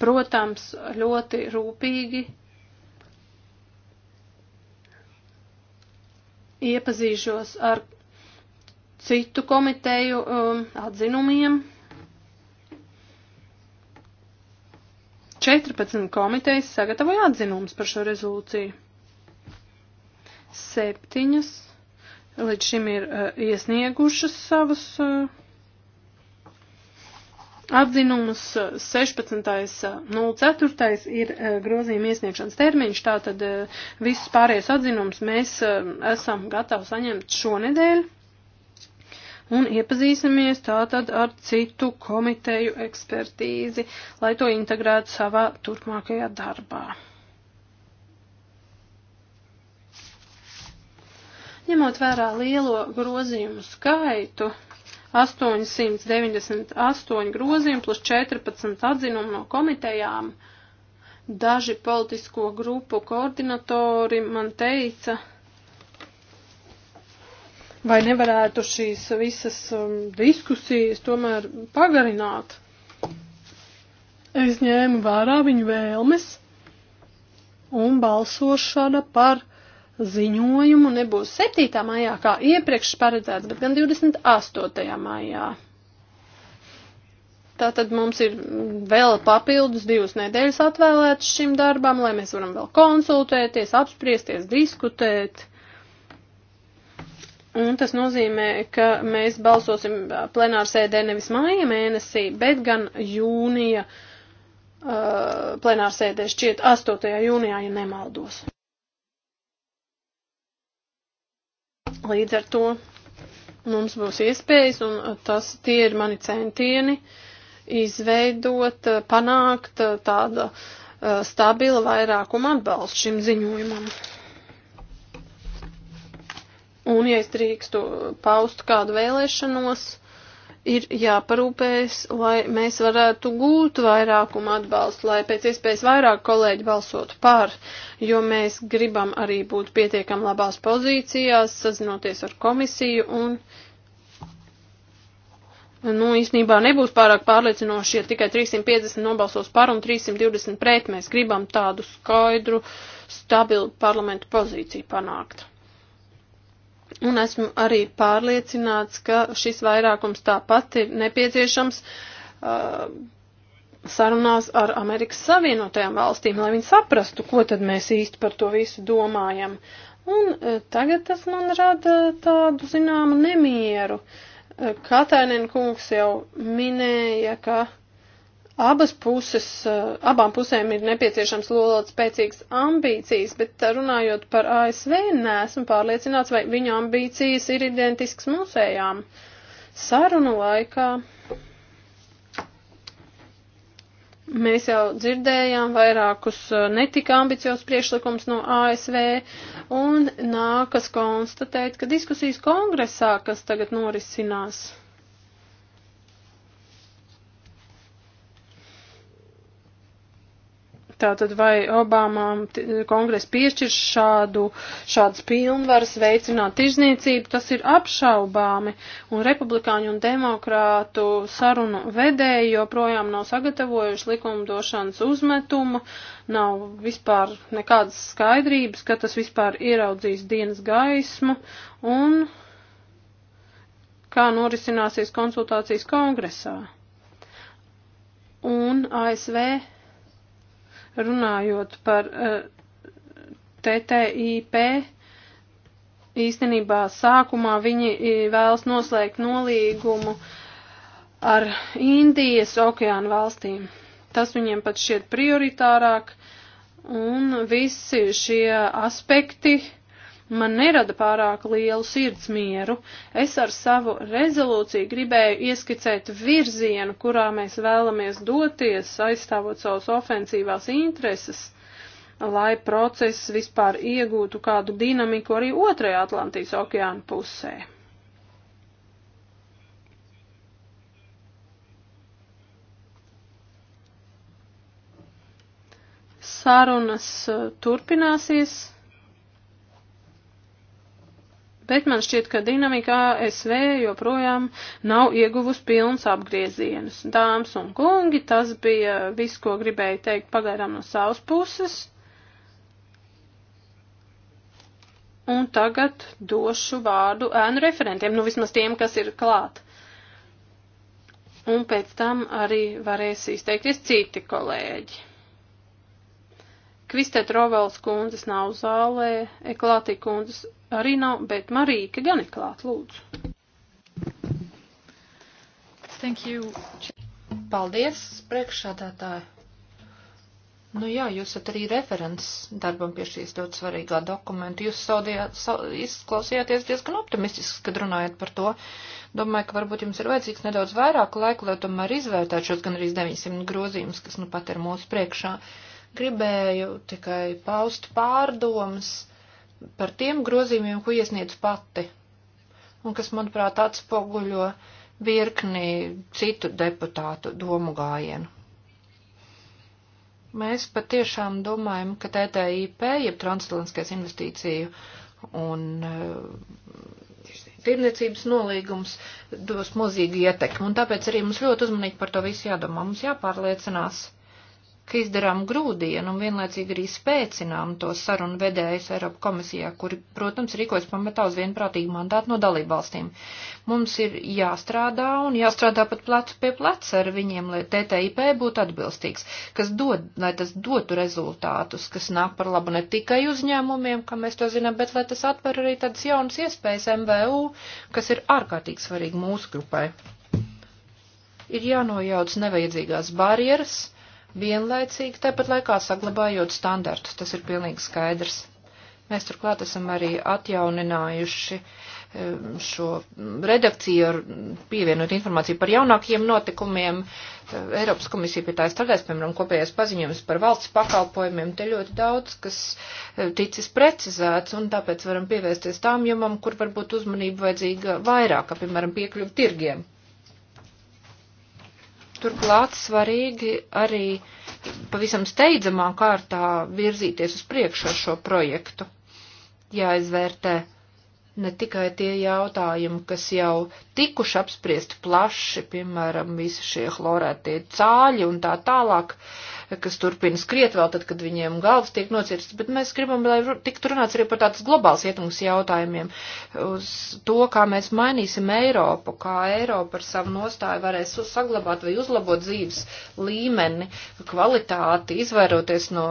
Protams, ļoti rūpīgi iepazīšos ar citu komiteju um, atzinumiem. 14 komitejas sagatavoja atzinumus par šo rezolūciju. Septiņas līdz šim ir uh, iesniegušas savus uh, atzinumus. 16.04. Uh, ir uh, grozījuma iesniegšanas termiņš, tātad uh, visus pārējais atzinumus mēs uh, esam gatavi saņemt šonedēļ un iepazīsimies tātad ar citu komiteju ekspertīzi, lai to integrētu savā turpmākajā darbā. Ņemot vērā lielo grozījumu skaitu, 898 grozījumi plus 14 atzinumi no komitejām, daži politisko grupu koordinatori man teica, Vai nevarētu šīs visas um, diskusijas tomēr pagarināt? Es ņēmu vērā viņu vēlmes un balsošana par ziņojumu nebūs 7. maijā, kā iepriekš paredzēts, bet gan 28. maijā. Tātad mums ir vēl papildus divas nedēļas atvēlētas šim darbam, lai mēs varam vēl konsultēties, apspriesties, diskutēt. Un tas nozīmē, ka mēs balsosim plenārsēdē nevis māja mēnesī, bet gan jūnija uh, plenārsēdē šķiet 8. jūnijā, ja nemaldos. Līdz ar to mums būs iespējas, un uh, tas tie ir mani centieni izveidot, uh, panākt uh, tāda stabila vairākuma atbalstu šim ziņojumam. Un, ja es drīkstu paust kādu vēlēšanos, ir jāparūpējas, lai mēs varētu gūt vairākumu atbalstu, lai pēc iespējas vairāk kolēģi balsotu par, jo mēs gribam arī būt pietiekam labās pozīcijās, sazinoties ar komisiju un. Nu, īstenībā nebūs pārāk pārliecinoši, ja tikai 350 nobalsos par un 320 pret. Mēs gribam tādu skaidru, stabilu parlamentu pozīciju panākt. Un esmu arī pārliecināts, ka šis vairākums tāpat ir nepieciešams uh, sarunās ar Amerikas Savienotajām valstīm, lai viņi saprastu, ko tad mēs īsti par to visu domājam. Un uh, tagad tas man rada tādu zināmu nemieru. Uh, Katainen kungs jau minēja, ka uh, abas puses, eh, abām pusēm ir nepieciešams lolot spēcīgas ambīcijas, bet runājot par ASV, neesmu pārliecināts, vai viņu ambīcijas ir identiskas mūsējām. Sarunu laikā mēs jau dzirdējām vairākus eh, netika ambiciozus priekšlikums no ASV, un nākas konstatēt, ka diskusijas kongresā, kas tagad norisinās, Tātad vai Obamām kongress piešķir šādu, šādas pilnvaras veicināt tirzniecību, tas ir apšaubāmi. Un republikāņu un demokrātu sarunu vedēji joprojām nav sagatavojuši likumdošanas uzmetumu, nav vispār nekādas skaidrības, ka tas vispār ieraudzīs dienas gaismu un kā norisināsies konsultācijas kongresā. Un ASV Runājot par eh, TTIP, īstenībā sākumā viņi eh, vēlas noslēgt nolīgumu ar Indijas okeānu valstīm. Tas viņiem pat šķiet prioritārāk, un visi šie aspekti uh, man nerada pārāk lielu sirds mieru. Es ar savu rezolūciju gribēju ieskicēt virzienu, kurā mēs vēlamies doties, aizstāvot savus ofensīvās intereses, lai process vispār iegūtu kādu dinamiku arī otrajā Atlantijas okeāna pusē. Sarunas eh, turpināsies. Bet man šķiet, ka dinamika ASV joprojām nav ieguvusi pilns apgriezienus. Dāmas un kungi, tas bija viss, ko gribēju teikt pagaidām no savas puses. Un tagad došu vārdu ēnu referentiem, nu vismaz tiem, kas ir klāt. Un pēc tam arī varēs izteikties citi kolēģi. Kvistēt Rovels kundzes nav zālē, Eklātī kundzes arī nav, bet Marīka gan ir klāt, lūdzu. Thank you. Paldies, priekšādātāji. Nu jā, jūs esat arī referents darbam pie šīs ļoti svarīgā dokumenta. Jūs saudījāt, sa, izklausījāties diezgan optimistisks, kad runājat par to. Domāju, ka varbūt jums ir vajadzīgs nedaudz vairāk laika, lai tomēr izvērtētu šos gan arī 900 grozījumus, kas nu pat ir mūsu priekšā. Uh, Gribēju tikai paust pārdomas par tiem grozījumiem, ko iesniedz pati, un kas, manuprāt, atspoguļo virkni citu deputātu domu gājienu. Mēs patiešām domājam, ka TTIP, jeb Transatlantiskais investīciju un eh, tirniecības nolīgums dos milzīgu ietekmi, un tāpēc arī mums ļoti uzmanīgi par to visu jādomā. Mums jāpārliecinās, ka izdarām grūdienu un vienlaicīgi arī spēcinām to sarunu vedējus Eiropa komisijā, kur, protams, rīkojas pamatā uz vienprātīgu mandātu no dalībvalstīm. Mums ir jāstrādā un jāstrādā pat plecu pie pleca ar viņiem, lai TTIP būtu atbilstīgs, kas dod, lai tas dotu rezultātus, kas nāk par labu ne tikai uzņēmumiem, kā mēs to zinām, bet lai tas atver arī tādas jaunas iespējas MVU, kas ir ārkārtīgi svarīgi mūsu grupai. Ir jānojauc nevajadzīgās barjeras vienlaicīgi, tāpat laikā saglabājot standartus. Tas ir pilnīgi skaidrs. Mēs turklāt esam arī atjauninājuši um, šo redakciju ar pievienot informāciju par jaunākajiem notikumiem. Uh, Eiropas komisija pie tā ir strādājusi, piemēram, kopējais paziņojums par valsts pakalpojumiem. Te ļoti daudz, kas uh, ticis precizēts, un tāpēc varam pievērsties tām jomam, kur varbūt uzmanība vajadzīga vairāk, piemēram, piekļuvu tirgiem. Turklāt svarīgi arī pavisam steidzamā kārtā virzīties uz priekšu ar šo projektu. Jāizvērtē. Ja ne tikai tie jautājumi, kas jau tikuši apspriesti plaši, piemēram, visi šie chlorētie cāļi un tā tālāk, kas turpina skriet vēl tad, kad viņiem galvas tiek nocirstas, bet mēs gribam, lai tiktu runāts arī par tādas globāls ietums jautājumiem, uz to, kā mēs mainīsim Eiropu, kā Eiropa ar savu nostāju varēs saglabāt vai uzlabot dzīves līmeni, kvalitāti, izvairoties no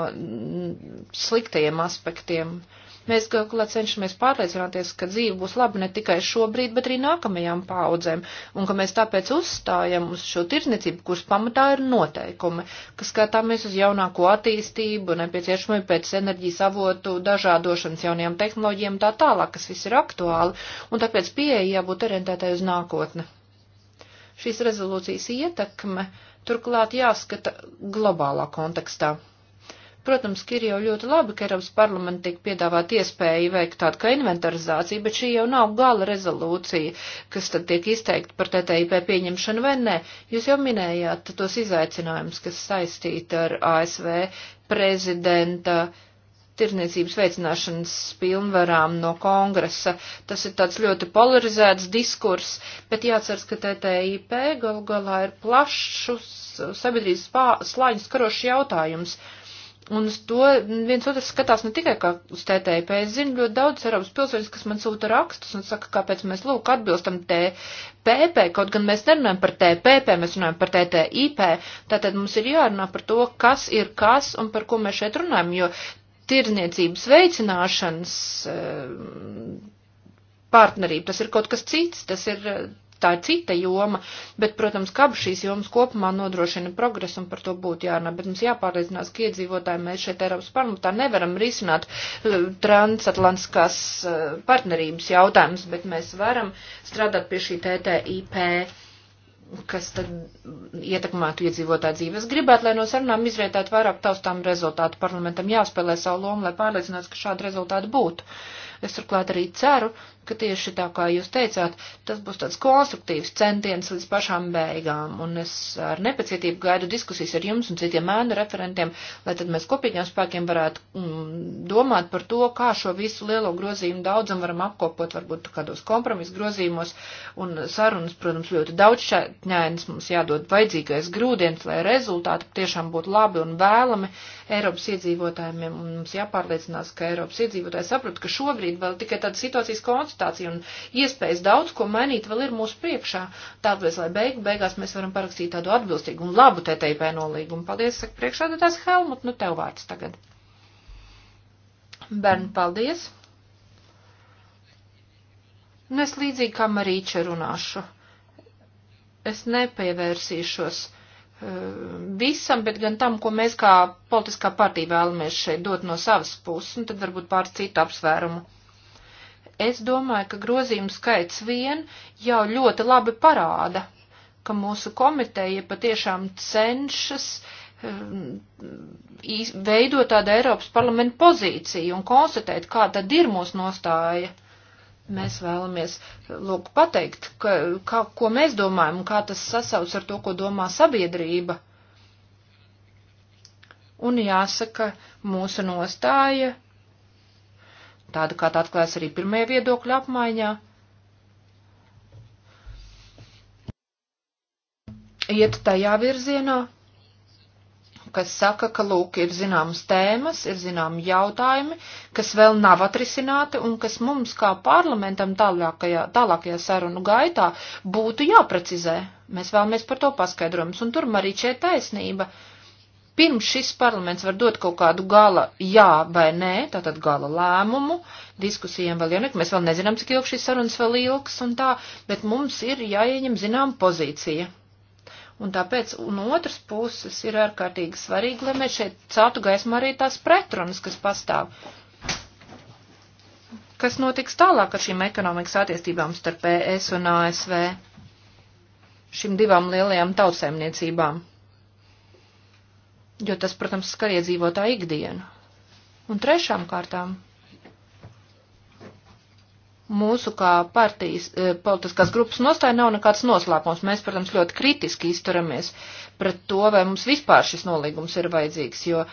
sliktajiem aspektiem Mēs kaut kā cenšamies pārliecināties, ka dzīve būs laba ne tikai šobrīd, bet arī nākamajām paudzēm, un ka mēs tāpēc uzstājam uz šo tirzniecību, kuras pamatā ir noteikumi, ka skatāmies uz jaunāko attīstību, nepieciešamību pēc enerģijas avotu, dažādošanas jaunajām tehnoloģijām tā tālāk, kas viss ir aktuāli, un tāpēc pieeja jābūt orientētai uz nākotni. Šīs rezolūcijas ietekme turklāt jāskata globālā kontekstā. Protams, ka ir jau ļoti labi, ka Eiropas parlamenta tiek piedāvāt iespēju veikt tādu kā inventarizāciju, bet šī jau nav gala rezolūcija, kas tad tiek izteikta par TTIP pieņemšanu vai nē. Jūs jau minējāt tos izaicinājumus, kas saistīti ar ASV prezidenta tirniecības veicināšanas pilnvarām no kongresa. Tas ir tāds ļoti polarizēts diskurs, bet jāceras, ka TTIP galu galā ir plašs sabiedrības slāņu skarošs jautājums. Uh, Un uz to viens otrs skatās ne tikai kā uz TTIP. Es zinu ļoti daudz Eiropas pilsoņus, kas man sūta rakstus un saka, kāpēc mēs lūk atbilstam TPP, kaut gan mēs nerunājam par TPP, mēs runājam par TTIP. Tātad mums ir jārunā par to, kas ir kas un par ko mēs šeit runājam, jo tirzniecības veicināšanas eh, partnerība, tas ir kaut kas cits, tas ir tā ir cita joma, bet, protams, ka abas šīs jomas kopumā nodrošina progresu un par to būtu jārunā, bet mums jāpārliecinās, ka iedzīvotāji mēs šeit Eiropas parlamentā nevaram risināt eh, transatlantiskās eh, partnerības jautājumus, bet mēs varam strādāt pie šī TTIP kas tad ietekmētu iedzīvotāju dzīvi. Es gribētu, lai no sarunām izrietētu vairāk taustām rezultātu. Parlamentam jāspēlē savu lomu, lai pārliecinātu, ka šādi rezultāti būtu. Uh, Es turklāt arī ceru, ka tieši tā kā jūs teicāt, tas būs tāds konstruktīvs centiens līdz pašām beigām, un es ar nepacietību gaidu diskusijas ar jums un citiem ēnu referentiem, lai tad mēs kopīgiem spēkiem varētu mm, domāt par to, kā šo visu lielo grozījumu daudzam varam apkopot, varbūt kādos kompromisu grozījumos, un sarunas, protams, ļoti daudz šķēnis mums jādod vajadzīgais grūdienis, lai rezultāti tiešām būtu labi un vēlami. Uh, Eiropas iedzīvotājiem, un mums jāpārliecinās, ka Eiropas iedzīvotāji saprot, ka šobrīd vēl tikai tāda situācijas konstatācija un iespējas daudz ko mainīt vēl ir mūsu priekšā. Tāpēc, lai beigu beigās mēs varam parakstīt tādu atbilstīgu un labu TTIP nolīgumu. Paldies, saka priekšādātājs Helmut, nu tev vārds tagad. Bērni, paldies! Un nu, es līdzīgi kā Marīča runāšu. Es nepievērsīšos Eh, visam, bet gan tam, ko mēs kā politiskā partija vēlamies šeit dot no savas puses, un tad varbūt pāris citu apsvērumu. Es domāju, ka grozījumu skaits vien jau ļoti labi parāda, ka mūsu komiteja patiešām cenšas eh, veidot tādu Eiropas parlamentu pozīciju un konstatēt, kā tad ir mūsu nostāja Mēs vēlamies lūk, pateikt, ka, kā, ko mēs domājam un kā tas sasauc ar to, ko domā sabiedrība. Un jāsaka, mūsu nostāja, tāda kā tā atklājas arī pirmajā viedokļa apmaiņā, iet tajā virzienā, kas saka, ka lūk, ir zināmas tēmas, ir zināmi jautājumi, kas vēl nav atrisināti un kas mums kā parlamentam tālākajā, tālākajā sarunu gaitā būtu jāprecizē. Mēs vēlamies par to paskaidrojumus, un tur arī šeit taisnība. Pirms šis parlaments var dot kaut kādu gala jā vai nē, tātad gala lēmumu, diskusijām vēl jau nek, mēs vēl nezinām, cik ilgi šīs sarunas vēl ilgs un tā, bet mums ir jāieņem zinām pozīcija Un tāpēc no otras puses ir ārkārtīgi svarīgi, lai mēs šeit celtu gaismu arī tās pretrunas, kas pastāv. Kas notiks tālāk ar šīm ekonomikas attiecībām starp ES un ASV? Šīm divām lielajām tautsēmniecībām. Jo tas, protams, skar iedzīvotāju ikdienu. Un trešām kārtām mūsu kā partijas e, politiskās grupas nostāja nav nekāds noslēpums. Mēs, protams, ļoti kritiski izturamies pret to, vai mums vispār šis nolīgums ir vajadzīgs, jo e,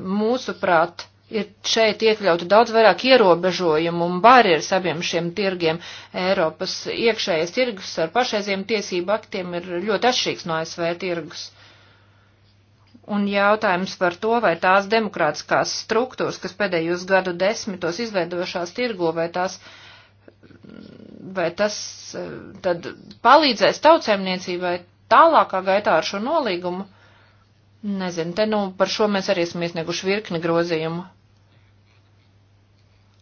mūsuprāt, ir šeit iekļauti daudz vairāk ierobežojumu un barjeras abiem šiem tirgiem. Eiropas iekšējais tirgus ar pašreiziem tiesību aktiem ir ļoti atšķirīgs no ASV tirgus. Un jautājums par to, vai tās demokrātiskās struktūras, kas pēdējos gadu desmitos izveidojušās tirgo, vai tās uh, vai tas eh, tad palīdzēs tautsēmniecībai tālākā gaitā ar šo nolīgumu? Nezinu, te nu par šo mēs arī esam iesnieguši virkni grozījumu.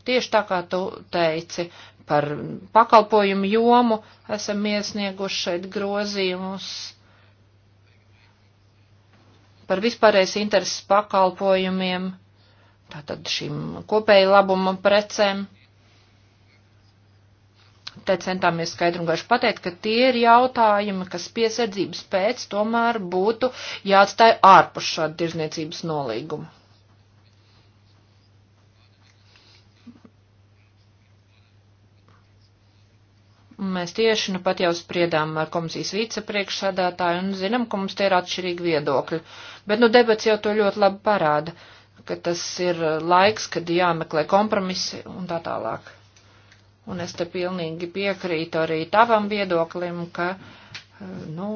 Tieši tā kā tu teici, par pakalpojumu jomu esam iesnieguši šeit grozījumus par vispārējais intereses pakalpojumiem, tātad šīm kopēja labuma precēm. Te centāmies skaidru un gaišu pateikt, ka tie ir jautājumi, kas piesardzības pēc tomēr būtu jāatstāj ārpus šāda tirzniecības nolīguma. Mēs tieši nu pat jau spriedām ar komisijas vicepriekšsādātāju un zinām, ka mums te ir atšķirīgi viedokļi. Bet nu debats jau to ļoti labi parāda, ka tas ir laiks, kad jāmeklē kompromisi un tā tālāk. Un es te pilnīgi piekrītu arī tavam viedoklim, ka, nu,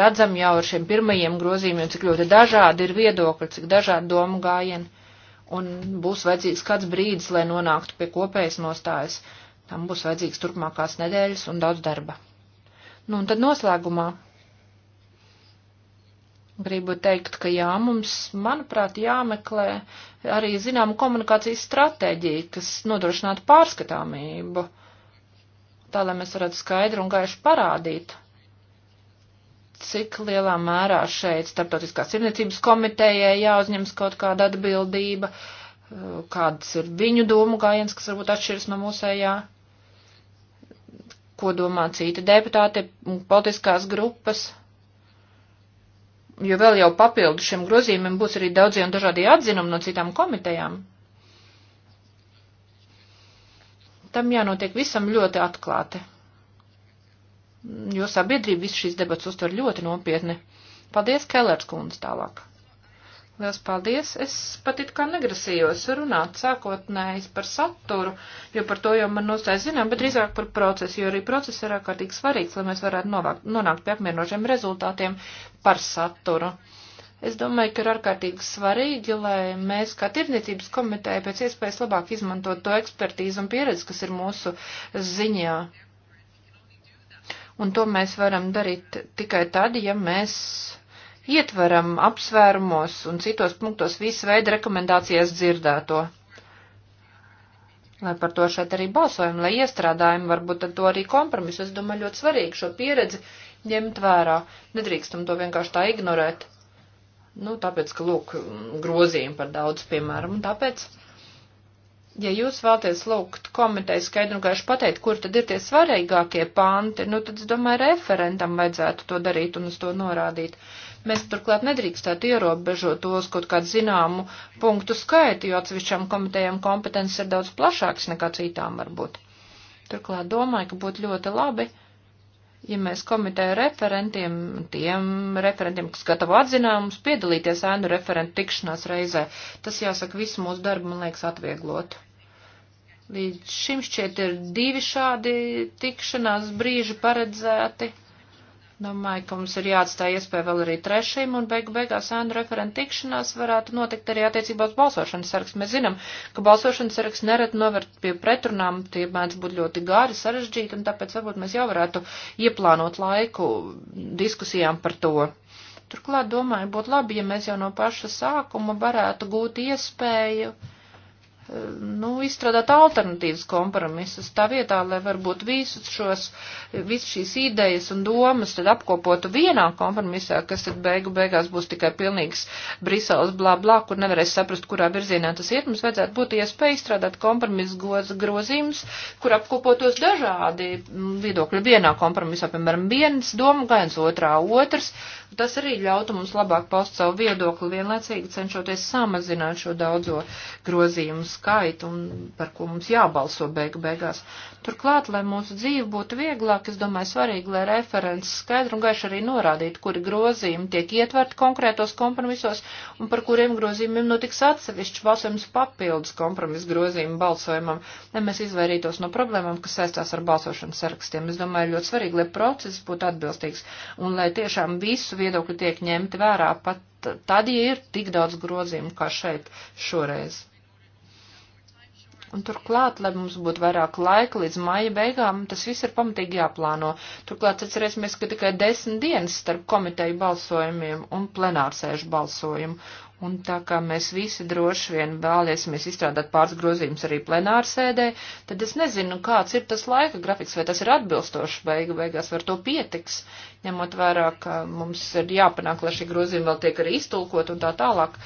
redzam jau ar šiem pirmajiem grozījumiem, cik ļoti dažādi ir viedokļi, cik dažādi domu gājieni. Un būs vajadzīgs kāds brīdis, lai nonāktu pie kopējas nostājas. Tam būs vajadzīgs turpmākās nedēļas un daudz darba. Nu, un tad noslēgumā Gribu teikt, ka jā, mums, manuprāt, jāmeklē arī zināma komunikācijas stratēģija, kas nodrošinātu pārskatāmību, tā lai mēs varētu skaidri un gaiši parādīt, cik lielā mērā šeit starptautiskās sirdniecības komitejai jāuzņems kaut kāda atbildība, kādas ir viņu domu gājiens, kas varbūt atšķiras no mūsējā ko domā citi deputāti, politiskās grupas. Jo vēl jau papildu šiem grozījumiem būs arī daudzie un dažādi atzinumi no citām komitejām. Tam jānotiek visam ļoti atklāti. Jo sabiedrība visu šīs debats uztver ļoti nopietni. Paldies, Kellers kundze, tālāk. Liels paldies! Es pat it kā negrasījos runāt sākotnējs par saturu, jo par to jau man nostāja zinām, bet drīzāk par procesu, jo arī process ir ārkārtīgi svarīgs, lai mēs varētu novākt, nonākt pie apmierinošiem rezultātiem par saturu. Es domāju, ka ir ārkārtīgi svarīgi, lai mēs kā tirdzniecības komiteja pēc iespējas labāk izmantot to ekspertīzu un pieredzi, kas ir mūsu ziņā. Un to mēs varam darīt tikai tad, ja mēs ietveram apsvērumos un citos punktos visu veidu rekomendācijas dzirdēto. Lai par to šeit arī balsojam, lai iestrādājam, varbūt tad to arī kompromisu. Es domāju, ļoti svarīgi šo pieredzi ņemt vērā. Nedrīkstam to vienkārši tā ignorēt. Nu, tāpēc, ka, lūk, grozījumi par daudz, piemēram, un tāpēc ja jūs vēlaties lūgt komiteju skaidru un gaišu pateikt, kur tad ir tie svarīgākie panti, nu tad es domāju, referentam vajadzētu to darīt un uz to norādīt. Mēs turklāt nedrīkstētu ierobežot tos kaut kādu zināmu punktu skaitu, jo atsevišķām komitejām kompetences ir daudz plašāks nekā citām varbūt. Turklāt domāju, ka būtu ļoti labi, ja mēs komiteju referentiem, tiem referentiem, kas gatavo atzinājumus, piedalīties ēnu referentu tikšanās reizē. Tas, jāsaka, visu mūsu darbu, man liekas, atvieglotu. Līdz šim šķiet ir divi šādi tikšanās brīži paredzēti. Domāju, ka mums ir jāatstāj iespēja vēl arī trešajam, un beigu beigās ēnu referenta tikšanās varētu notikt arī attiecībā uz balsošanas sarakstu. Mēs zinām, ka balsošanas saraksts nereti novērt pie pretrunām, tie mēdz būt ļoti gari, sarežģīti, un tāpēc varbūt mēs jau varētu ieplānot laiku diskusijām par to. Turklāt, domāju, būtu labi, ja mēs jau no paša sākuma varētu gūt iespēju nu, izstrādāt alternatīvas kompromisus tā vietā, lai varbūt visus šos, visus šīs idejas un domas tad apkopotu vienā kompromisā, kas tad beigu beigās būs tikai pilnīgs Briseles blā blā, kur nevarēs saprast, kurā virzienā tas iet. Mums vajadzētu būt iespēja izstrādāt kompromisu grozījumus, kur apkopotos dažādi mm, viedokļi vienā kompromisā, piemēram, viens doma, gains otrā otrs, Tas arī ļautu mums labāk paust savu viedokli, vienlaicīgi cenšoties samazināt šo daudzo grozījumu skaitu, un par ko mums jābalso beigu beigās. Turklāt, lai mūsu dzīve būtu vieglāk, es domāju svarīgi, lai referents skaidri un gaiši arī norādītu, kuri grozījumi tiek ietverti konkrētos kompromisos, un par kuriem grozījumiem notiks atsevišķi balsojums papildus kompromisu grozījumu balsojumam, lai mēs izvairītos no problēmām, kas saistās ar balsošanas sarakstiem. Es domāju, ļoti svarīgi, lai process būtu atbilstīgs un lai tiešām visu mūsu viedokļi tiek ņemti vērā pat tad, ja ir tik daudz grozījumu kā šeit šoreiz. Un turklāt, lai mums būtu vairāk laika līdz maija beigām, tas viss ir pamatīgi jāplāno. Turklāt atcerēsimies, ka tikai desmit dienas starp komiteju balsojumiem un plenārsēžu balsojumu. Un tā kā mēs visi droši vien vēlēsimies izstrādāt pāris grozījumus arī plenārsēdē, tad es nezinu, kāds ir tas laika grafiks, vai tas ir atbilstoši, beigu beigās var to pietiks, ņemot vērā, ka mums ir jāpanāk, lai šī grozījuma vēl tiek arī iztulkot un tā tālāk,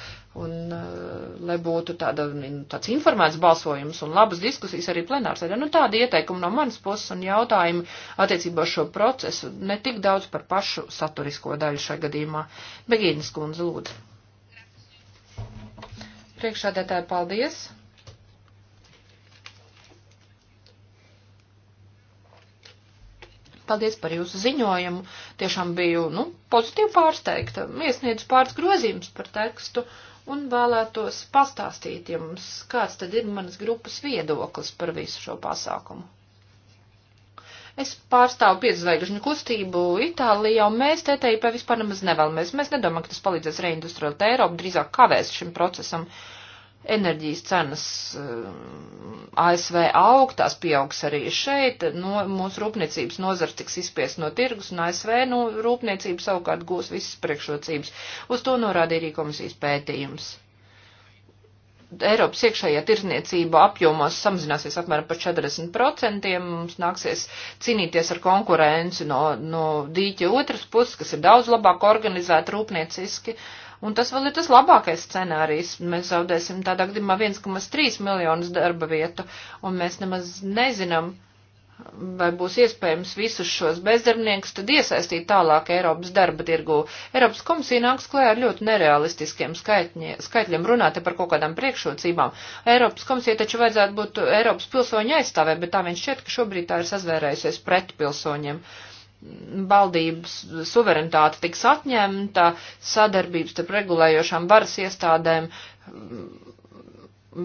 un eh, lai būtu tāda, tāds informēts balsojums un labas diskusijas arī plenārsēdē. Nu, tādi ieteikumi no manas puses un jautājumi attiecībā šo procesu, ne tik daudz par pašu saturisko daļu šajā gadījumā. Begīnas kundze, lūdzu. Priekšādētāji, paldies! Paldies par jūsu ziņojumu. Tiešām biju, nu, pozitīvi pārsteigta. Iesniedzu pāris grozījumus par tekstu un vēlētos pastāstīt jums, kāds tad ir manas grupas viedoklis par visu šo pasākumu. Es pārstāvu piedzvaigžņu kustību Itālijā, un mēs TTIP vispār nemaz nevēlamies. Mēs nedomājam, ka tas palīdzēs reindustrializēt Eiropu, drīzāk kavēs šim procesam. Enerģijas cenas eh, ASV aug, tās pieaugs arī šeit, no, mūsu rūpniecības nozars tiks izspies no tirgus, un ASV no nu, rūpniecības savukārt gūs visas priekšrocības. Uz to norādīja arī komisijas pētījums. Eiropas iekšējā tirzniecība apjomos samazināsies apmēram par 40%, mums nāksies cīnīties ar konkurenci no, no dīķa otras puses, kas ir daudz labāk organizēta rūpnieciski, un tas vēl ir tas labākais scenārijs. Mēs zaudēsim tādā gadījumā 1,3 miljonus darba vietu, un mēs nemaz nezinām, uh, vai būs iespējams visus šos bezdarbniekus tad iesaistīt tālāk Eiropas darba tirgū. Eiropas komisija nāks klajā ar ļoti nerealistiskiem skaitņi, skaitļiem, runāt par kaut kādām priekšrocībām. Eiropas komisija taču vajadzētu būt Eiropas pilsoņu aizstāvē, bet tā viņš šķiet, ka šobrīd tā ir sazvērējusies pret pilsoņiem. Valdības suverenitāte tiks atņemta, sadarbības starp regulējošām varas iestādēm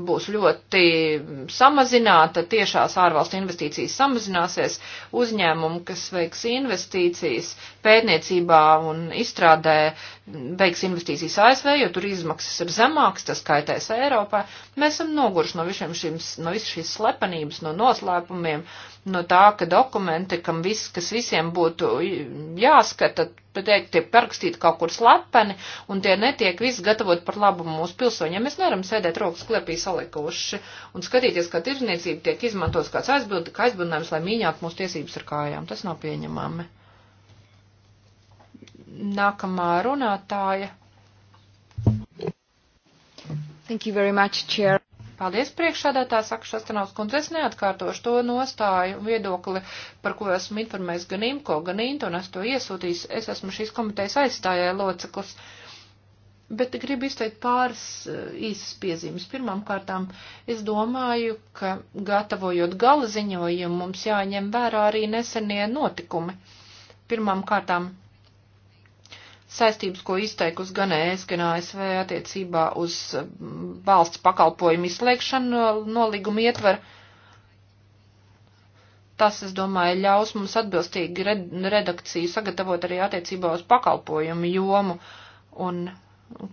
būs ļoti samazināta, tiešās ārvalstu investīcijas samazināsies, uzņēmumu, kas veiks investīcijas pētniecībā un izstrādē veiks investīcijas ASV, jo tur izmaksas ir zemākas, tas kaitēs Eiropā. Mēs esam noguruši no visiem šīm, no visas šīs slepenības, no noslēpumiem, no tā, ka dokumenti, kam viss, kas visiem būtu jāskata, teikt, tiek parakstīti kaut kur slepeni, un tie netiek viss gatavot par labu mūsu pilsoņiem. Mēs nevaram sēdēt rokas klepī salikuši un skatīties, kā tirzniecība tiek izmantots kāds aizbildi, kā aizbildinājums, lai mīņātu mūsu tiesības ar kājām. Tas nav pieņemami nākamā runātāja. Thank you very much, Chair. Paldies priekšādātā, saka Šastanovs kundze, es neatkārtošu to nostāju viedokli, par ko esmu informējis gan Imko, gan Intu, un es to iesūtīs. Es esmu šīs komitejas aizstājai loceklis, bet gribu izteikt pāris eh, īsas piezīmes. Pirmām kārtām, es domāju, ka gatavojot gala ziņojumu, mums jāņem vērā arī nesenie notikumi. Pirmām kārtām saistības, ko izteikusi gan ES, gan ASV attiecībā uz valsts pakalpojumu izslēgšanu nolīguma ietver. Tas, es domāju, ļaus mums atbilstīgi redakciju sagatavot arī attiecībā uz pakalpojumu jomu un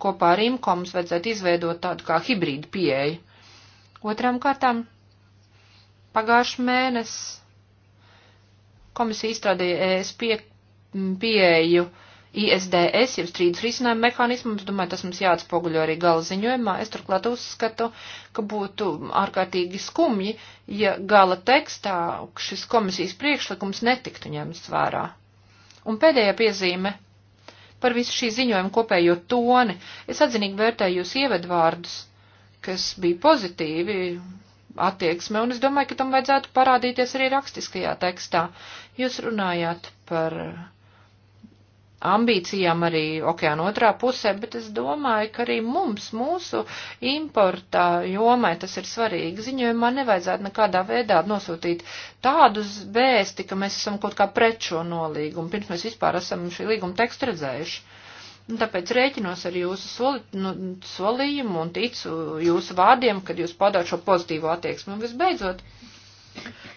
kopā ar IMCO mums vajadzētu izveidot tādu kā hibrīdu pieeju. Otram kārtām pagājuši mēnesi komisija izstrādīja ES pie, pieeju uh, ISDS, jau strīdus risinājumu mehānismus, domāju, tas mums jāatspoguļo arī gala ziņojumā. Es turklāt uzskatu, ka būtu ārkārtīgi skumji, ja gala tekstā šis komisijas priekšlikums netiktu ņemts vērā. Un pēdējā piezīme par visu šī ziņojuma kopējo toni. Es atzinīgi vērtēju jūs ievedvārdus, kas bija pozitīvi, attieksme, un es domāju, ka tam vajadzētu parādīties arī rakstiskajā tekstā. Jūs runājāt par ambīcijām arī okeāna otrā pusē, bet es domāju, ka arī mums, mūsu importā jomai tas ir svarīgi. Ziņojumā nevajadzētu nekādā veidā nosūtīt tādus vēsti, ka mēs esam kaut kā pret šo nolīgumu, pirms mēs vispār esam šī līguma tekstu redzējuši. Un tāpēc rēķinos ar jūsu soli, nu, solījumu un ticu jūsu vārdiem, kad jūs padāt šo pozitīvo attieksmi. Un visbeidzot,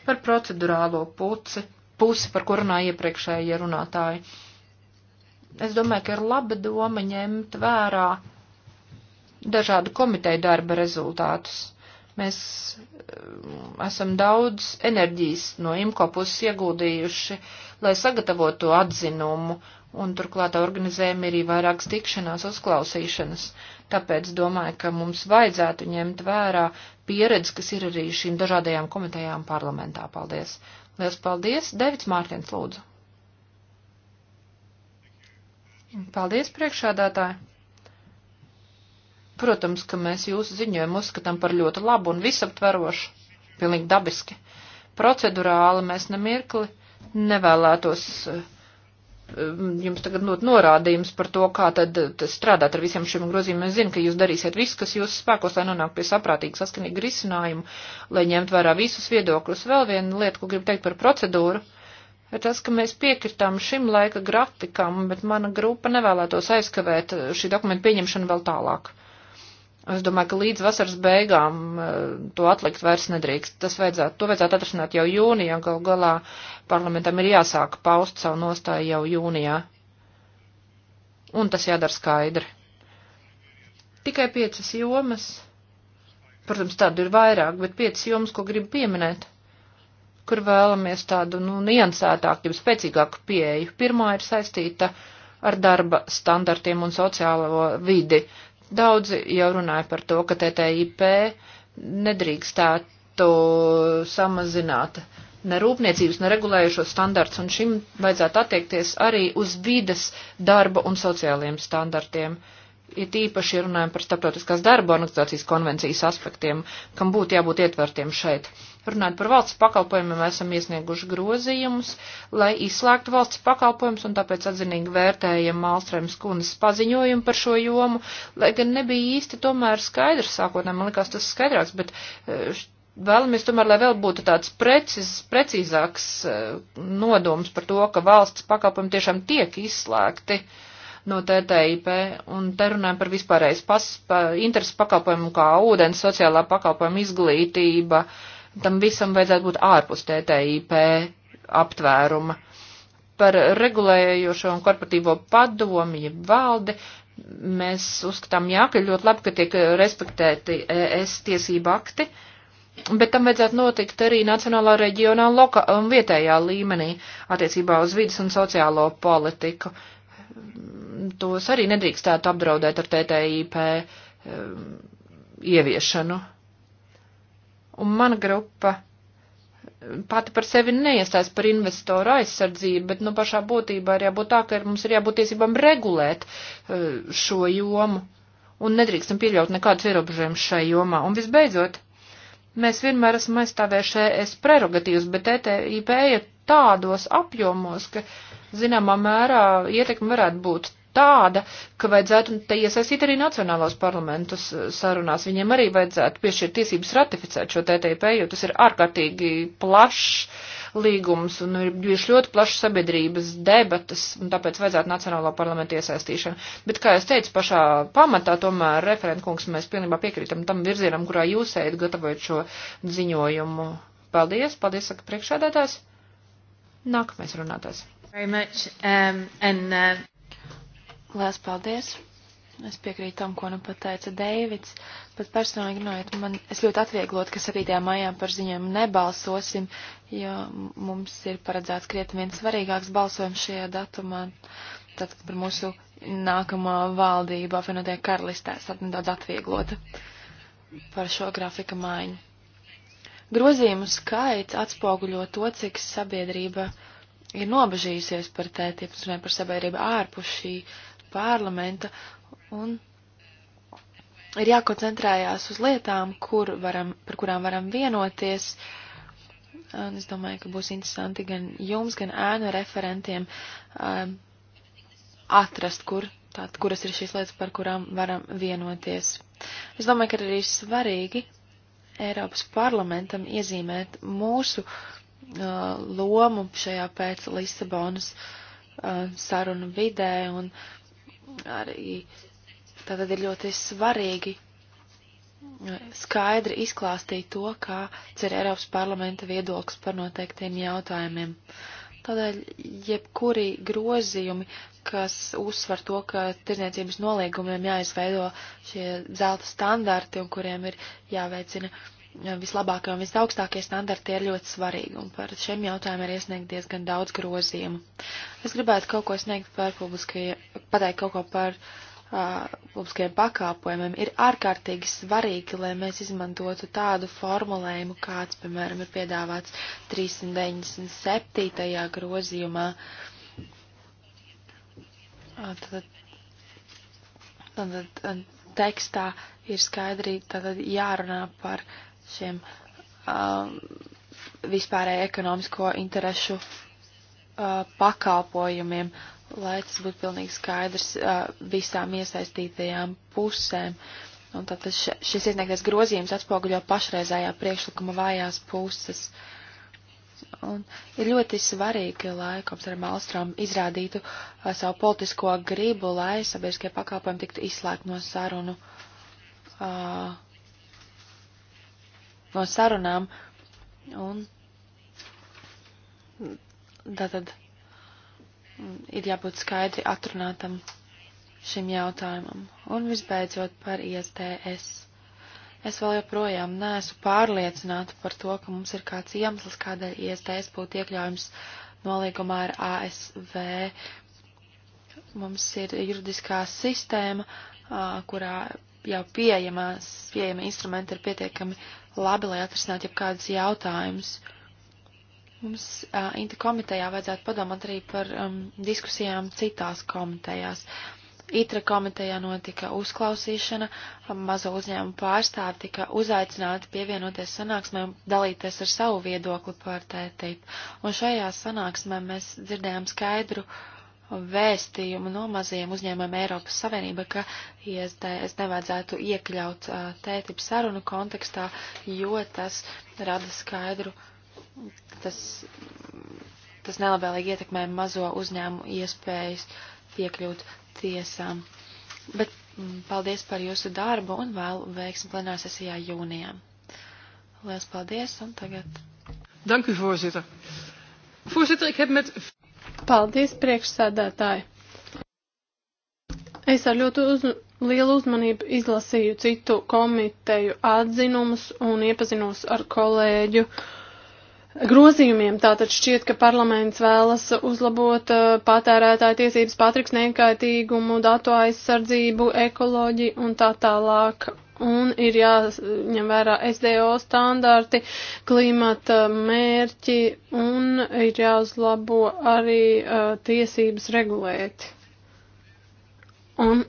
par procedurālo puci, pusi, par kur runāja iepriekšējie runātāji. Uh, Es domāju, ka ir laba doma ņemt vērā dažādu komiteju darba rezultātus. Mēs um, esam daudz enerģijas no IMCO puses ieguldījuši, lai sagatavotu atzinumu, un turklāt organizējam arī vairākas tikšanās uzklausīšanas. Tāpēc domāju, ka mums vajadzētu ņemt vērā pieredzi, kas ir arī šīm dažādajām komitejām parlamentā. Paldies! Liels paldies! Devits Mārtiņš lūdzu! Paldies, priekšādātāji! Protams, ka mēs jūsu ziņojumu uzskatām par ļoti labu un visaptverošu, pilnīgi dabiski. Procedurāli mēs nemirkli nevēlētos eh, jums tagad not norādījums par to, kā eh, tad strādāt ar visiem šiem grozījumiem. Es zinu, ka jūs darīsiet visu, kas jūsu spēkos, lai nonāktu pie saprātīga saskanīga risinājuma, lai ņemt vērā visus viedokļus. Vēl viena lieta, ko gribu teikt par procedūru tas, ka mēs piekritām šim laika grafikam, bet mana grupa nevēlētos aizkavēt šī dokumenta pieņemšanu vēl tālāk. Es domāju, ka līdz vasaras beigām eh, to atlikt vairs nedrīkst. Tas vajadzētu, to vajadzētu atrasināt jau jūnijā, gal galā parlamentam ir jāsāk paust savu nostāju jau jūnijā. Un tas jādara skaidri. Tikai piecas jomas. Protams, tādu ir vairāk, bet piecas jomas, ko gribu pieminēt kur vēlamies tādu, nu, niansētāku, jau spēcīgāku pieeju. Pirmā ir saistīta ar darba standartiem un sociālo vidi. Daudzi jau runāja par to, ka TTIP nedrīkstētu samazināt ne rūpniecības, ne regulējušos standarts, un šim vajadzētu attiekties arī uz vides, darba un sociālajiem standartiem. Ir tīpaši runājam par starptautiskās darba organizācijas konvencijas aspektiem, kam būtu jābūt ietvertiem šeit. Uh, runājot par valsts pakalpojumiem, esam iesnieguši grozījumus, lai izslēgtu valsts pakalpojumus, un tāpēc atzinīgi vērtējam Mālstrēmas kundas paziņojumu par šo jomu, lai gan nebija īsti tomēr skaidrs sākotnēm, man likās tas skaidrāks, bet e, vēlamies tomēr, lai vēl būtu tāds precis, precīzāks e, nodoms par to, ka valsts pakalpojumi tiešām tiek izslēgti no TTIP, un te runājam par vispārējais pas, pa, interesu pakalpojumu kā ūdens, sociālā pakalpojuma izglītība, uh, Tam visam vajadzētu būt ārpus TTIP aptvēruma. Par regulējošo un korporatīvo padomi, valdi, mēs uzskatām, jā, ka ļoti labi, ka tiek respektēti ES tiesība akti, bet tam vajadzētu notikt arī nacionālā, reģionāla un vietējā līmenī attiecībā uz vidas un sociālo politiku. Tos arī nedrīkstētu apdraudēt ar TTIP um, ieviešanu. Un mana grupa pati par sevi neiestājas par investoru aizsardzību, bet, nu, pašā būtībā ir jābūt tā, ka mums ir jābūt tiesībām regulēt eh, šo jomu un nedrīkstam pieļaut nekādus ierobežojumus šai jomā. Un visbeidzot, mēs vienmēr esam aizstāvējuši es prerogatīvas, bet ETIP ir tādos apjomos, ka, zināmā mērā, ietekme varētu būt tāda, ka vajadzētu te iesaistīt arī nacionālos parlamentus eh, sarunās. Viņiem arī vajadzētu piešķirt tiesības ratificēt šo TTIP, jo tas ir ārkārtīgi plašs līgums un ir bijuši ļoti plašas sabiedrības debatas, un tāpēc vajadzētu Nacionālā parlamenta iesaistīšanu. Bet, kā es teicu, pašā pamatā tomēr referentkungs mēs pilnībā piekrītam tam virzienam, kurā jūs ejat gatavojot šo ziņojumu. Paldies, paldies, saka priekšādātājs. Nākamais runātājs. Much, um, and, uh... Lielas paldies! Es piekrītu tam, ko nu pateica Deivids, bet personīgi runājot, man es ļoti atvieglot, ka 7. maijā par ziņām nebalsosim, jo mums ir paredzēts krietni viens svarīgāks balsojums šajā datumā, tātad par mūsu nākamā valdību apvienotie karalistē, tad nedaudz atvieglota par šo grafika maiņu. Grozījumu skaits atspoguļo to, cik sabiedrība ir nobežījusies par tētiem, un par sabiedrību ārpus šī parlamenta un ir jākoncentrējās uz lietām, kur varam, par kurām varam vienoties. Un es domāju, ka būs interesanti gan jums, gan ēnu referentiem um, atrast, kur, tāt, kuras ir šīs lietas, par kurām varam vienoties. Es domāju, ka arī svarīgi Eiropas parlamentam iezīmēt mūsu uh, lomu šajā pēc Lisabonas uh, sarunu vidē un uh, arī tātad ir ļoti svarīgi uh, skaidri izklāstīt to, kāds ir Eiropas parlamenta viedoklis par noteiktiem jautājumiem. Tādēļ jebkuri grozījumi, kas uzsver to, ka tirzniecības noliegumiem jāizveido šie zelta standarti un kuriem ir jāveicina uh, vislabākie un visaugstākie standarti ir ļoti svarīgi, un par šiem jautājumiem ir iesniegt diezgan daudz grozījumu. Es gribētu kaut ko sniegt par publiskajiem, pateikt kaut ko par uh, publiskajiem pakāpojumiem. Ir ārkārtīgi svarīgi, lai mēs izmantotu tādu formulējumu, kāds, piemēram, ir piedāvāts 397. grozījumā. Tad, tad, tad, tekstā ir skaidri tātad jārunā par uh, šiem um, vispārēju ekonomisko interešu uh, pakalpojumiem, lai tas būtu pilnīgi skaidrs uh, visām iesaistītajām pusēm. Un tātad šis iesniegtais grozījums atspoguļo pašreizējā priekšlikuma vājās puses. Un ir ļoti svarīgi, lai komisāra Malstrom izrādītu uh, savu politisko gribu, lai sabiedriskie pakalpojumi tiktu izslēgti no sarunu uh, no sarunām. Un tātad ir jābūt skaidri atrunātam šim jautājumam. Un visbeidzot par ISDS. Es vēl joprojām neesmu pārliecināta par to, ka mums ir kāds iemesls, kādēļ ISDS būtu iekļaujams nolīgumā ar ASV. Mums ir juridiskā sistēma, kurā jau pieejamās, pieejama instrumenta ir pietiekami labi, lai atrisinātu jebkādus jautājumus. Mums uh, Inta komitejā vajadzētu padomāt arī par um, diskusijām citās komitejās. ITRA komitejā notika uzklausīšana, um, mazo uzņēmumu pārstāvi tika uzaicināti pievienoties sanāksmē un dalīties ar savu viedokli par tētību. Un šajā sanāksmē mēs dzirdējām skaidru uh, vēstījumu no mazajiem uzņēmumiem Eiropas Savienība, ka ISDS nevajadzētu iekļaut tētipu sarunu kontekstā, jo tas rada skaidru, tas, tas nelabēlīgi ietekmē mazo uzņēmumu iespējas piekļūt tiesām. Bet mm, paldies par jūsu darbu un vēl veiksim plenārsesijā jūnijā. Lielas paldies un tagad. Dank u voorzitter. Voorzitter, ik heb met. Paldies, priekšsēdētāji! Es ar ļoti uz, lielu uzmanību izlasīju citu komiteju atzinumus un iepazinos ar kolēģu uh, grozījumiem. Tātad šķiet, ka parlaments vēlas uzlabot uh, patērētāju tiesības, patriks nekaitīgumu, datu aizsardzību, ekoloģiju un tā tālāk. Un ir jāņem vērā SDO standarti, klimata mērķi un ir jāuzlabo arī uh, tiesības regulēt. Un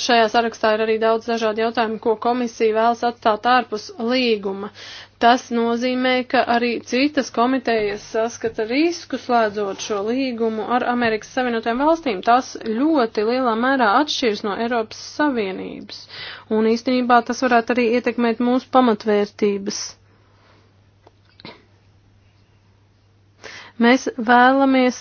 šajā sarakstā ir arī daudz dažādu jautājumu, ko komisija vēlas atstāt ārpus līguma. Tas nozīmē, ka arī citas komitejas saskata risku slēdzot šo līgumu ar Amerikas Savienotajām valstīm. Tas ļoti lielā mērā atšķirs no Eiropas Savienības. Un īstenībā tas varētu arī ietekmēt mūsu pamatvērtības. Mēs vēlamies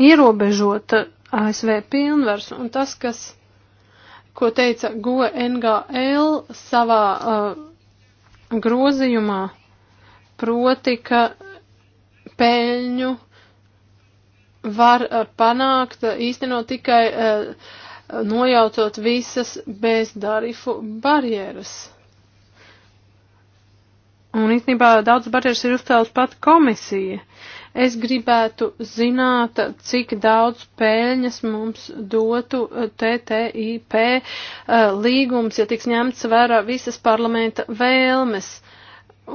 ierobežota ASV pilnvars un tas, kas, ko teica GOE NGL savā uh, grozījumā, proti, ka peļņu var uh, panākt uh, īstenot tikai uh, nojaucot visas bezdarifu barjeras. Un īstenībā daudz barjeras ir uzcēlus pat komisija. Es gribētu zināt, cik daudz pēļņas mums dotu TTIP eh, līgums, ja tiks ņemts vērā visas parlamenta vēlmes.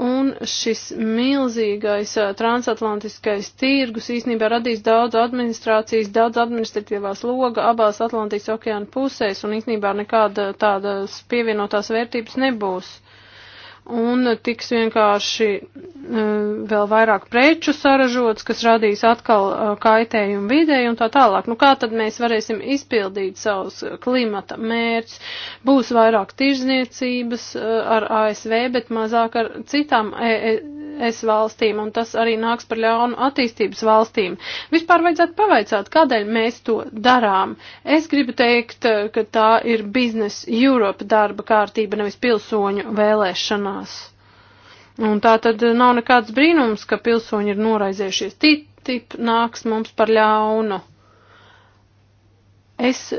Un šis milzīgais eh, transatlantiskais tirgus īstenībā radīs daudz administrācijas, daudz administratīvās loga abās Atlantijas okeāna pusēs, un īstenībā nekāda tādas pievienotās vērtības nebūs un tiks vienkārši e, vēl vairāk preču saražots, kas radīs atkal e, kaitējumu videi un tā tālāk. Nu, kā tad mēs varēsim izpildīt savus klimata mērķus? Būs vairāk tirzniecības e, ar ASV, bet mazāk ar citām es valstīm, un tas arī nāks par ļaunu attīstības valstīm. Vispār vajadzētu pavaicāt, kādēļ mēs to darām. Es gribu teikt, ka tā ir biznes Europa darba kārtība, nevis pilsoņu vēlēšanās. Un tā tad nav nekāds brīnums, ka pilsoņi ir noraizējušies. TTIP nāks mums par ļaunu. Es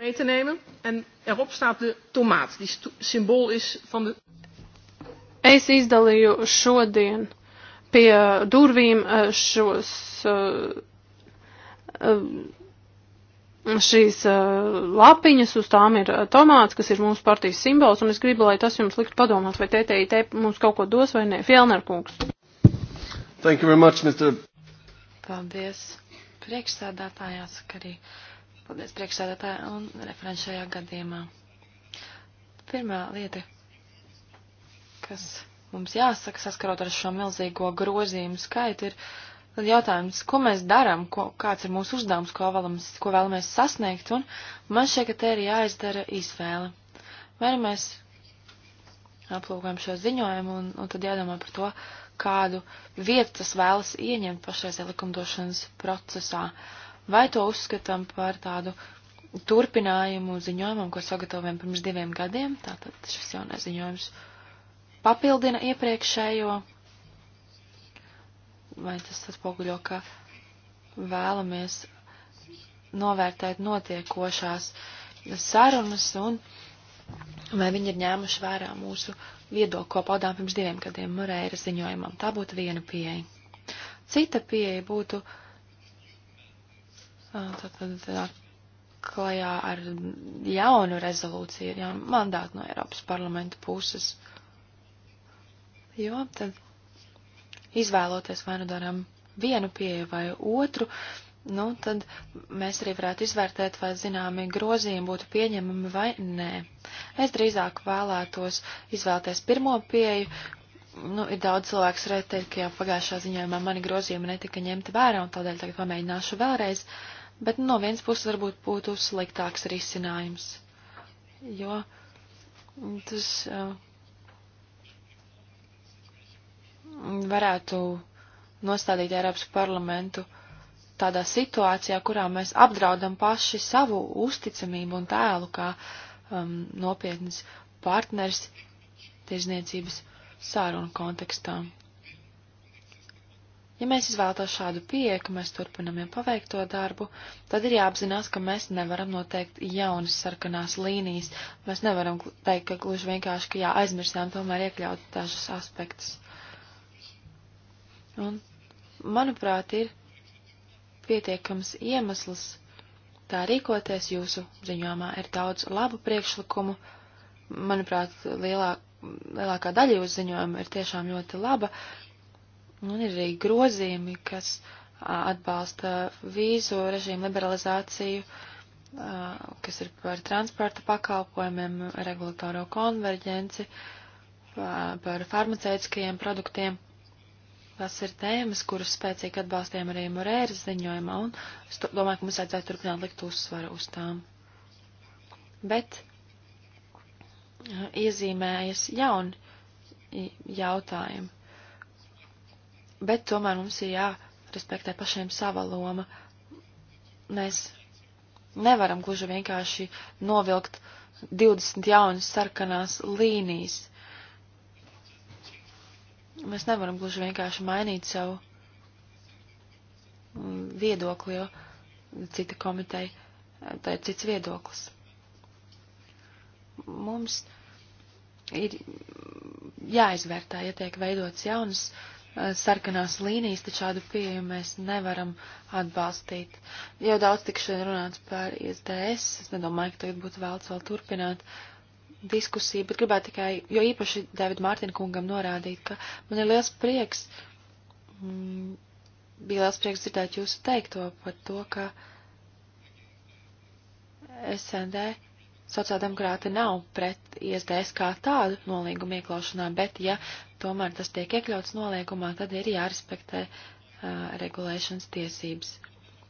mee te nemen. En erop staat de tomaat, die symbool is van de Es izdalīju šodien pie durvīm eh, šos, eh, eh, šīs lapiņas, uz tām ir tomāts, kas ir mūsu partijas simbols, un es gribu, lai tas jums likt padomāt, vai TTIT mums kaut ko dos vai nē. Fielner kungs. Thank you very much, Mr. Paldies. Priekšsādātāji jāsaka arī. Paldies priekšsādātāji un referenšajā gadījumā. Pirmā lieta, kas mums jāsaka saskarot ar šo milzīgo grozījumu skaitu, ir tad jautājums, ko mēs darām, ko, kāds ir mūsu uzdevums, ko, vēlams, ko vēlamies sasniegt, un man šeit, ka te ir jāizdara izvēle. Vai nu mēs aplūkojam šo ziņojumu un, un tad jādomā par to, kādu vietu tas vēlas ieņemt pašreizē likumdošanas procesā, vai to uzskatām par tādu turpinājumu ziņojumam, ko sagatavojam pirms diviem gadiem, tātad šis jaunais ziņojums papildina iepriekšējo, vai tas atspoguļo, ka vēlamies novērtēt notiekošās sarunas un vai viņi ir ņēmuši vērā mūsu viedokli, ko paudām pirms diviem gadiem Moreira ziņojumam. Tā būtu viena pieeja. Cita pieeja būtu tātad tā, klajā ar jaunu rezolūciju, jaunu mandātu no Eiropas parlamenta puses. Uh, jo tad izvēloties vai nu darām vienu pieeju vai otru, nu tad mēs arī varētu izvērtēt, vai zināmi grozījumi būtu pieņemami vai nē. Es drīzāk vēlētos izvēlēties pirmo pieeju. Nu, ir daudz cilvēku, kas reiz teikt, ka jau pagājušā ziņojumā mani grozījumi netika ņemti vērā, un tādēļ tagad pamēģināšu vēlreiz, bet nu, no vienas puses varbūt būtu sliktāks risinājums, jo tas. Uh, varētu nostādīt Eiropas parlamentu tādā situācijā, kurā mēs apdraudam paši savu uzticamību un tēlu kā um, nopietnas partners tirzniecības sārunu kontekstā. Ja mēs izvēlētos šādu pieeju, ka mēs turpinam jau paveikto darbu, tad ir jāapzinās, ka mēs nevaram noteikt jaunas sarkanās līnijas. Mēs nevaram teikt, ka gluži vienkārši, ka jā, aizmirsām tomēr iekļaut dažus aspektus. Un, manuprāt, ir pietiekams iemesls tā rīkoties. Jūsu ziņojumā ir daudz labu priekšlikumu. Manuprāt, lielāk, lielākā daļa jūsu ziņojuma ir tiešām ļoti laba. Un ir arī grozījumi, kas atbalsta vīzu režīmu liberalizāciju, kas ir par transporta pakalpojumiem, regulatoro konverģenci, par farmaceitiskajiem produktiem. Tas ir tēmas, kuras spēcīgi atbalstījām arī Morēras ziņojumā, un es domāju, ka mums vajadzētu turpināt likt uzsvaru uz tām. Bet iezīmējas jauni jautājumi. Bet tomēr mums ir jārespektē pašiem sava loma. Mēs nevaram gluži vienkārši novilkt 20 jaunas sarkanās līnijas. Mēs nevaram gluži vienkārši mainīt savu mm, viedokli, jo cita komiteja, tā ir cits viedoklis. Mums ir jāizvērtā, ja tiek veidots jaunas eh, sarkanās līnijas, taču šādu pieeju mēs nevaram atbalstīt. Jau daudz tik šodien runāts par ISDS, es nedomāju, ka tagad būtu vēlts vēl turpināt uh, diskusiju, bet gribētu tikai, jo īpaši David Mārtiņa kungam norādīt, ka man ir liels prieks, mm, bija liels prieks dzirdēt jūsu teikto par to, ka SND sociāldemokrāti nav pret ISDS kā tādu nolīgumu ieklaušanā, bet ja tomēr tas tiek iekļauts nolīgumā, tad ir jārespektē uh, regulēšanas tiesības.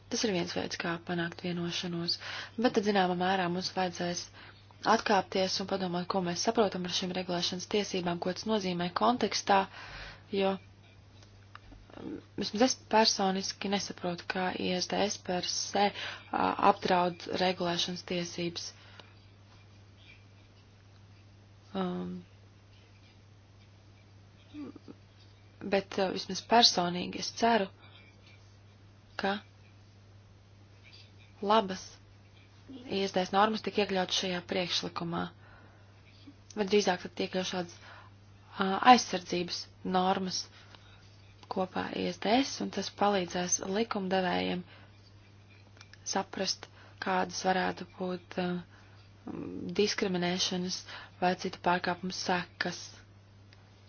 Tas ir viens veids, kā panākt vienošanos, bet tad zināmā mērā mums vajadzēs uh, atkāpties un padomāt, ko mēs saprotam ar šīm regulēšanas tiesībām, ko tas nozīmē kontekstā, jo vismaz es personiski nesaprotu, kā ISDS per se apdraud regulēšanas tiesības. Um, bet vismaz personīgi es ceru, ka labas iestājas normas tik iekļauts šajā priekšlikumā. Vai drīzāk tad tiek jau šāds aizsardzības normas kopā ISDS, un tas palīdzēs likumdevējiem saprast, kādas varētu būt uh, diskriminēšanas vai citu pārkāpumu sekas.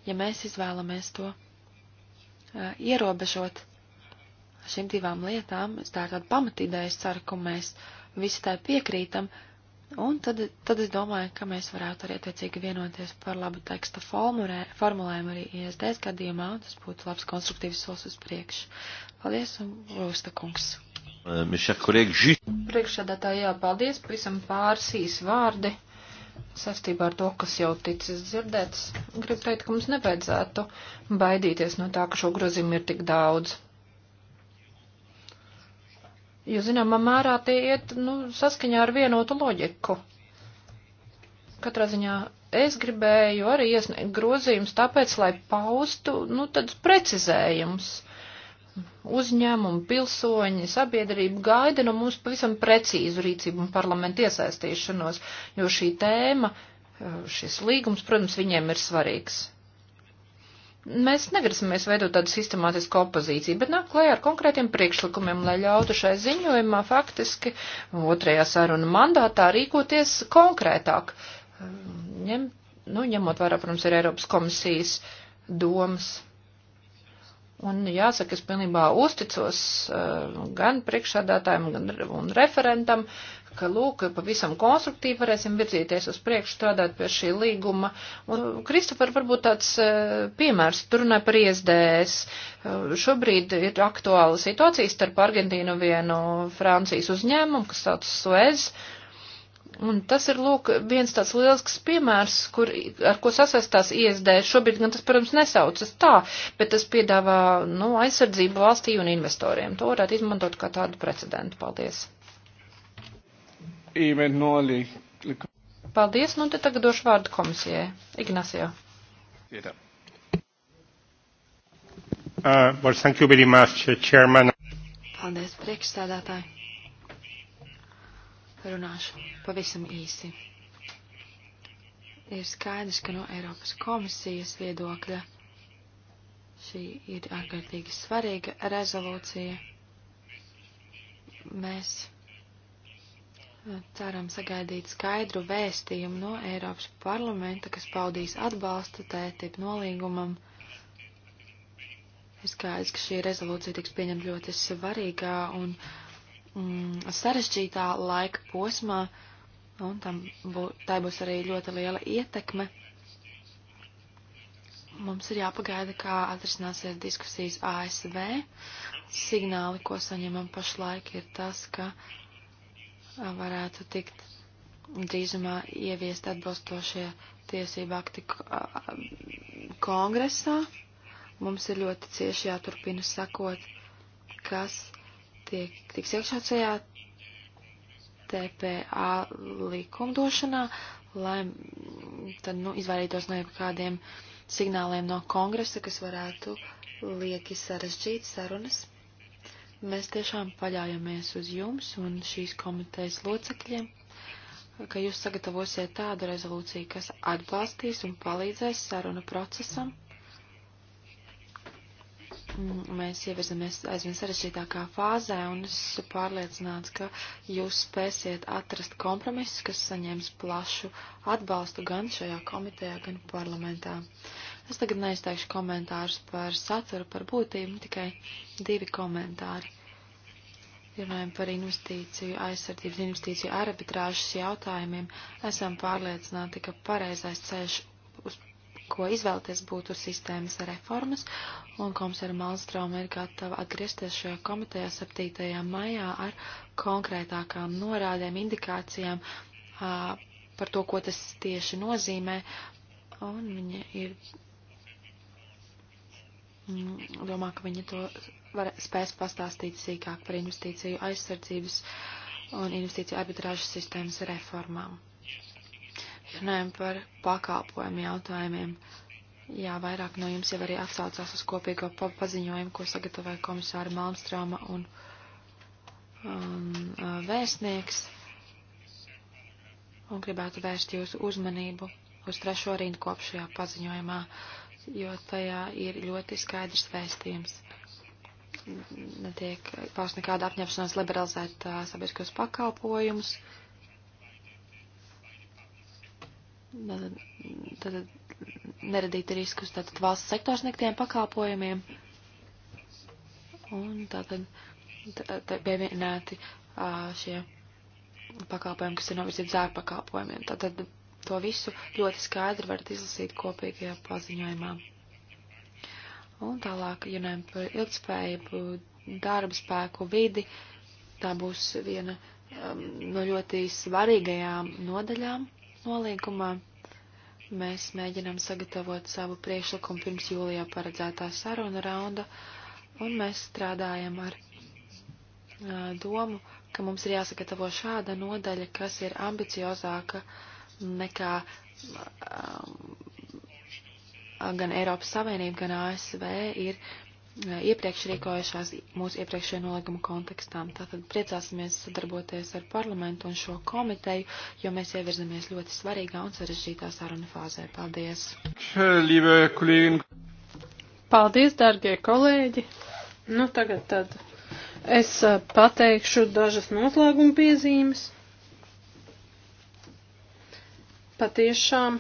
Ja mēs izvēlamies to uh, ierobežot šīm divām lietām, tā ir tāda pamatīdējas ceru, ka mēs uh, visi tā piekrītam, un tad, tad es domāju, ka mēs varētu arī attiecīgi vienoties par labu teksta formulē, formulējumu arī ISDS gadījumā, un tas būtu labs konstruktīvs solis uz priekšu. Paldies, un Rūsta kungs. Uh, Priekšsēdētāji, jā, paldies, pavisam pārsīs vārdi saistībā ar to, kas jau ticis dzirdēts, gribu teikt, ka mums nevajadzētu baidīties no tā, ka šo grozījumu ir tik daudz jo zināmā mērā tie iet nu, saskaņā ar vienotu loģiku. Katrā ziņā es gribēju arī iesniegt grozījumus tāpēc, lai paustu nu, tādus precizējumus. Uzņēmumi, pilsoņi, sabiedrība gaida no mums pavisam precīzu rīcību un parlamentu iesaistīšanos, jo šī tēma, šis līgums, protams, viņiem ir svarīgs. Mēs negrasamies veidot tādu sistemātisku opozīciju, bet nāk klajā ar konkrētiem priekšlikumiem, lai ļautu šai ziņojumā faktiski otrajā saruna mandātā rīkoties konkrētāk. Ņem, nu, ņemot vērā, protams, ir Eiropas komisijas domas. Un jāsaka, es pilnībā uzticos uh, gan priekšsādātājiem, gan un referentam ka, lūk, pavisam konstruktīvi varēsim virzīties uz priekšu, strādāt pie šī līguma. Un Kristofer varbūt tāds e, piemērs, tur runāja par ISDS. E, šobrīd ir aktuāla situācija starp Argentīnu vienu Francijas uzņēmumu, kas sauc Suez. Un tas ir, lūk, viens tāds lielisks piemērs, kur, ar ko sasastās ISD. Šobrīd gan tas, protams, nesaucas tā, bet tas piedāvā, nu, aizsardzību valstī un investoriem. To varētu izmantot kā tādu precedentu. Paldies! Paldies, nu te tagad došu vārdu komisijai. Ignacio. Yeah. Uh, well, thank you very much, uh, Chairman. Paldies, priekšstādātāji. Runāšu pavisam īsi. Ir skaidrs, ka no Eiropas komisijas viedokļa šī ir ārkārtīgi svarīga rezolūcija. Mēs Ceram sagaidīt skaidru vēstījumu no Eiropas parlamenta, kas paudīs atbalstu tētip nolīgumam. Ir skaidrs, ka šī rezolūcija tiks pieņemta ļoti svarīgā un mm, sarežģītā laika posmā, un tam bū, tai būs arī ļoti liela ietekme. Mums ir jāpagaida, kā atrisināsies diskusijas ASV. Signāli, ko saņemam pašlaik, ir tas, ka. Uh, varētu tikt drīzumā ieviest atbilstošie tiesību akti kongresā. Mums ir ļoti cieši jāturpina sakot, kas tiek, tiks iekšā šajā TPA likumdošanā, lai tad, nu, izvairītos no jebkādiem signāliem no kongresa, kas varētu lieki sarežģīt sarunas. Mēs tiešām paļaujamies uz jums un šīs komitejas locekļiem, ka jūs sagatavosiet tādu rezolūciju, kas atbalstīs un palīdzēs sarunu procesam. Mm, mēs ievirzamies aizvien sarežģītākā fāzē, un es pārliecināts, ka jūs spēsiet atrast kompromisus, kas saņems plašu atbalstu gan šajā komitejā, gan parlamentā. Uh, Es tagad neizteikšu komentārus par saturu, par būtību, tikai divi komentāri. Runājam par investīciju, aizsardzības investīciju arbitrāžas jautājumiem. Esam pārliecināti, ka pareizais ceļš, uz ko izvēlties, būtu sistēmas reformas, un komisāra Malstroma ir gatava atgriezties šajā komitejā 7. maijā ar konkrētākām norādēm, indikācijām ā, par to, ko tas tieši nozīmē, un viņa ir Mm, domā, ka viņi to var, spēs pastāstīt sīkāk par investīciju aizsardzības un investīciju arbitrāžas sistēmas reformām. Runājam par pakalpojumu jautājumiem. Jā, vairāk no jums jau arī atsaucās uz kopīgo paziņojumu, ko sagatavoja komisāri Malmstrāma un, un um, vēstnieks. Un gribētu vērst jūsu uzmanību uz trešo rindkopu šajā paziņojumā. Uh, jo tajā ir ļoti skaidrs vēstījums. Netiek paust nekāda apņemšanās liberalizēt uh, sabiedriskos pakalpojumus. Tad, tad neradīt riskus tātad valsts sektors sniegtiem pakalpojumiem. Un tātad pievienāti uh, šie pakalpojumi, kas ir novirzīti zāru pakalpojumiem. Tātad To visu ļoti skaidri varat izlasīt kopīgajā paziņojumā. Un tālāk, ja runājam par ilgspējību, darba spēku vidi, tā būs viena um, no ļoti svarīgajām nodaļām nolīgumā. Mēs mēģinām sagatavot savu priekšlikumu pirms jūlijā paredzētā saruna raunda, un mēs strādājam ar uh, domu, ka mums ir jāsagatavo šāda nodaļa, kas ir ambiciozāka uh, nekā um, gan Eiropas Savienība, gan ASV ir uh, iepriekš rīkojušās mūsu iepriekšējā nolīguma kontekstā. Tātad priecāsimies sadarboties ar parlamentu un šo komiteju, jo mēs ievirzamies ļoti svarīgā un sarežģītā saruna fāzē. Paldies! Paldies, dārgie kolēģi! Nu, tagad tad es uh, pateikšu dažas noslēguma piezīmes. Patiešām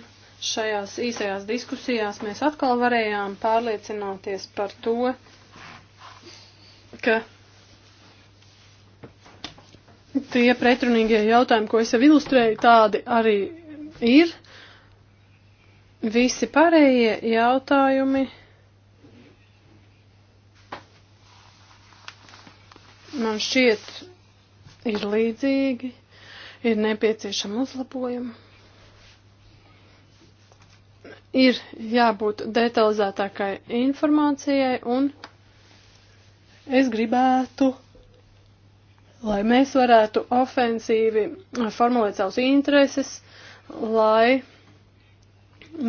šajās īsajās diskusijās mēs atkal varējām pārliecināties par to, ka tie pretrunīgie jautājumi, ko es jau ilustrēju, tādi arī ir. Visi pārējie jautājumi man šķiet ir līdzīgi, ir nepieciešama uzlabojuma ir jābūt detalizētākai informācijai un es gribētu, lai mēs varētu ofensīvi formulēt savus intereses, lai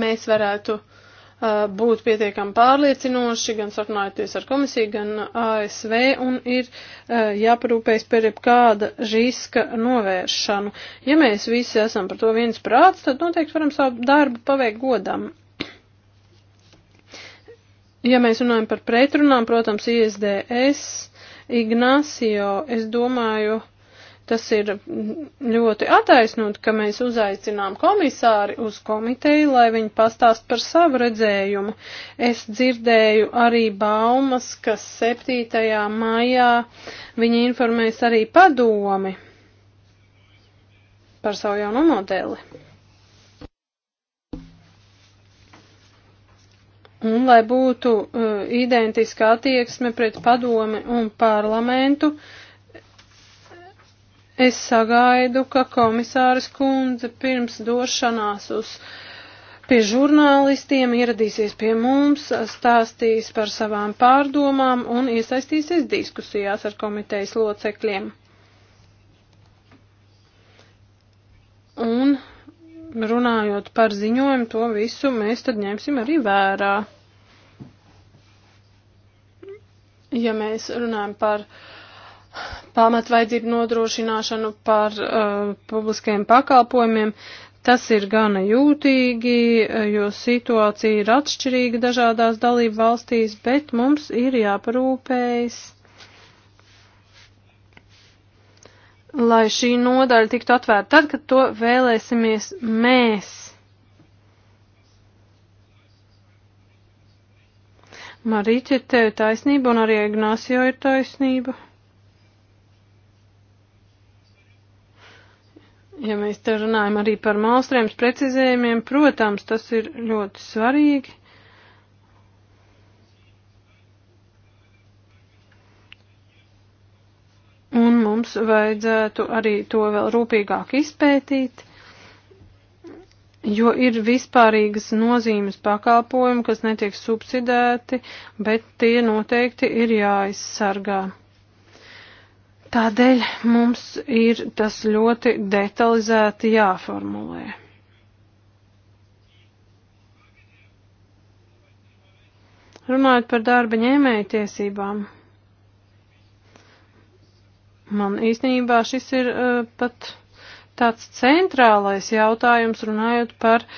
mēs varētu uh, būt pietiekami pārliecinoši, gan sarunājoties ar komisiju, gan ASV, un ir jāparūpējas par jebkāda riska novēršanu. Ja mēs visi esam par to viens prāts, tad noteikti varam savu darbu paveikt godam. Ja mēs runājam par pretrunām, protams, ISDS, Ignacio, es domāju, Tas ir ļoti attaisnot, ka mēs uzaicinām komisāri uz komiteju, lai viņi pastāst par savu redzējumu. Es dzirdēju arī baumas, ka 7. maijā viņi informēs arī padomi par savu jauno modeli. Un lai būtu uh, identiska attieksme pret padomi un parlamentu, uh, Es sagaidu, ka komisāras kundze pirms došanās uz pie žurnālistiem ieradīsies pie mums, stāstīs par savām pārdomām un iesaistīsies diskusijās ar komitejas locekļiem. Un runājot par ziņojumu, to visu mēs tad ņemsim arī vērā. Ja mēs runājam par uh, pamatvajadzību nodrošināšanu, par uh, publiskajiem pakalpojumiem. Tas ir gana jūtīgi, uh, jo situācija ir atšķirīga dažādās dalību valstīs, bet mums ir jāparūpējas, lai šī nodaļa tiktu atvērta tad, kad to vēlēsimies mēs. Marīķi, tev ir taisnība, un arī Ignācio ir taisnība. Ja mēs te runājam arī par malstrēmas precizējumiem, protams, tas ir ļoti svarīgi. Un mums vajadzētu arī to vēl rūpīgāk izpētīt, jo ir vispārīgas nozīmes pakalpojumi, kas netiek subsidēti, bet tie noteikti ir jāizsargā. Tādēļ mums ir tas ļoti detalizēti jāformulē. Runājot par darba ņēmēju tiesībām, man īstenībā šis ir uh, pat tāds centrālais jautājums runājot par uh,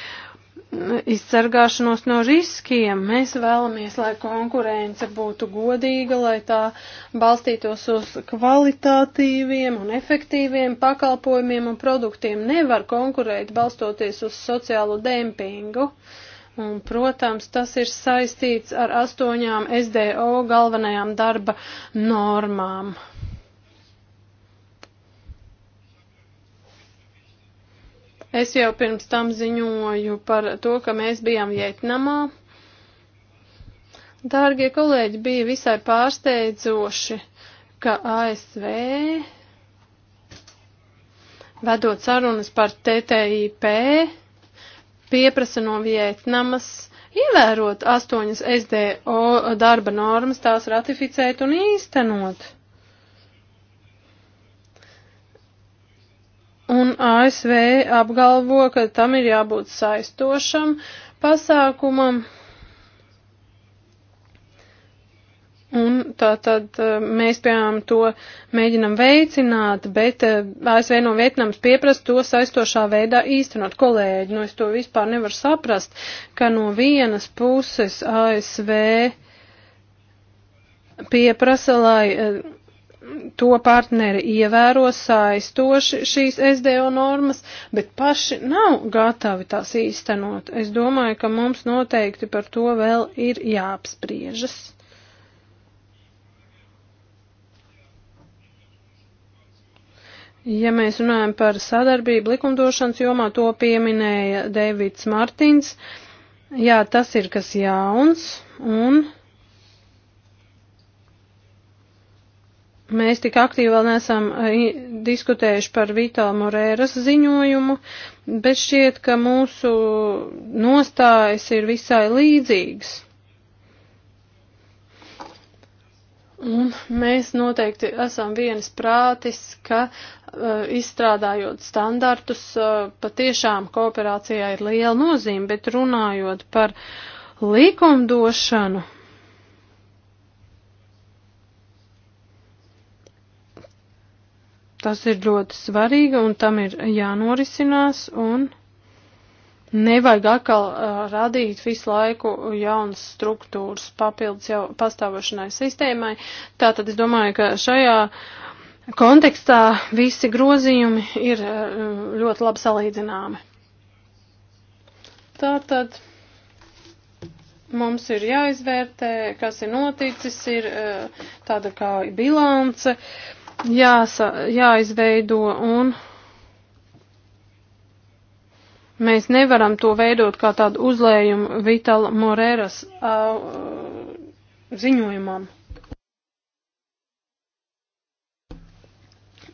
izsargāšanos no riskiem. Mēs vēlamies, lai konkurence būtu godīga, lai tā balstītos uz kvalitatīviem un efektīviem pakalpojumiem un produktiem. Nevar konkurēt balstoties uz sociālo dempingu. Un, protams, tas ir saistīts ar astoņām SDO galvenajām darba normām. Es jau pirms tam ziņoju par to, ka mēs bijām Vietnamā. Dārgie kolēģi, bija visai pārsteidzoši, ka ASV, vedot sarunas par TTIP, pieprasa no Vietnamas ievērot astoņas SDO darba normas, tās ratificēt un īstenot. Un ASV apgalvo, ka tam ir jābūt saistošam pasākumam. Un tā tad eh, mēs, piemēram, to mēģinam veicināt, bet eh, ASV no Vietnams pieprast to saistošā veidā īstenot. Kolēģi, nu es to vispār nevaru saprast, ka no vienas puses ASV pieprasa, lai eh, to partneri ievēro saistoši šīs SDO normas, bet paši nav gatavi tās īstenot. Es domāju, ka mums noteikti par to vēl ir jāapspriežas. Ja mēs runājam par sadarbību likumdošanas jomā, to pieminēja Deivids Martins. Jā, tas ir kas jauns un. Mēs tik aktīvi vēl neesam e, diskutējuši par Vitāla Morēras ziņojumu, bet šķiet, ka mūsu nostājas ir visai līdzīgas. Un mēs noteikti esam vienas prātis, ka uh, izstrādājot standartus, uh, patiešām kooperācijā ir liela nozīme, bet runājot par likumdošanu, Tas ir ļoti svarīgi un tam ir jānorisinās un nevajag atkal uh, radīt visu laiku jaunas struktūras papildus jau pastāvošanai sistēmai. Tātad es domāju, ka šajā kontekstā visi grozījumi ir uh, ļoti labi salīdzināmi. Tātad mums ir jāizvērtē, kas ir noticis, ir uh, tāda kā bilance. Uh, jāsa, jāizveido un mēs nevaram to veidot kā tādu uzlējumu Vital Moreras uh, ziņojumam.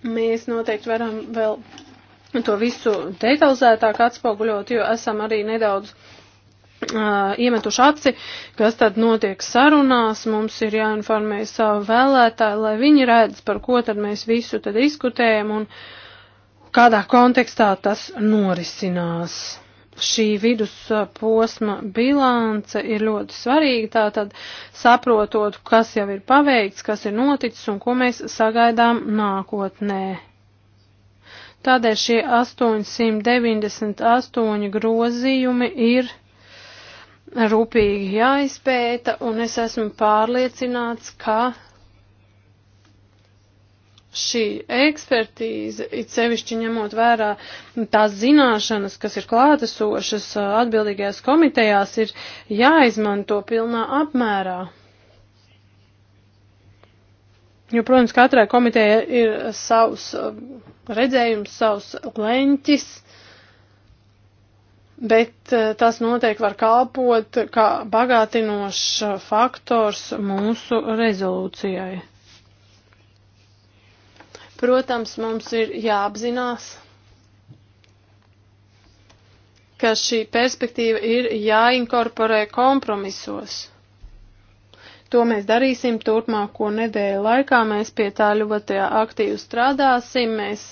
Mēs noteikti varam vēl to visu detalizētāk atspoguļot, jo esam arī nedaudz uh, iemetuši aci, kas tad notiek sarunās, mums ir jāinformē savu vēlētāju, lai viņi redz, par ko tad mēs visu tad diskutējam un kādā kontekstā tas norisinās. Šī vidusposma bilance ir ļoti svarīga, tātad saprotot, kas jau ir paveikts, kas ir noticis un ko mēs sagaidām nākotnē. Tādēļ šie 898 grozījumi ir rūpīgi jāizpēta, un es esmu pārliecināts, ka šī ekspertīze, it sevišķi ņemot vērā tās zināšanas, kas ir klātesošas atbildīgajās komitejās, ir jāizmanto pilnā apmērā. Jo, protams, katrai komitejai ir savs redzējums, savs leņķis bet eh, tas noteikti var kalpot kā bagātinošs faktors mūsu rezolūcijai. Protams, mums ir jāapzinās, ka šī perspektīva ir jāinkorporē kompromisos. To mēs darīsim turpmāko nedēļu laikā. Mēs pie tā ļoti aktīvi strādāsim, mēs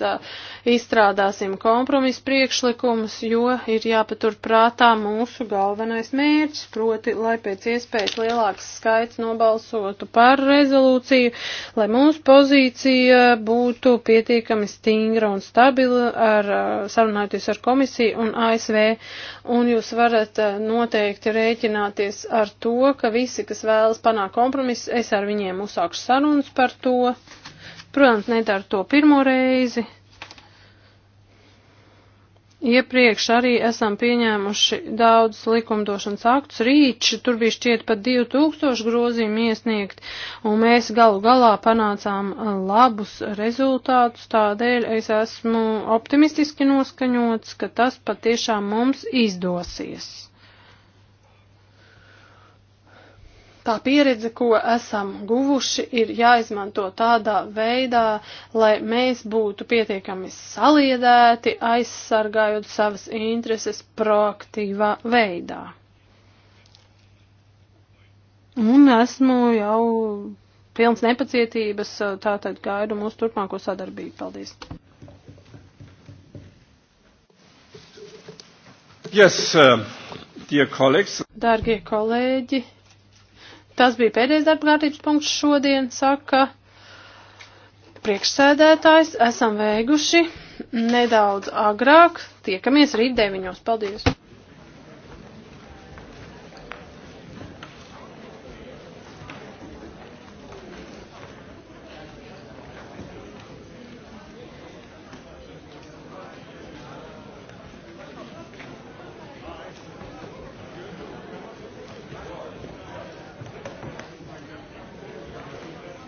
izstrādāsim kompromisu priekšlikumus, jo ir jāpatur prātā mūsu galvenais mērķis, proti, lai pēc iespējas lielāks skaits nobalsotu par rezolūciju, lai mūsu pozīcija būtu pietiekami stingra un stabila ar, sarunājoties ar komisiju un ASV. Un jūs varat noteikti rēķināties ar to, ka visi, kas vēlas panākt, jāpanāk kompromiss, es ar viņiem uzsākšu sarunas par to. Protams, nedaru to pirmo reizi. Iepriekš arī esam pieņēmuši daudz likumdošanas aktus rīči, tur bija šķiet pat 2000 grozījumu iesniegt, un mēs galu galā panācām uh, labus rezultātus, tādēļ es esmu optimistiski noskaņots, ka tas patiešām mums izdosies. tā pieredze, ko esam guvuši, ir jāizmanto tādā veidā, lai mēs būtu pietiekami saliedēti, aizsargājot savas intereses proaktīvā veidā. Un esmu jau pilns nepacietības, tātad gaidu mūsu turpmāko sadarbību. Paldies! Yes, uh, dear colleagues. Dārgie kolēģi, Tas bija pēdējais darba kārtības punkts šodien, saka priekšsēdētājs. Esam veiguši nedaudz agrāk. Tiekamies rīt deviņos. Paldies!